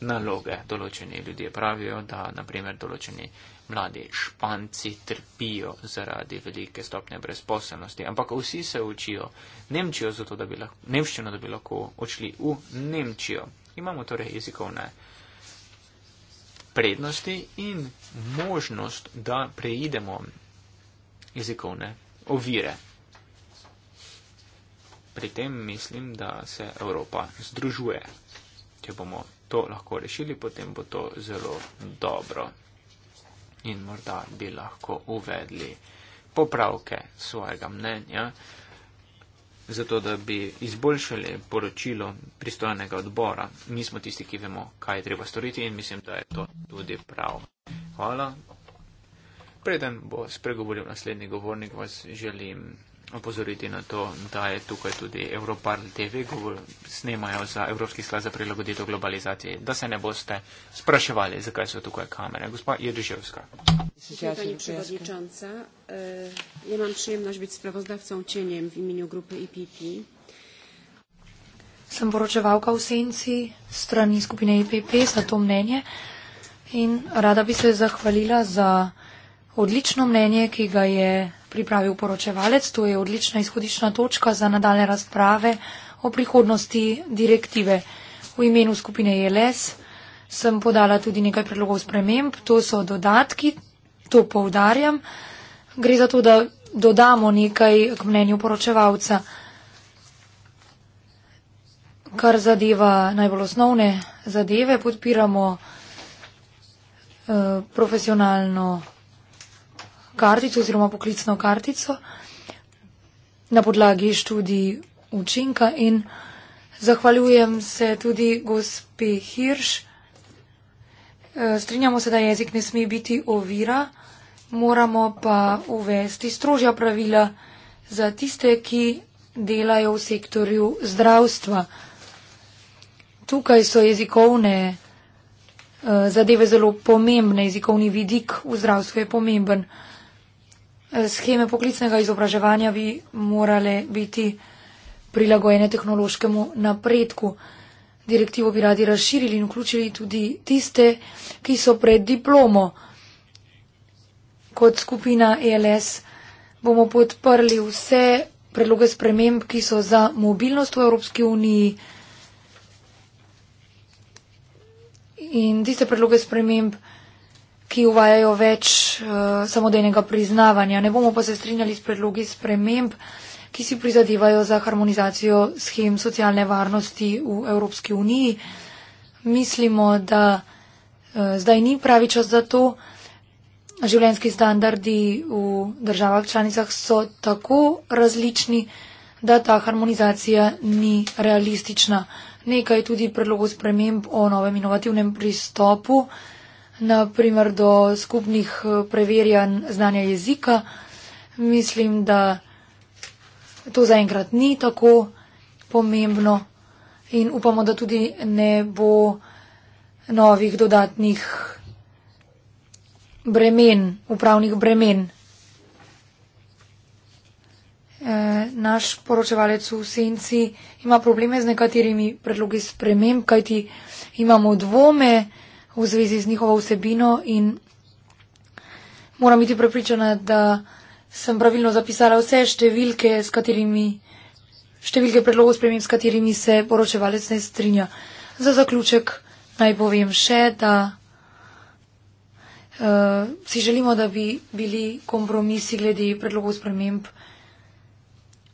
naloge. Določeni ljudje pravijo, da naprimer določeni mladi španci trpijo zaradi velike stopne brezposelnosti, ampak vsi se učijo Nemčijo, zato da bi lahko, Nemščino, da bi lahko odšli v Nemčijo. Imamo torej jezikovne prednosti in možnost, da preidemo jezikovne ovire. Pri tem mislim, da se Evropa združuje, če bomo to lahko rešili, potem bo to zelo dobro. In morda bi lahko uvedli popravke svojega mnenja, zato da bi izboljšali poročilo pristojnega odbora. Mi smo tisti, ki vemo, kaj je treba storiti in mislim, da je to tudi prav. Hvala. Preden bo spregovoril naslednji govornik, vas želim opozoriti na to, da je tukaj tudi Europar TV, govor, snemajo za Evropski sklad za prilagoditev globalizaciji, da se ne boste spraševali, zakaj so tukaj kamere. Gospa Jerzyjevska. Pani przewodnicząca, e, ja mam przyjemność być sprawozdawcą cieniem w imieniu grupy IPP. Jestem poroczewałka w sencji strony skupiny IPP za to mnenie i rada by się zachwalila za odliczne mnenie, które je pripravil poročevalec. To je odlična izhodišna točka za nadaljne razprave o prihodnosti direktive. V imenu skupine JLS e sem podala tudi nekaj predlogov sprememb. To so dodatki, to poudarjam. Gre za to, da dodamo nekaj k mnenju poročevalca, kar zadeva najbolj osnovne zadeve. Podpiramo uh, profesionalno kartico oziroma poklicno kartico na podlagi študij učinka in zahvaljujem se tudi gospi Hirš. E, strinjamo se, da jezik ne sme biti ovira, moramo pa uvesti strožja pravila za tiste, ki delajo v sektorju zdravstva. Tukaj so jezikovne e, zadeve zelo pomembne, jezikovni vidik v zdravstvu je pomemben. Scheme poklicnega izobraževanja bi morale biti prilagojene tehnološkemu napredku. Direktivo bi radi razširili in vključili tudi tiste, ki so pred diplomo. Kot skupina ELS bomo podprli vse predloge sprememb, ki so za mobilnost v Evropski uniji in tiste predloge sprememb, ki uvajajo več uh, samodejnega priznavanja. Ne bomo pa se strinjali s predlogi sprememb, ki si prizadevajo za harmonizacijo schem socialne varnosti v Evropski uniji. Mislimo, da uh, zdaj ni pravi čas za to. Življenjski standardi v državah članicah so tako različni, da ta harmonizacija ni realistična. Nekaj tudi predlogov sprememb o novem inovativnem pristopu. Uh, naprimer do skupnih eh, preverjanj znanja jezika. Mislim, da to zaenkrat ni tako pomembno in upamo, da tudi ne bo novih dodatnih bremen, upravnih bremen. Eh, naš poročevalec v senci ima probleme z nekaterimi predlogi sprememb, kajti imamo dvome, v zvezi z njihovo vsebino in moram biti prepričana, da sem pravilno zapisala vse številke, s katerimi, številke predlogov spremem, s katerimi se poročevalec ne strinja. Za zaključek naj povem še, da uh, si želimo, da bi bili kompromisi glede predlogov sprememb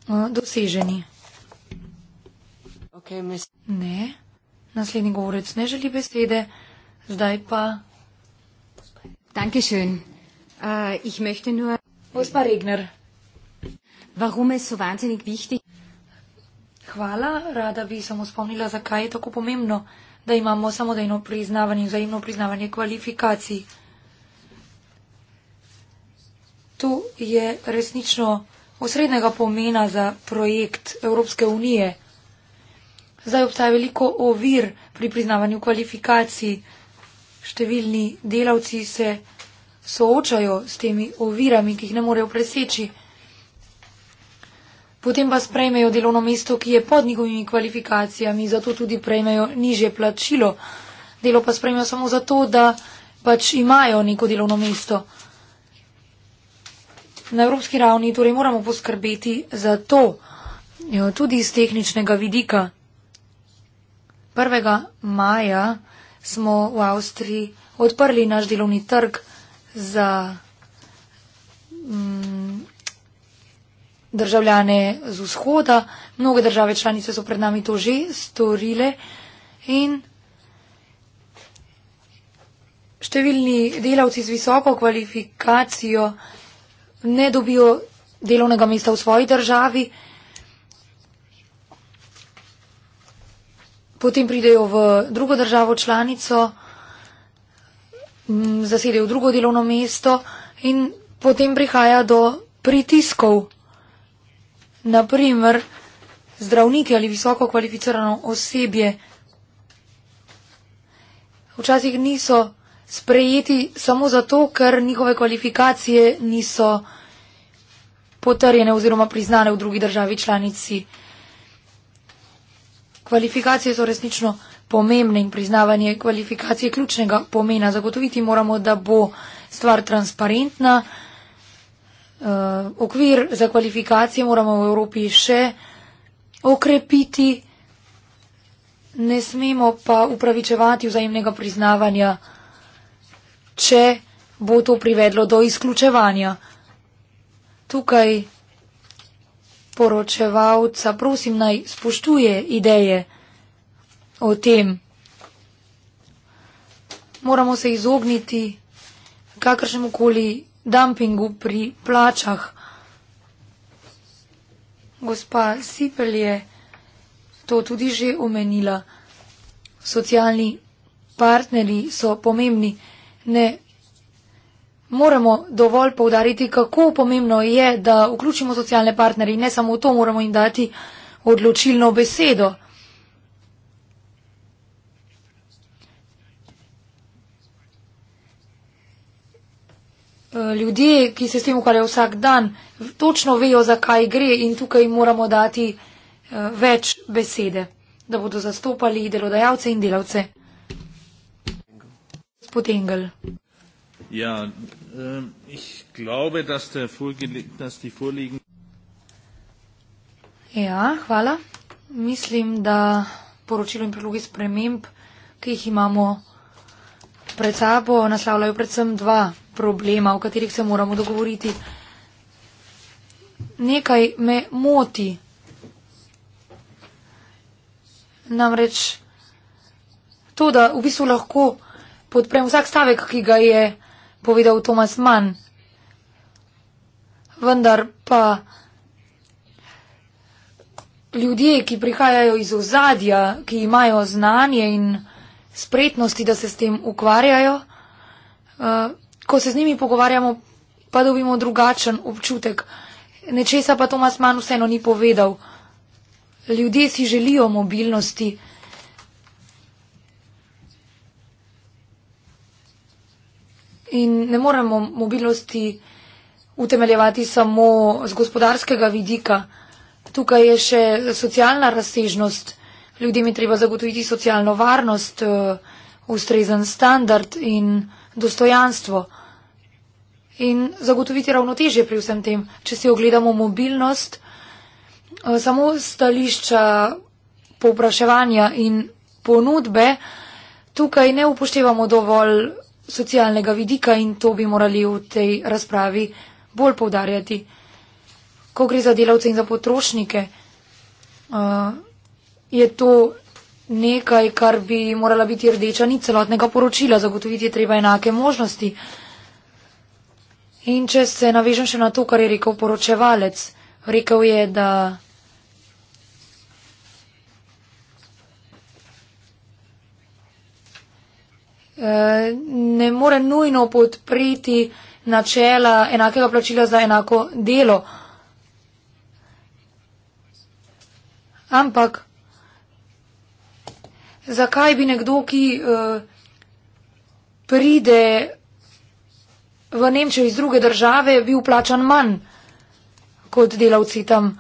uh, doseženi. Okay, ne, naslednji govorec ne želi besede. Zdaj pa. Dankeschön. Uh, ich möchte nur. Gospa Regner. Warum es so wahnsinnig wichtig. Hvala, rada bi samo spomnila, zakaj je tako pomembno, da imamo samodejno priznavanje in vzajemno priznavanje kvalifikacij. To je resnično osrednjega pomena za projekt Evropske unije. Zdaj obstaja veliko ovir pri priznavanju kvalifikacij številni delavci se soočajo s temi ovirami, ki jih ne morejo preseči. Potem pa sprejmejo delovno mesto, ki je pod njihovimi kvalifikacijami, zato tudi prejmejo nižje plačilo. Delo pa sprejmejo samo zato, da pač imajo neko delovno mesto. Na evropski ravni torej moramo poskrbeti za to, tudi iz tehničnega vidika. 1. maja smo v Avstriji odprli naš delovni trg za mm, državljane z vzhoda. Mnoge države članice so pred nami to že storile in številni delavci z visoko kvalifikacijo ne dobijo delovnega mesta v svoji državi. potem pridejo v drugo državo članico, zasedejo drugo delovno mesto in potem prihaja do pritiskov. Naprimer, zdravniki ali visoko kvalificirano osebje včasih niso sprejeti samo zato, ker njihove kvalifikacije niso potrjene oziroma priznane v drugi državi članici. Kvalifikacije so resnično pomembne in priznavanje kvalifikacij je ključnega pomena. Zagotoviti moramo, da bo stvar transparentna. E, okvir za kvalifikacije moramo v Evropi še okrepiti. Ne smemo pa upravičevati vzajemnega priznavanja, če bo to privedlo do izključevanja. Tukaj poročevalca, prosim naj spoštuje ideje o tem. Moramo se izogniti kakršnemu koli dumpingu pri plačah. Gospa Sipel je to tudi že omenila. Socialni partnerji so pomembni. Ne Moramo dovolj povdariti, kako pomembno je, da vključimo socialne partnerje in ne samo to, moramo jim dati odločilno besedo. Eh, ljudje, ki se s tem ukvarjajo vsak dan, točno vejo, zakaj gre in tukaj moramo dati eh, več besede, da bodo zastopali delodajalce in delavce. Gospod Engel. Ja, äh, ich glaube, dass, der dass die vorliegende. Ja, hvala. Mislim, da poročilo in prilogi sprememb, ki jih imamo pred sabo, naslavljajo predvsem dva problema, o katerih se moramo dogovoriti. Nekaj me moti. Namreč to, da v bistvu lahko podprem vsak stavek, ki ga je povedal Tomas Mann. Vendar pa ljudje, ki prihajajo iz ozadja, ki imajo znanje in spretnosti, da se s tem ukvarjajo, eh, ko se z njimi pogovarjamo, pa dobimo drugačen občutek. Nečesa pa Tomas Mann vseeno ni povedal. Ljudje si želijo mobilnosti. in ne moremo mobilnosti utemeljevati samo z gospodarskega vidika. Tukaj je še socialna razsežnost. Ljudem je treba zagotoviti socialno varnost, eh, ustrezen standard in dostojanstvo. In zagotoviti ravnotežje pri vsem tem, če si ogledamo mobilnost, eh, samo stališča povpraševanja in ponudbe, tukaj ne upoštevamo dovolj socialnega vidika in to bi morali v tej razpravi bolj povdarjati. Ko gre za delavce in za potrošnike, eh, je to nekaj, kar bi morala biti rdeča nit celotnega poročila. Zagotoviti je treba enake možnosti. In če se navežem še na to, kar je rekel poročevalec, rekel je, da. ne more nujno podpreti načela enakega plačila za enako delo. Ampak zakaj bi nekdo, ki eh, pride v Nemčijo iz druge države, bil plačan manj kot delavci tam?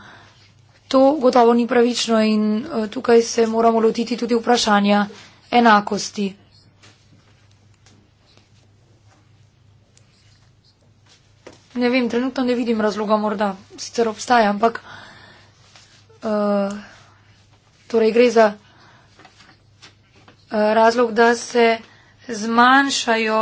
To gotovo ni pravično in eh, tukaj se moramo lotiti tudi vprašanja enakosti. Ne vem, trenutno ne vidim razloga, morda sicer obstaja, ampak uh, torej gre za uh, razlog, da se zmanjšajo.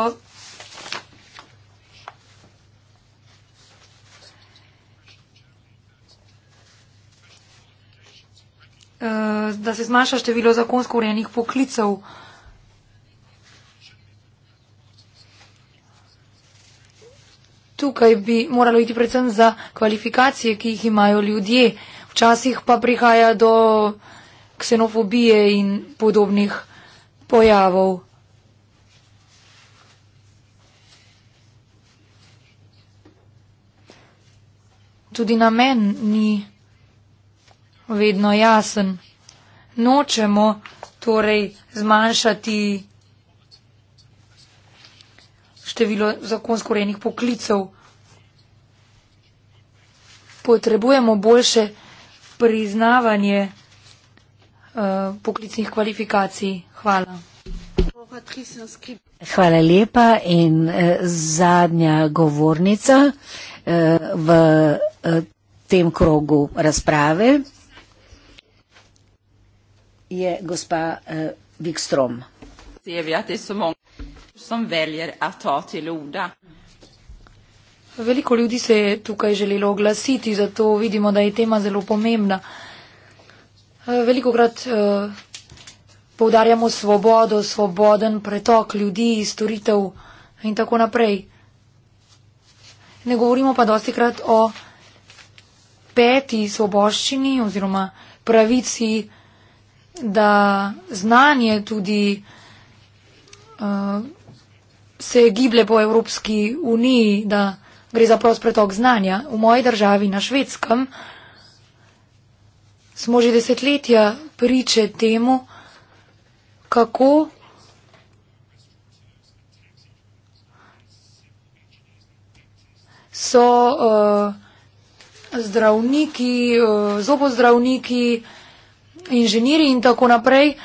Eh, da se zmanjša število zakonsko urejenih poklicev. Tukaj bi moralo iti predvsem za kvalifikacije, ki jih imajo ljudje. Včasih pa prihaja do ksenofobije in podobnih pojavov. Tudi namen ni vedno jasen. Nočemo torej zmanjšati število zakonsko urejenih poklicev. Potrebujemo boljše priznavanje uh, poklicnih kvalifikacij. Hvala. Hvala lepa in eh, zadnja govornica eh, v eh, tem krogu razprave je gospa eh, Vikstrom som veljer a ta til orda. Veliko ljudi se je tukaj želelo oglasiti, zato vidimo, da je tema zelo pomembna. Veliko krat eh, poudarjamo svobodo, svoboden pretok ljudi, storitev in tako naprej. Ne govorimo pa dosti krat o peti svoboščini oziroma pravici, da znanje tudi. Eh, se giblje po Evropski uniji, da gre za prost pretok znanja. V moji državi na švedskem smo že desetletja priče temu, kako so uh, zdravniki, uh, zobozdravniki, inženiri in tako naprej,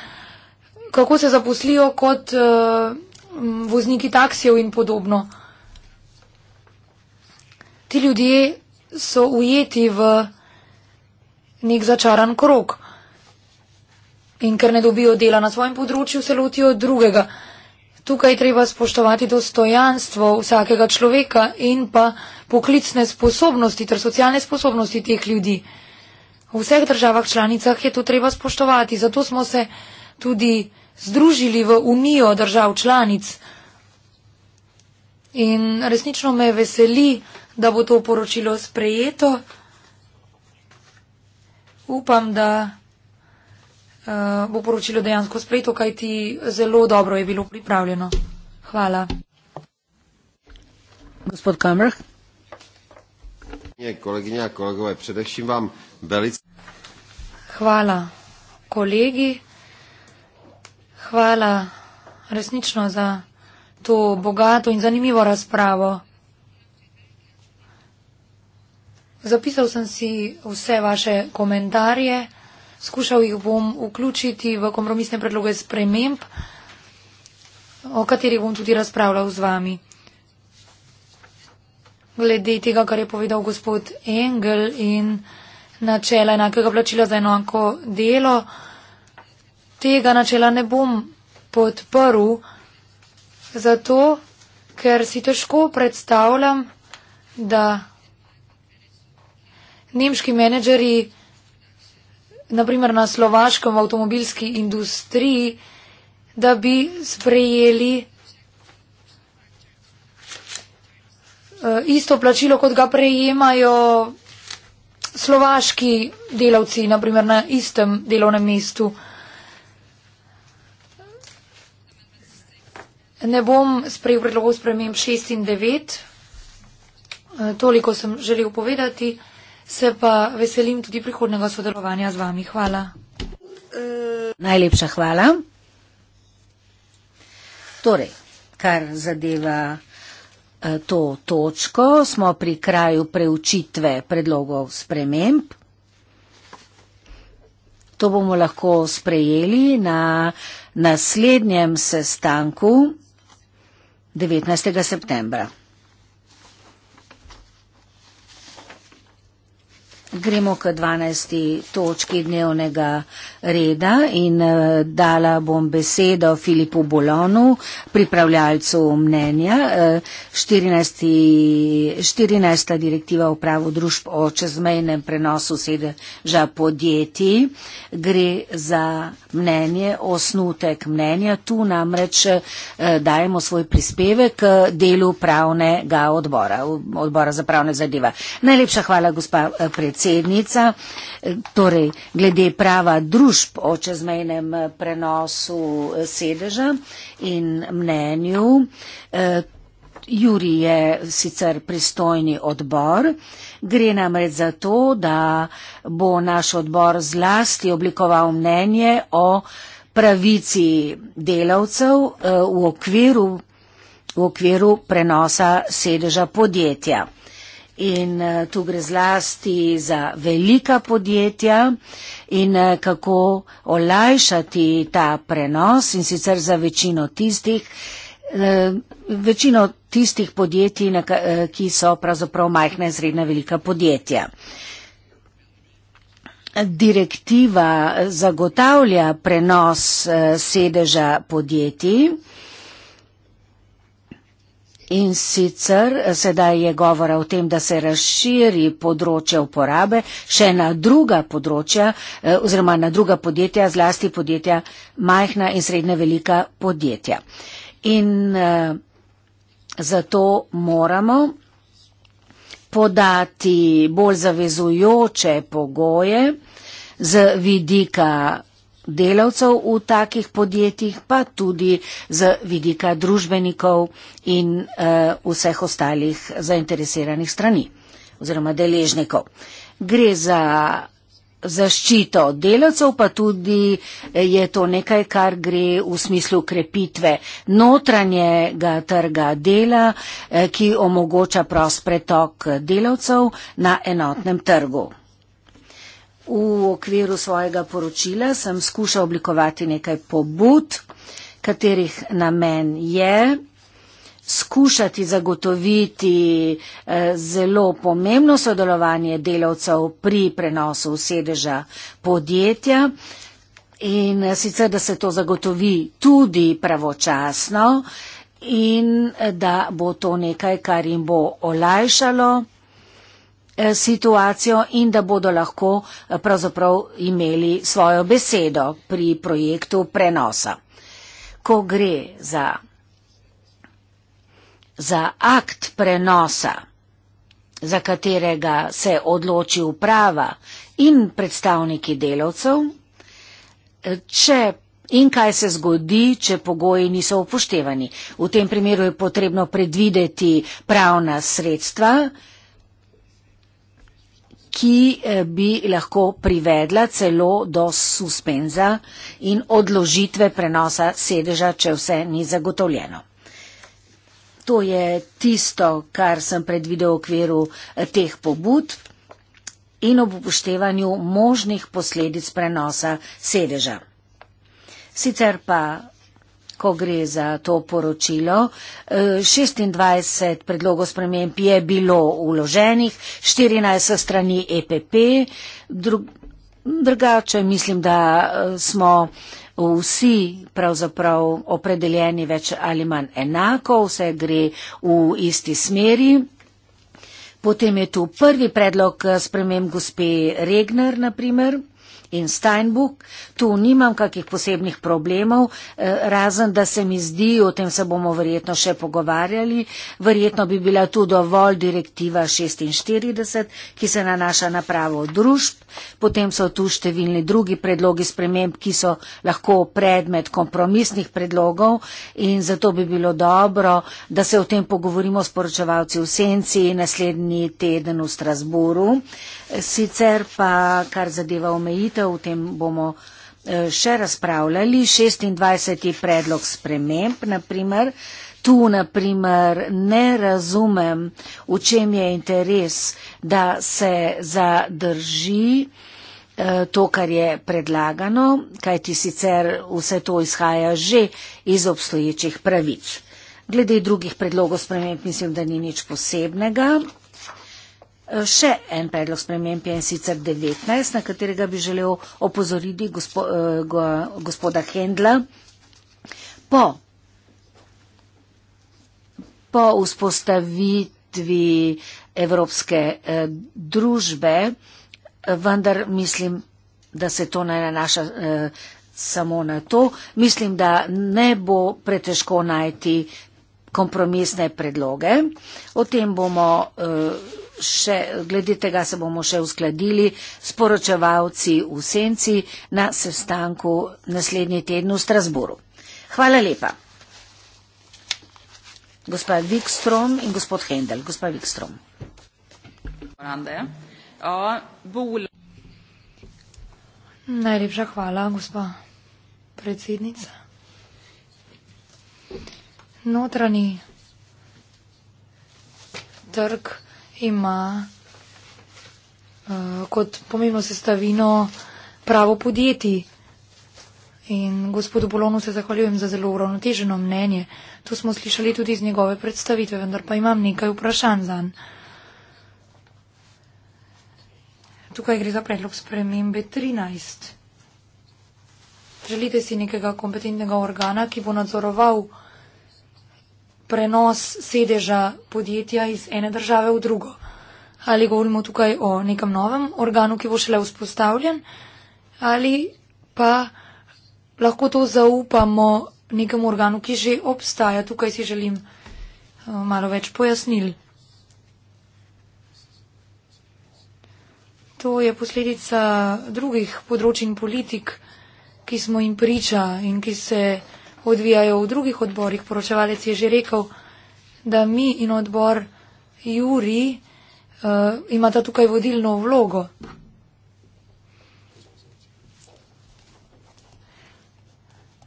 kako se zaposlijo kot uh, Mm, vozniki taksijev in podobno. Ti ljudje so ujeti v nek začaran krok in ker ne dobijo dela na svojem področju, se lotijo drugega. Tukaj treba spoštovati dostojanstvo vsakega človeka in pa poklicne sposobnosti ter socialne sposobnosti teh ljudi. V vseh državah članicah je to treba spoštovati, zato smo se tudi združili v unijo držav članic. In resnično me veseli, da bo to poročilo sprejeto. Upam, da eh, bo poročilo dejansko sprejeto, kaj ti zelo dobro je bilo pripravljeno. Hvala. Gospod Kamrh. Hvala, kolegi. Hvala resnično za to bogato in zanimivo razpravo. Zapisal sem si vse vaše komentarje, skušal jih bom vključiti v kompromisne predloge sprememb, o katerih bom tudi razpravljal z vami. Glede tega, kar je povedal gospod Engel in načela enakega plačila za enako delo, tega načela ne bom podprl, zato ker si težko predstavljam, da nemški menedžeri, naprimer na slovaškem avtomobilski industriji, da bi sprejeli eh, isto plačilo, kot ga prejemajo slovaški delavci, naprimer na istem delovnem mestu. Ne bom sprejel predlogov sprememb 6 in 9, e, toliko sem želel povedati, se pa veselim tudi prihodnega sodelovanja z vami. Hvala. Najlepša hvala. Torej, kar zadeva e, to točko, smo pri kraju preučitve predlogov sprememb. To bomo lahko sprejeli na naslednjem sestanku 19. septembra. Gremo k 12. točki dnevnega reda in eh, dala bom besedo Filipu Bolonu, pripravljalcu mnenja. 14. Eh, 14. direktiva o pravu družb o čezmejnem prenosu sedeža podjetij gre za mnenje, osnutek mnenja. Tu namreč eh, dajemo svoj prispevek delu pravnega odbora, odbora za pravne zadeva. Najlepša hvala, gospa predsednica predsednica, torej glede prava družb o čezmejnem eh, prenosu eh, sedeža in mnenju. Eh, Juri je sicer pristojni odbor. Gre namreč za to, da bo naš odbor zlasti oblikoval mnenje o pravici delavcev v okviru, v okviru prenosa sedeža podjetja in eh, tu gre zlasti za velika podjetja in eh, kako olajšati ta prenos in sicer za večino tistih, eh, večino tistih podjetij, ki so pravzaprav majhna in srednja velika podjetja. Direktiva zagotavlja prenos sedeža podjetij. In sicer sedaj je govora o tem, da se razširi področje uporabe še na druga področja eh, oziroma na druga podjetja, zlasti podjetja, majhna in srednja velika podjetja. In eh, zato moramo podati bolj zavezujoče pogoje z vidika delavcev v takih podjetjih, pa tudi z vidika družbenikov in uh, vseh ostalih zainteresiranih strani oziroma deležnikov. Gre za zaščito delavcev, pa tudi eh, je to nekaj, kar gre v smislu krepitve notranjega trga dela, eh, ki omogoča prost pretok delavcev na enotnem trgu. V okviru svojega poročila sem skušal oblikovati nekaj pobud, katerih namen je skušati zagotoviti eh, zelo pomembno sodelovanje delavcev pri prenosu sedeža podjetja in eh, sicer, da se to zagotovi tudi pravočasno in eh, da bo to nekaj, kar jim bo olajšalo. Eh, situacijo in da bodo lahko eh, pravzaprav imeli svojo besedo pri projektu prenosa. Ko gre za, za akt prenosa, za katerega se odloči uprava in predstavniki delavcev, eh, če In kaj se zgodi, če pogoji niso upoštevani? V tem primeru je potrebno predvideti pravna sredstva, ki eh, bi lahko privedla celo do suspenza in odložitve prenosa sedeža, če vse ni zagotovljeno. To je tisto, kar sem predvidel v okviru eh, teh pobud in ob upoštevanju možnih posledic prenosa sedeža. Sicer pa ko gre za to poročilo. 26 eh, predlogov sprememb je bilo uloženih, 14 so strani EPP, drug, drugače mislim, da eh, smo vsi pravzaprav opredeljeni več ali manj enako, vse gre v isti smeri. Potem je tu prvi predlog eh, sprememb gospe Regner, naprimer in Steinbuk. Tu nimam kakih posebnih problemov, eh, razen da se mi zdi, o tem se bomo verjetno še pogovarjali, verjetno bi bila tu dovolj direktiva 46, ki se nanaša na pravo družb. Potem so tu številni drugi predlogi sprememb, ki so lahko predmet kompromisnih predlogov in zato bi bilo dobro, da se o tem pogovorimo s poročevalci v Senci naslednji teden v Strasburu. Sicer pa, kar zadeva omejitev, o tem bomo eh, še razpravljali. 26. predlog sprememb, naprimer. Tu, naprimer, ne razumem, v čem je interes, da se zadrži eh, to, kar je predlagano, kajti sicer vse to izhaja že iz obstoječih pravic. Glede drugih predlogov sprememb mislim, da ni nič posebnega. Eh, še en predlog sprememb je in sicer 19, na katerega bi želel opozoriti gospo, eh, gospoda Hendla. Po, po vzpostavitvi Evropske eh, družbe, eh, vendar mislim, da se to ne nanaša eh, samo na to, mislim, da ne bo pretežko najti kompromisne predloge. O tem bomo. Eh, še, glede tega se bomo še uskladili s poročevalci v Senci na sestanku naslednji teden v Strasboru. Hvala lepa. Gospa Vikstrom in gospod Hendel. Gospa Vikstrom. Najlepša hvala, gospa predsednica. Notranji trg ima uh, kot pomembno sestavino pravo podjetij. In gospodu Bolonu se zahvaljujem za zelo uravnoteženo mnenje. To smo slišali tudi iz njegove predstavitve, vendar pa imam nekaj vprašanj zanj. Tukaj gre za predlog spremembe 13. Želite si nekega kompetentnega organa, ki bo nadzoroval prenos sedeža podjetja iz ene države v drugo. Ali govorimo tukaj o nekem novem organu, ki bo šele vzpostavljen, ali pa lahko to zaupamo nekem organu, ki že obstaja. Tukaj si želim eh, malo več pojasnil. To je posledica drugih področjih politik, ki smo jim priča in ki se odvijajo v drugih odborih. Poročevalec je že rekel, da mi in odbor Juri uh, imata tukaj vodilno vlogo.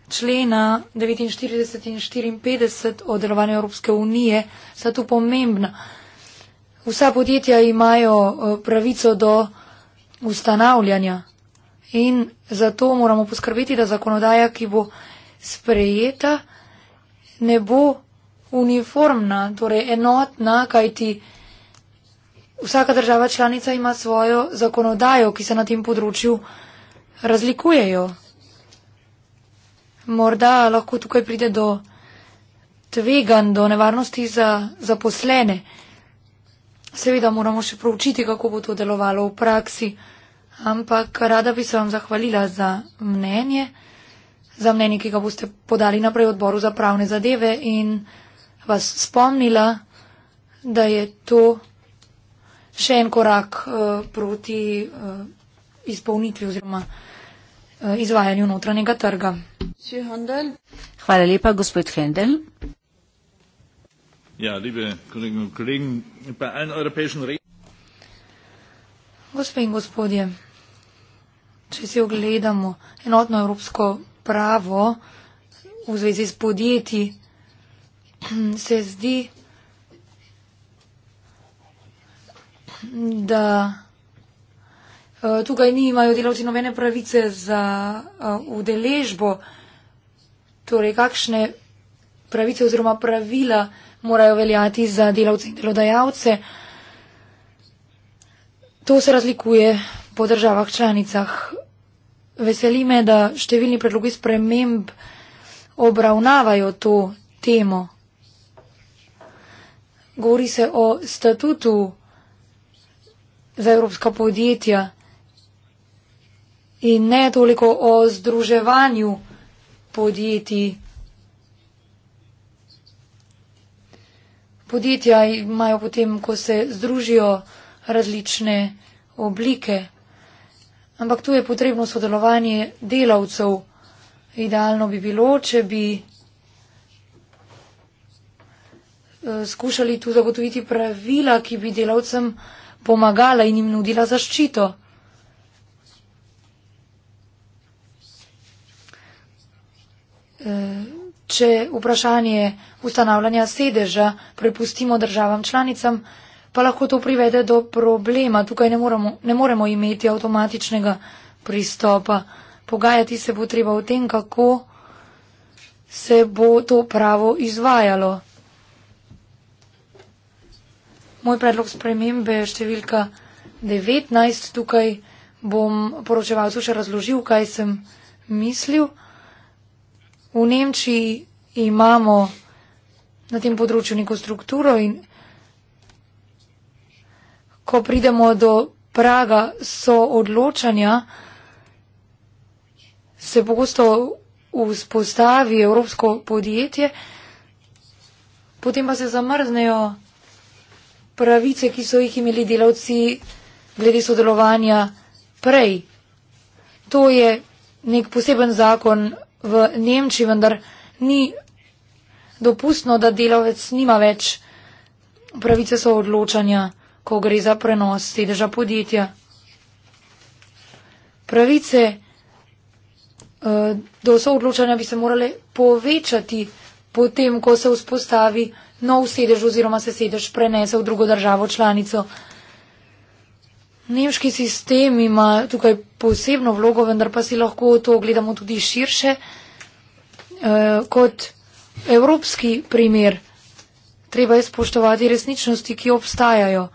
Člena 49 in 54 o delovanju Evropske unije sta tu pomembna. Vsa podjetja imajo eh, pravico do ustanavljanja in zato moramo poskrbeti, da zakonodaja, ki bo sprejeta, ne bo uniformna, torej enotna, kajti vsaka država članica ima svojo zakonodajo, ki se na tem področju razlikujejo. Morda lahko tukaj pride do tvegan, do nevarnosti za zaposlene. Seveda moramo še proučiti, kako bo to delovalo v praksi, ampak rada bi se vam zahvalila za mnenje za mnenje, ki ga boste podali naprej odboru za pravne zadeve in vas spomnila, da je to še en korak uh, proti uh, izpolnitvi oziroma uh, izvajanju notranjega trga. Hvala lepa, gospod Hendel. Ja, lepe kolegi in kolegi, pa en evropejšen red. Gospe in gospodje, če si ogledamo enotno evropsko pravo v zvezi z podjetji, se zdi, da eh, tukaj nimajo delavci nobene pravice za eh, udeležbo, torej kakšne pravice oziroma pravila morajo veljati za delavce in delodajalce. To se razlikuje po državah članicah veseli me, da številni predlogi sprememb obravnavajo to temo. Govori se o statutu za evropska podjetja in ne toliko o združevanju podjetij. Podjetja imajo potem, ko se združijo, različne oblike. Ampak tu je potrebno sodelovanje delavcev. Idealno bi bilo, če bi eh, skušali tu zagotoviti pravila, ki bi delavcem pomagala in jim nudila zaščito. Eh, če vprašanje ustanavljanja sedeža prepustimo državam članicam, pa lahko to privede do problema. Tukaj ne moremo, ne moremo imeti avtomatičnega pristopa. Pogajati se bo treba o tem, kako se bo to pravo izvajalo. Moj predlog spremembe je številka 19. Tukaj bom poročevalcu še razložil, kaj sem mislil. V Nemčiji imamo na tem področju neko strukturo in ko pridemo do praga soodločanja, se pogosto vzpostavi evropsko podjetje, potem pa se zamrznejo pravice, ki so jih imeli delavci glede sodelovanja prej. To je nek poseben zakon v Nemčiji, vendar ni dopustno, da delavec nima več pravice soodločanja ko gre za prenos sedeža podjetja. Pravice eh, do soodločanja bi se morale povečati potem, ko se vzpostavi nov sedež oziroma se sedež prenese v drugo državo članico. Nemški sistem ima tukaj posebno vlogo, vendar pa si lahko to gledamo tudi širše eh, kot evropski primer. Treba je spoštovati resničnosti, ki obstajajo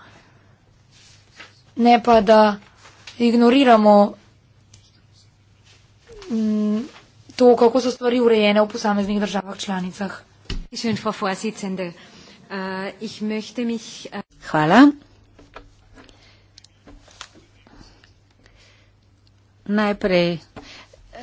ne pa da ignoriramo mm, to, kako so stvari urejene v posameznih državah članicah. Äh, äh, Hvala. Najprej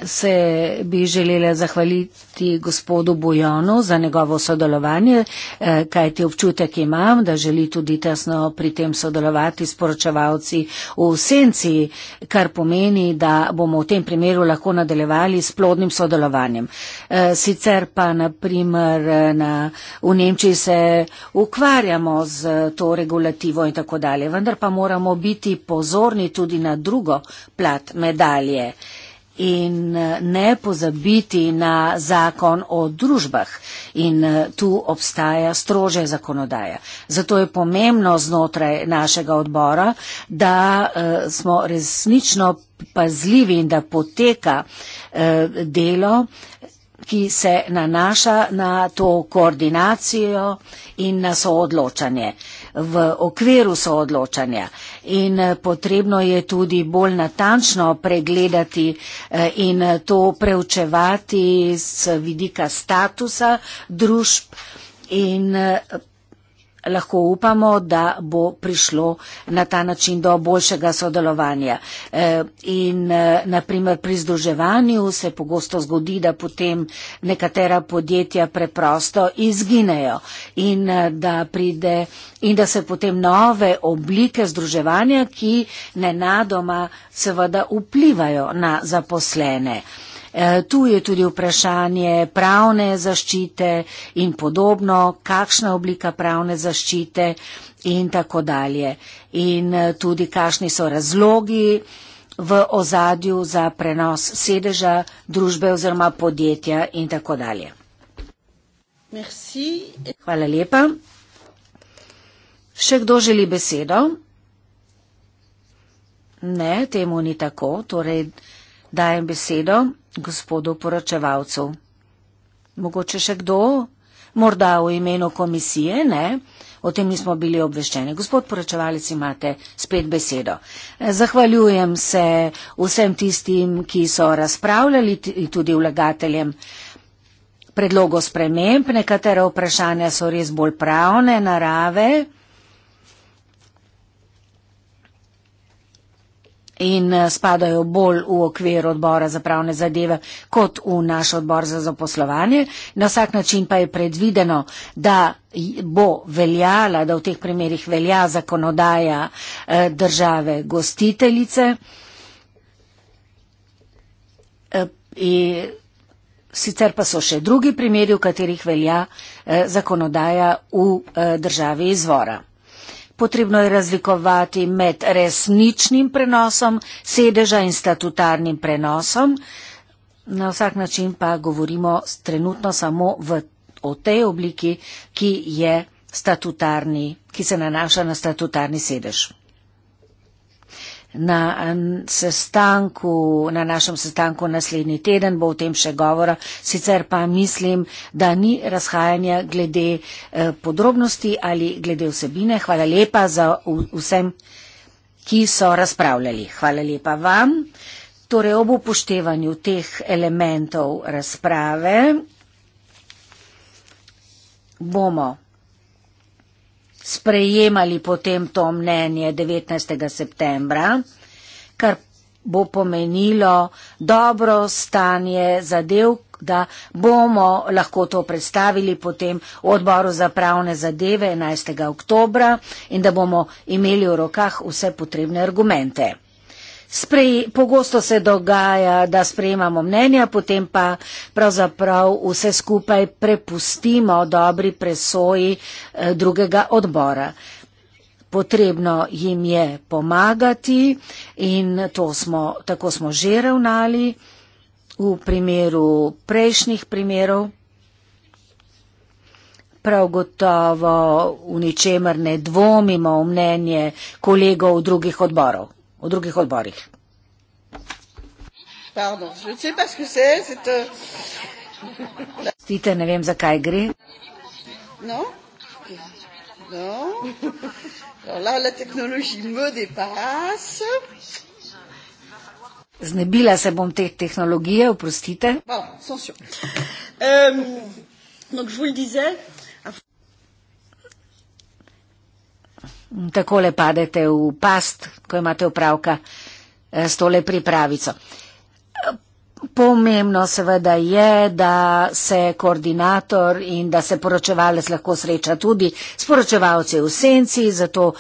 se bi želela zahvaliti gospodu Bojonu za njegovo sodelovanje, eh, kajti občutek imam, da želi tudi tesno pri tem sodelovati s poročevalci v senci, kar pomeni, da bomo v tem primeru lahko nadaljevali s plodnim sodelovanjem. Eh, sicer pa naprimer na, v Nemčiji se ukvarjamo z to regulativo in tako dalje, vendar pa moramo biti pozorni tudi na drugo plat medalje in eh, ne pozabiti na zakon o družbah. In eh, tu obstaja strože zakonodaja. Zato je pomembno znotraj našega odbora, da eh, smo resnično pazljivi in da poteka delo ki se nanaša na to koordinacijo in na soodločanje v okviru soodločanja in eh, potrebno je tudi bolj natančno pregledati eh, in eh, to preučevati z vidika statusa družb in lahko upamo, da bo prišlo na ta način do boljšega sodelovanja. E, in e, naprimer pri združevanju se pogosto zgodi, da potem nekatera podjetja preprosto izginejo in e, da, pride, in da se potem nove oblike združevanja, ki nenadoma seveda vplivajo na zaposlene. E, tu je tudi vprašanje pravne zaščite in podobno, kakšna oblika pravne zaščite in tako dalje. In e, tudi, kakšni so razlogi v ozadju za prenos sedeža družbe oziroma podjetja in tako dalje. Merci. Hvala lepa. Še kdo želi besedo? Ne, temu ni tako, torej dajem besedo gospodu poročevalcu. Mogoče še kdo? Morda v imenu komisije, ne? O tem nismo bili obveščeni. Gospod poročevalec, imate spet besedo. Zahvaljujem se vsem tistim, ki so razpravljali, tudi vlagateljem predlogo sprememb. Nekatera vprašanja so res bolj pravne narave. in eh, spadajo bolj v okvir odbora za pravne zadeve kot v naš odbor za zaposlovanje. Na vsak način pa je predvideno, da bo veljala, da v teh primerjih velja zakonodaja eh, države gostiteljice. Eh, sicer pa so še drugi primeri, v katerih velja zakonodaja v državi izvora potrebno je razlikovati med resničnim prenosom sedeža in statutarnim prenosom. Na vsak način pa govorimo trenutno samo v, o tej obliki, ki, ki se nanaša na statutarni sedež na sestanku, na našem sestanku naslednji teden bo o tem še govora. Sicer pa mislim, da ni razhajanja glede eh, podrobnosti ali glede vsebine. Hvala lepa za vsem, ki so razpravljali. Hvala lepa vam. Torej ob upoštevanju teh elementov razprave bomo sprejemali potem to mnenje 19. septembra, kar bo pomenilo dobro stanje zadev, da bomo lahko to predstavili potem v odboru za pravne zadeve 11. oktobra in da bomo imeli v rokah vse potrebne argumente. Sprej, pogosto se dogaja, da sprejemamo mnenja, potem pa pravzaprav vse skupaj prepustimo dobri presoji eh, drugega odbora. Potrebno jim je pomagati in smo, tako smo že ravnali v primeru prejšnjih primerov. Prav gotovo v ničemer ne dvomimo v mnenje kolegov drugih odborov v drugih odborih. Euh, Stite, ne vem, zakaj gre. No? No? Znebila se bom teh tehnologij, oprostite. Euh, voilà, takole padete v past, ko imate upravka eh, s tole pripravico. Pomembno seveda je, da se koordinator in da se poročevalec lahko sreča tudi s poročevalci v senci, zato,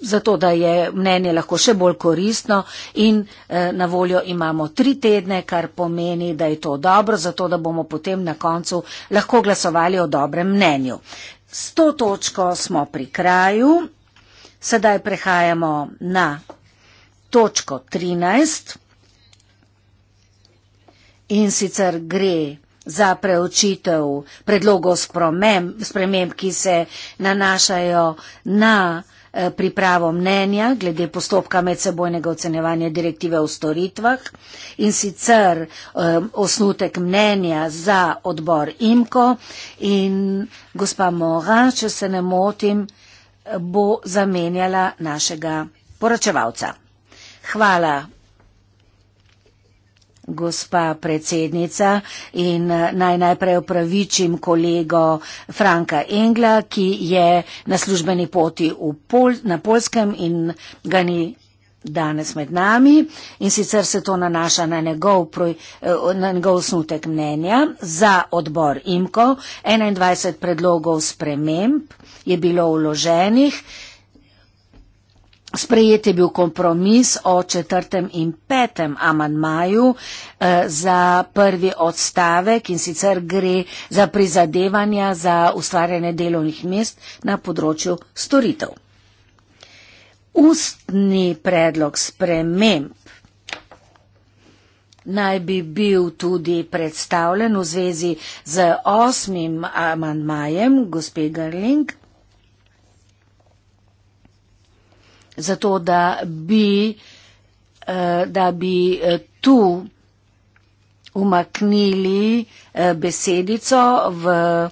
zato da je mnenje lahko še bolj koristno in eh, na voljo imamo tri tedne, kar pomeni, da je to dobro, zato da bomo potem na koncu lahko glasovali o dobrem mnenju. S to točko smo pri kraju. Sedaj prehajamo na točko 13. In sicer gre za preučitev predlogov sprememb, sprememb, ki se nanašajo na Eh, pripravo mnenja glede postopka medsebojnega ocenjevanja direktive o storitvah in sicer eh, osnutek mnenja za odbor IMKO in gospa Mora, če se ne motim, bo zamenjala našega poročevalca. Hvala gospa predsednica in eh, naj najprej opravičim kolego Franka Engla, ki je na službeni poti Pol na Polskem in ga ni danes med nami in sicer se to nanaša na njegov, eh, na njegov snutek mnenja za odbor IMKO. 21 predlogov sprememb je bilo vloženih. Sprejet je bil kompromis o četrtem in petem amandmaju eh, za prvi odstavek in sicer gre za prizadevanja za ustvarjanje delovnih mest na področju storitev. Ustni predlog sprememb naj bi bil tudi predstavljen v zvezi z osmim amandmajem, gospe Garling, zato da bi, eh, da bi eh, tu umaknili eh, besedico v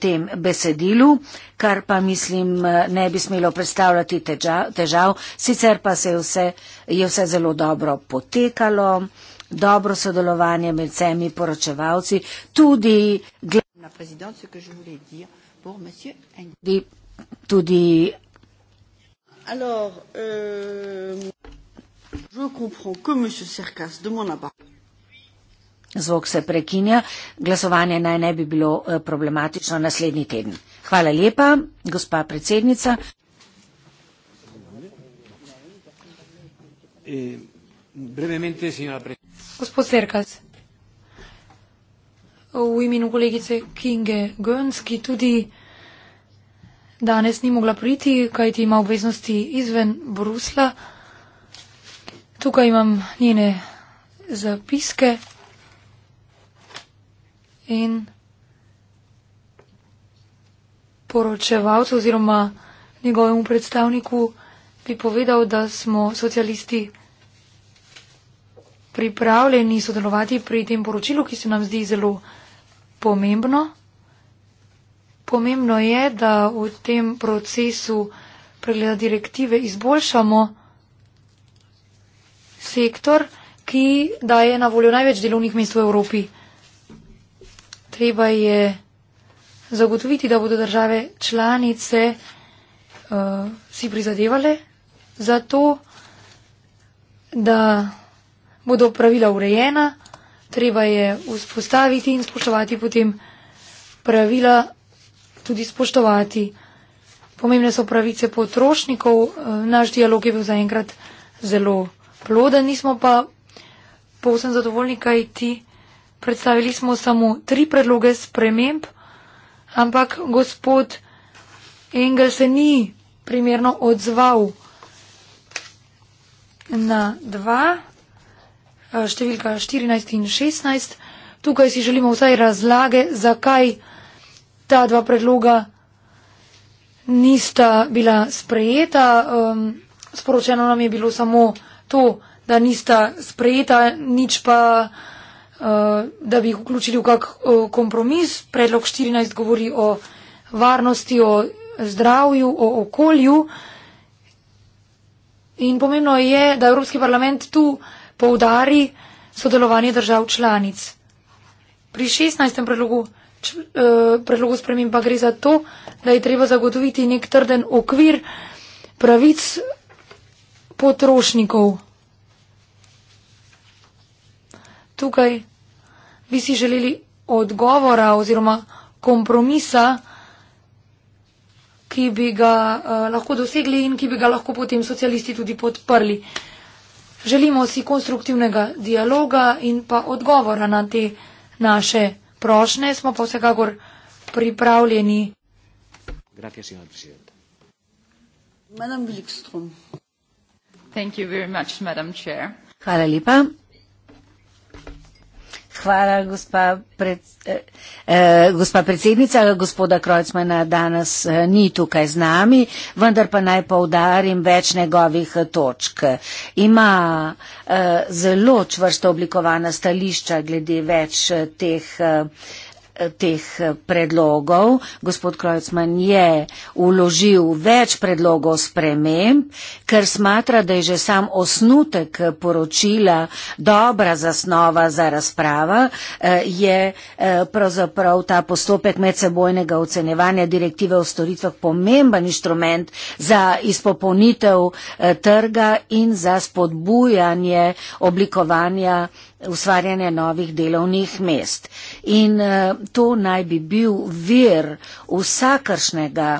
tem besedilu, kar pa mislim ne bi smelo predstavljati težav, sicer pa se je vse, je vse zelo dobro potekalo, dobro sodelovanje med vsemi poročevalci, tudi glede. Tudi Alors, euh, je comprends que M. Serkas demande à part. Zvok se prekinja, glasovanje naj ne bi bilo eh, problematično naslednji teden. Hvala lepa, gospa predsednica. Eh, Gospod Serkac, v imenu kolegice Kinge Gönski tudi danes ni mogla priti, kaj ti ima obveznosti izven Brusla. Tukaj imam njene zapiske in poročevalcu oziroma njegovemu predstavniku bi povedal, da smo socialisti pripravljeni sodelovati pri tem poročilu, ki se nam zdi zelo pomembno. Pomembno je, da v tem procesu pregleda direktive izboljšamo sektor, ki daje na voljo največ delovnih mest v Evropi. Treba je zagotoviti, da bodo države članice uh, si prizadevale za to, da bodo pravila urejena. Treba je vzpostaviti in spoštovati potem pravila tudi spoštovati. Pomembne so pravice potrošnikov, eh, naš dialog je bil zaenkrat zelo ploden, nismo pa povsem zadovoljni, kaj ti predstavili smo samo tri predloge sprememb, ampak gospod Engel se ni primerno odzval na dva, eh, številka 14 in 16. Tukaj si želimo vsaj razlage, zakaj ta dva predloga nista bila sprejeta. Um, sporočeno nam je bilo samo to, da nista sprejeta, nič pa, uh, da bi jih vključili v kak uh, kompromis. Predlog 14 govori o varnosti, o zdravju, o okolju. In pomembno je, da Evropski parlament tu poudari sodelovanje držav članic. Pri 16. predlogu uh, eh, predlogu spremem pa gre za to, da je treba zagotoviti nek trden okvir pravic potrošnikov. Tukaj bi si želeli odgovora oziroma kompromisa, ki bi ga uh, lahko dosegli in ki bi ga lahko potem socialisti tudi podprli. Želimo si konstruktivnega dialoga in pa odgovora na te naše prošnje smo pa vsekakor pripravljeni. Gracias, señor presidente. Madam Glickstrom. Thank you very much, Madam Chair. Hvala lepa, Hvala, gospa, pred, eh, eh, gospa predsednica. Gospoda Krojcmana danes eh, ni tukaj z nami, vendar pa naj povdarim več njegovih eh, točk. Ima eh, zelo čvrsto oblikovana stališča glede več eh, teh. Eh, teh eh, predlogov. Gospod Krojcman je uložil več predlogov sprememb, ker smatra, da je že sam osnutek eh, poročila dobra zasnova za razprava, eh, je pravzaprav ta postopek medsebojnega ocenevanja direktive o storitvah pomemben inštrument za izpopolnitev trga in za spodbujanje oblikovanja ustvarjanje novih delovnih mest. In eh, to naj bi bil vir vsakršnega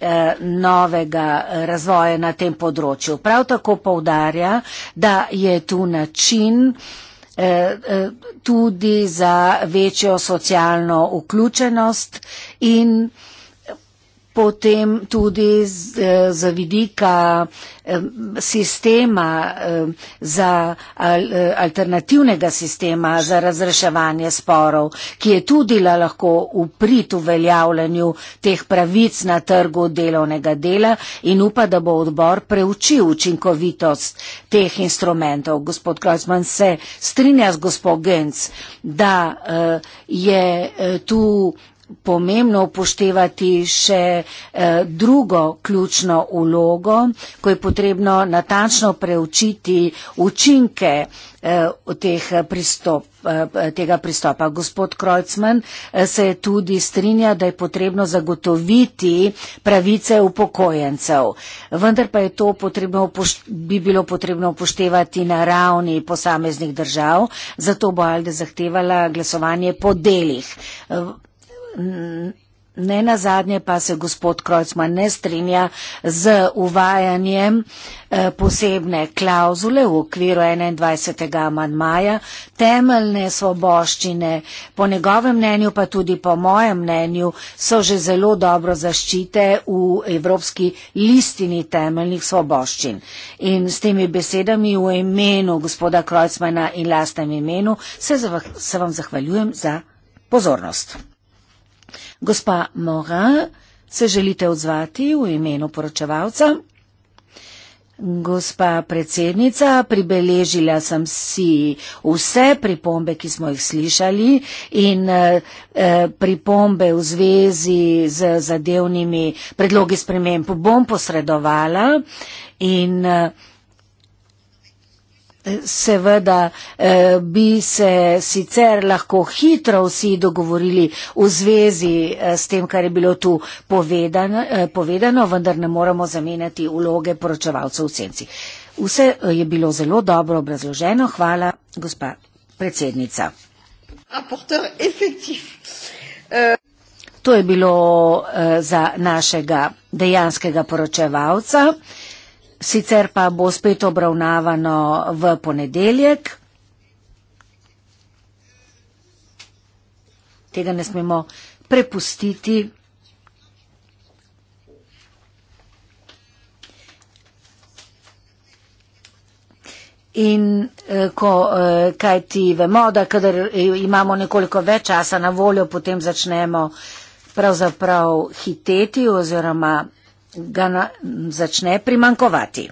eh, novega eh, razvoja na tem področju. Prav tako povdarja, da je tu način tudi za večjo socialno vključenost in potem tudi z, eh, z vidika eh, sistema, eh, za alternativnega sistema za razreševanje sporov, ki je tudi lahko uprit uveljavljanju teh pravic na trgu delovnega dela in upa, da bo odbor preučil učinkovitost teh instrumentov. Gospod Klojcman se strinja z gospod Genc, da je tu pomembno upoštevati še eh, drugo ključno ulogo, ko je potrebno natančno preučiti učinke eh, eh pristop, eh, tega pristopa. Gospod Krojcman eh, se je tudi strinja, da je potrebno zagotoviti pravice upokojencev, vendar pa je to potrebno, bi bilo potrebno upoštevati na ravni posameznih držav, zato bo Alde zahtevala glasovanje po delih. Eh, Ne na zadnje pa se gospod Krojcman ne strinja z uvajanjem eh, posebne klauzule v okviru 21. manjmaja, temeljne svoboščine, po njegovem mnenju pa tudi po mojem mnenju, so že zelo dobro zaščite v Evropski listini temeljnih svoboščin. In s temi besedami v imenu gospoda Krojcmana in lastnem imenu se, se vam zahvaljujem za pozornost. Gospa Morin, se želite odzvati v imenu poročevalca? Gospa predsednica, pribeležila sem si vse pripombe, ki smo jih slišali in eh, eh pripombe v zvezi z zadevnimi predlogi sprememb bom posredovala in eh, Seveda eh, bi se sicer lahko hitro vsi dogovorili v zvezi eh, s tem, kar je bilo tu povedano, eh, povedano vendar ne moramo zamenjati vloge poročevalcev v senci. Vse je bilo zelo dobro obrazloženo. Hvala, gospa predsednica. To je bilo za našega dejanskega poročevalca sicer pa bo spet obravnavano v ponedeljek. Tega ne smemo prepustiti. In eh, ko, eh, kaj ti vemo, da kadar eh, imamo nekoliko več časa na voljo, potem začnemo pravzaprav hiteti oziroma ga na, začne primankovati.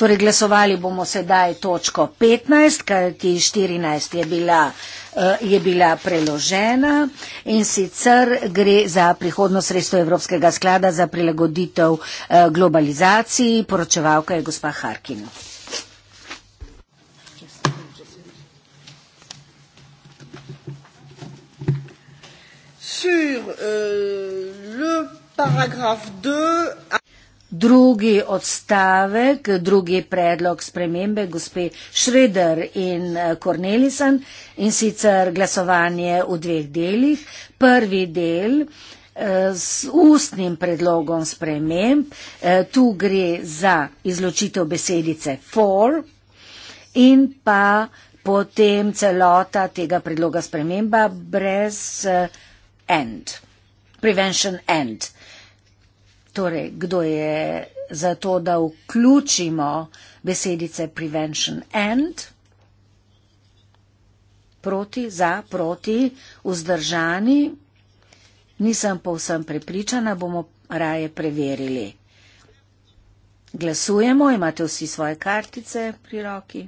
Torej, glasovali bomo sedaj točko 15, kajti 14 je bila, eh, je bila preložena in sicer gre za prihodnost sredstva Evropskega sklada za prilagoditev eh, globalizaciji, poročevalka je gospa Harkin. sur euh, le paragraphe 2. Drugi odstavek, drugi predlog spremembe gospe Šreder in eh, Kornelisen in sicer glasovanje v dveh delih. Prvi del s eh, ustnim predlogom sprememb, eh, tu gre za izločitev besedice for in pa potem celota tega predloga sprememba brez end. Prevention end. Torej, kdo je za to, da vključimo besedice prevention end? Proti, za, proti, vzdržani. Nisem povsem prepričana, bomo raje preverili. Glasujemo, imate vsi svoje kartice pri roki.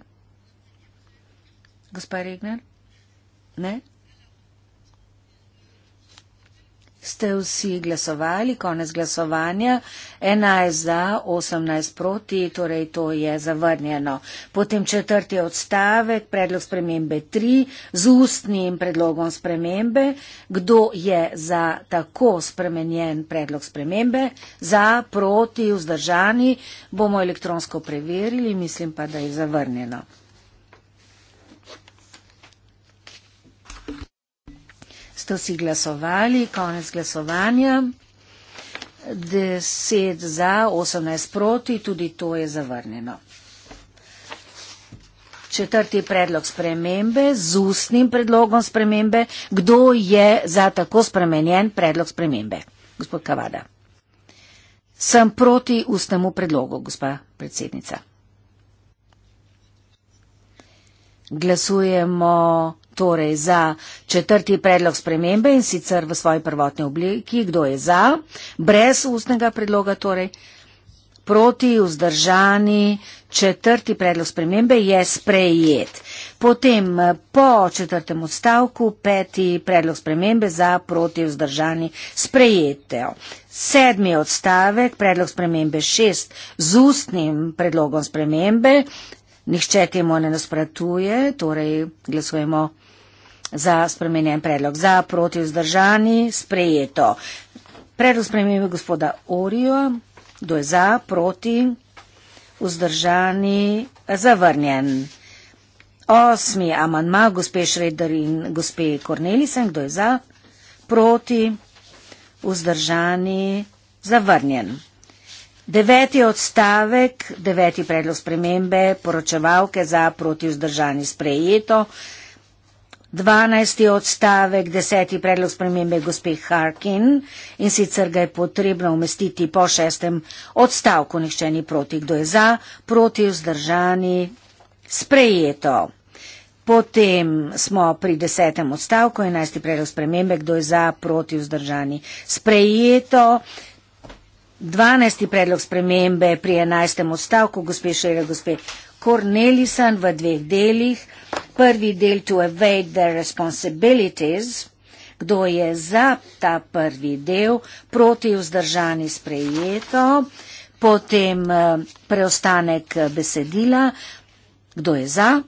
Gospa Regner? Ne? ste vsi glasovali, konec glasovanja, 11 za, 18 proti, torej to je zavrnjeno. Potem četrti odstavek, predlog spremembe 3, z ustnim predlogom spremembe, kdo je za tako spremenjen predlog spremembe, za, proti, vzdržani, bomo elektronsko preverili, mislim pa, da je zavrnjeno. ste si glasovali, konec glasovanja. 10 za, 18 proti, tudi to je zavrnjeno. Četrti predlog spremembe, z ustnim predlogom spremembe. Kdo je za tako spremenjen predlog spremembe? Gospod Kavada. Sem proti ustnemu predlogu, gospa predsednica. Glasujemo torej za četrti predlog spremembe in sicer v svoji prvotni obliki, kdo je za, brez ustnega predloga, torej proti, vzdržani, četrti predlog spremembe je sprejet. Potem po četrtem odstavku peti predlog spremembe za proti vzdržani sprejetev. Sedmi odstavek predlog spremembe šest z ustnim predlogom spremembe Nihče temu ne nasprotuje, torej glasujemo za spremenjen predlog. Za proti vzdržani sprejeto. Predlog spremembe gospoda Orijo, kdo je za proti vzdržani zavrnjen. Osmi amandma gospe Šreder in gospe Kornelisen, kdo je za proti vzdržani zavrnjen. Deveti odstavek, deveti predlog spremembe poročevalke za proti vzdržani sprejeto. Dvanajsti odstavek, deseti predlog spremembe gospe Harkin in sicer ga je potrebno umestiti po šestem odstavku. Nihče ni proti, kdo je za, proti vzdržani sprejeto. Potem smo pri desetem odstavku, enajsti predlog spremembe, kdo je za, proti vzdržani sprejeto. 12. predlog spremembe pri 11. odstavku gospe Šele gospe Cornelison v dveh delih. Prvi del to evade their responsibilities. Kdo je za ta prvi del? Proti vzdržani sprejeto. Potem eh, preostanek besedila. Kdo je za?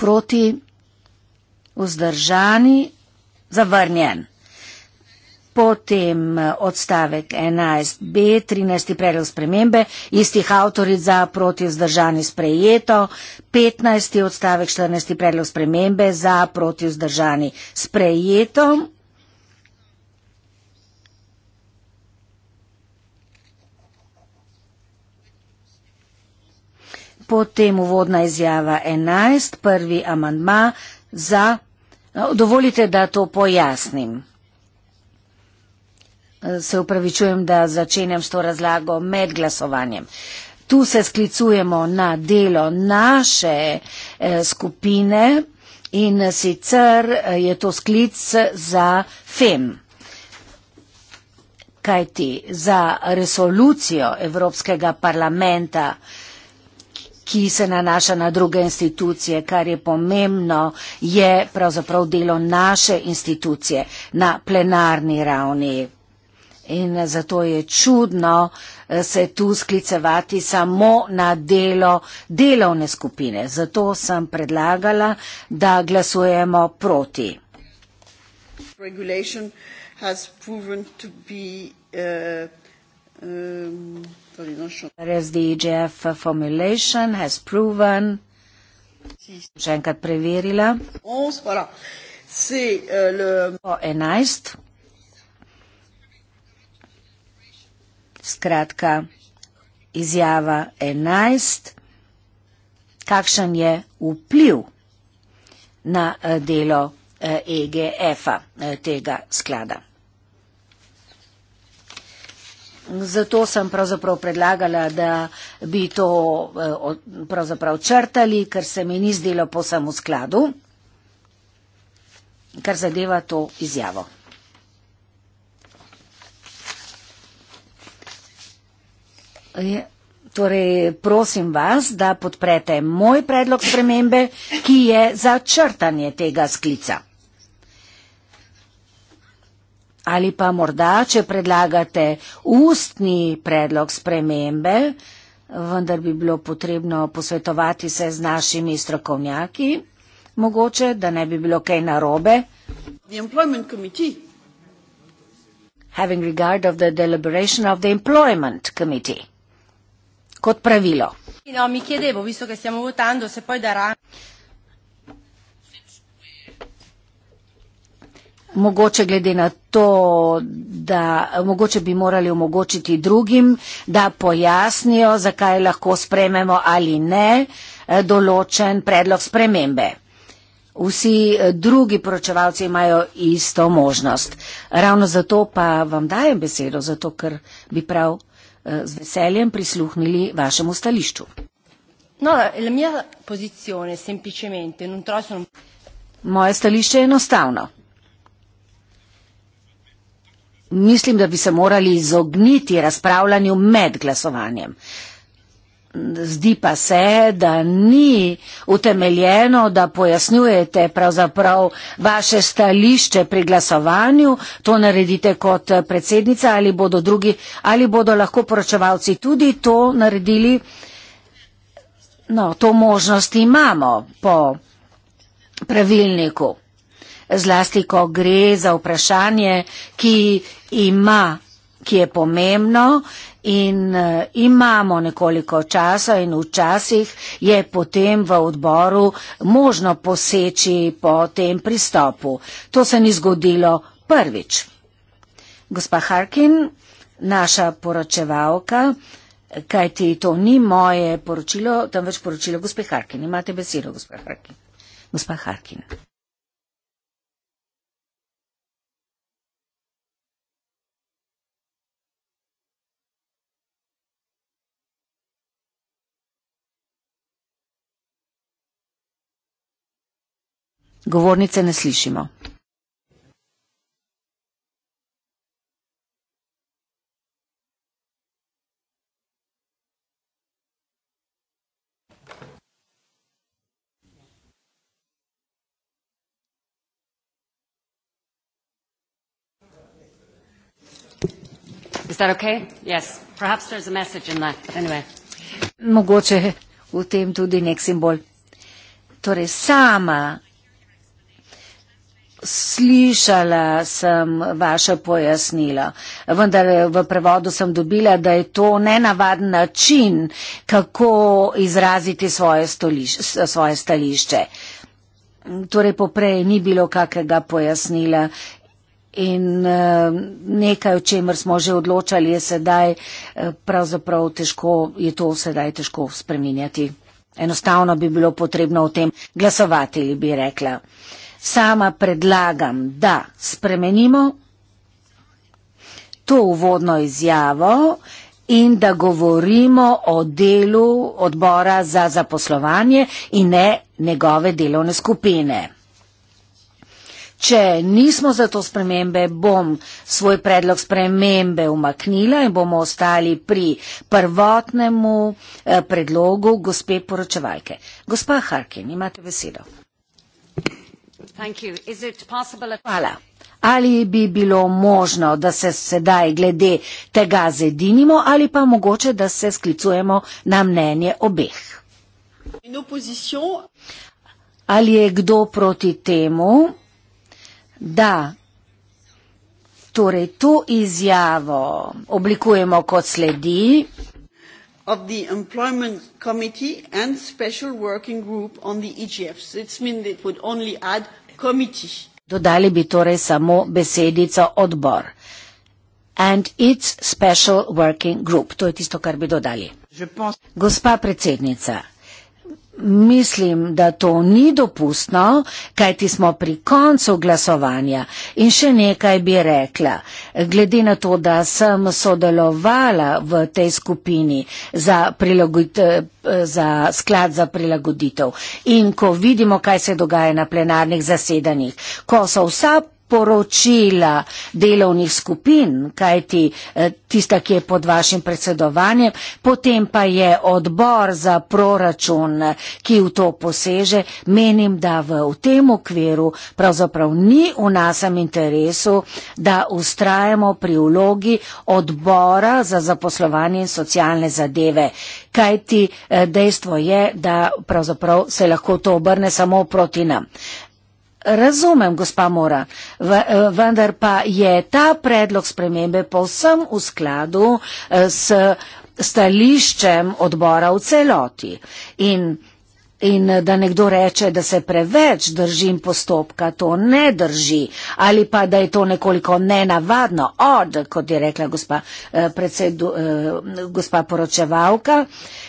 Proti vzdržani zavrnjen. Potem eh, odstavek 11b, 13. predlog spremembe, istih avtoric za proti vzdržani sprejeto, 15. odstavek 14. predlog spremembe za proti vzdržani sprejeto. Potem uvodna izjava 11, prvi amandma za. No, dovolite, da to pojasnim. Se upravičujem, da začenjam s to razlago med glasovanjem. Tu se sklicujemo na delo naše eh, skupine in sicer eh, je to sklic za FEM. Kajti za resolucijo Evropskega parlamenta, ki se nanaša na druge institucije, kar je pomembno, je pravzaprav delo naše institucije na plenarni ravni. In zato je čudno eh, se tu sklicevati samo na delo delovne skupine. Zato sem predlagala, da glasujemo proti. RSDGF eh, eh, e formulation has proven. Še enkrat preverila. 11. Skratka, izjava 11. Kakšen je vpliv na eh, delo EGF-a eh, e eh, tega sklada? Zato sem pravzaprav predlagala, da bi to pravzaprav črtali, ker se mi ni zdelo po samo skladu, kar zadeva to izjavo. Je, torej, prosim vas, da podprete moj predlog spremembe, ki je za črtanje tega sklica. Ali pa morda, če predlagate ustni predlog spremembe, vendar bi bilo potrebno posvetovati se z našimi strokovnjaki, mogoče, da ne bi bilo kaj narobe. Having regard of the deliberation of the employment committee kot pravilo. No, mi chiedevo, visto che stiamo votando, se poi darà. Mogoče glede na to, da mogoče bi morali omogočiti drugim, da pojasnijo, zakaj lahko sprememo ali ne eh, določen predlog spremembe. Vsi eh, drugi poročevalci imajo isto možnost. Ravno zato pa vam dajem besedo, zato ker bi prav. Eh, z veseljem prisluhnili vašemu stališču. No, la mia posizione semplicemente non trovo sono... Moje stališče je enostavno. Mislim, da bi se morali izogniti razpravljanju med glasovanjem. Uh, zdi pa se, da ni utemeljeno, da pojasnjujete pravzaprav vaše stališče pri glasovanju. To naredite kot predsednica ali bodo drugi ali bodo lahko poročevalci tudi to naredili. No, to možnost imamo po pravilniku. Zlasti, ko gre za vprašanje, ki ima, ki je pomembno in uh, imamo nekoliko časa in včasih je potem v odboru možno poseči po tem pristopu. To se ni zgodilo prvič. Gospa Harkin, naša poročevalka, kajti to ni moje poročilo, temveč poročilo gospe Harkin. Imate besedo, gospa Harkin. Gospa Harkin. Govornice ne slišimo. Mogoče v tem tudi nek simbol. Torej, sama slišala sem vaše pojasnilo, vendar v prevodu sem dobila, da je to nenavaden način, kako izraziti svoje, stoliš, svoje stališče. Torej, poprej ni bilo kakega pojasnila in eh, nekaj, o čemer smo že odločali, je sedaj eh, pravzaprav težko, je to sedaj težko spreminjati. Enostavno bi bilo potrebno o tem glasovati, bi rekla. Sama predlagam, da spremenimo to uvodno izjavo in da govorimo o delu odbora za zaposlovanje in ne njegove delovne skupine. Če nismo za to spremembe, bom svoj predlog spremembe umaknila in bomo ostali pri prvotnemu eh, predlogu gospe poročevalke. Gospa Harkin, imate besedo ali bi bilo možno, da se sedaj glede tega zedinimo ali pa mogoče, da se sklicujemo na mnenje obeh. Ali je kdo proti temu, da torej to izjavo oblikujemo kot sledi? of the Employment Committee and Special Working Group on the EGFs. It's mean it would only add committee. Dodali bi torej samo besedico odbor. And its special working group. To je tisto, kar bi dodali. Gospa predsednica, Mislim, da to ni dopustno, kajti smo pri koncu glasovanja. In še nekaj bi rekla. Glede na to, da sem sodelovala v tej skupini za, za sklad za prilagoditev in ko vidimo, kaj se dogaja na plenarnih zasedanjih, ko so vsa priporočila delovnih skupin, kajti eh, tista, ki je pod vašim predsedovanjem, potem pa je odbor za proračun, ki v to poseže, menim, da v, v tem okviru pravzaprav ni v nasem interesu, da ustrajamo pri vlogi odbora za zaposlovanje in socialne zadeve. Kajti eh, dejstvo je, da pravzaprav se lahko to obrne samo proti nam. Razumem, gospa Mora, v, eh, vendar pa je ta predlog spremembe povsem v skladu eh, s stališčem odbora v celoti. In In eh, da nekdo reče, da se preveč držim postopka, to ne drži, ali pa da je to nekoliko nenavadno, od, kot je rekla gospa, eh, predsedu, eh, gospa poročevalka,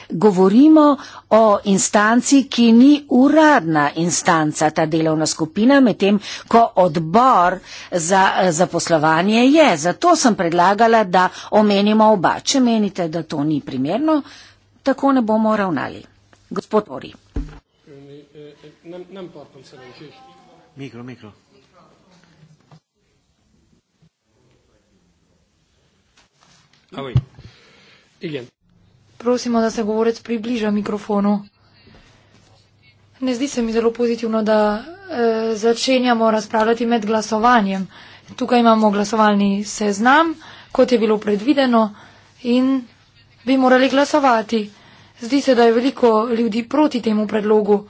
govorimo o instanci, ki ni uradna instanca, ta delovna skupina, medtem ko odbor za, za poslovanje je. Zato sem predlagala, da omenimo oba. Če menite, da to ni primerno, tako ne bomo ravnali. Gospod Ori nem, nem parkol szerencsés. Mikro, mikro. Ahoj. Igen. Prosimo, da se govorec približa mikrofonu. Ne zdi se mi zelo pozitivno, da e, začenjamo razpravljati med glasovanjem. Tukaj imamo glasovalni seznam, kot je bilo predvideno, in bi morali glasovati. Zdi se, da je veliko ljudi proti temu predlogu.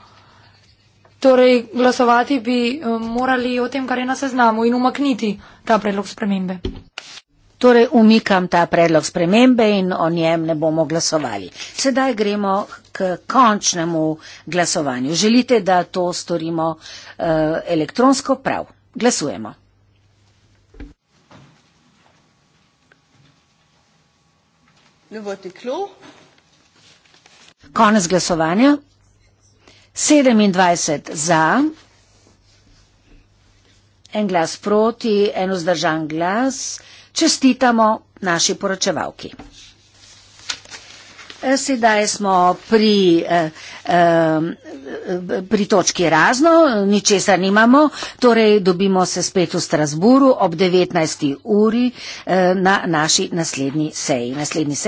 Torej, glasovati bi eh, morali o tem, kar je na seznamu in umakniti ta predlog spremembe. Torej, umikam ta predlog spremembe in o njem ne bomo glasovali. Sedaj gremo k končnemu glasovanju. Želite, da to storimo uh, elektronsko prav? Glasujemo. Konec glasovanja. 27 za, en glas proti, en vzdržan glas, čestitamo naši poročevalki. E, sedaj smo pri, e, e, pri točki razno, ničesar nimamo, torej dobimo se spet v Strasburu ob 19. uri na naši naslednji seji. Naslednji seji.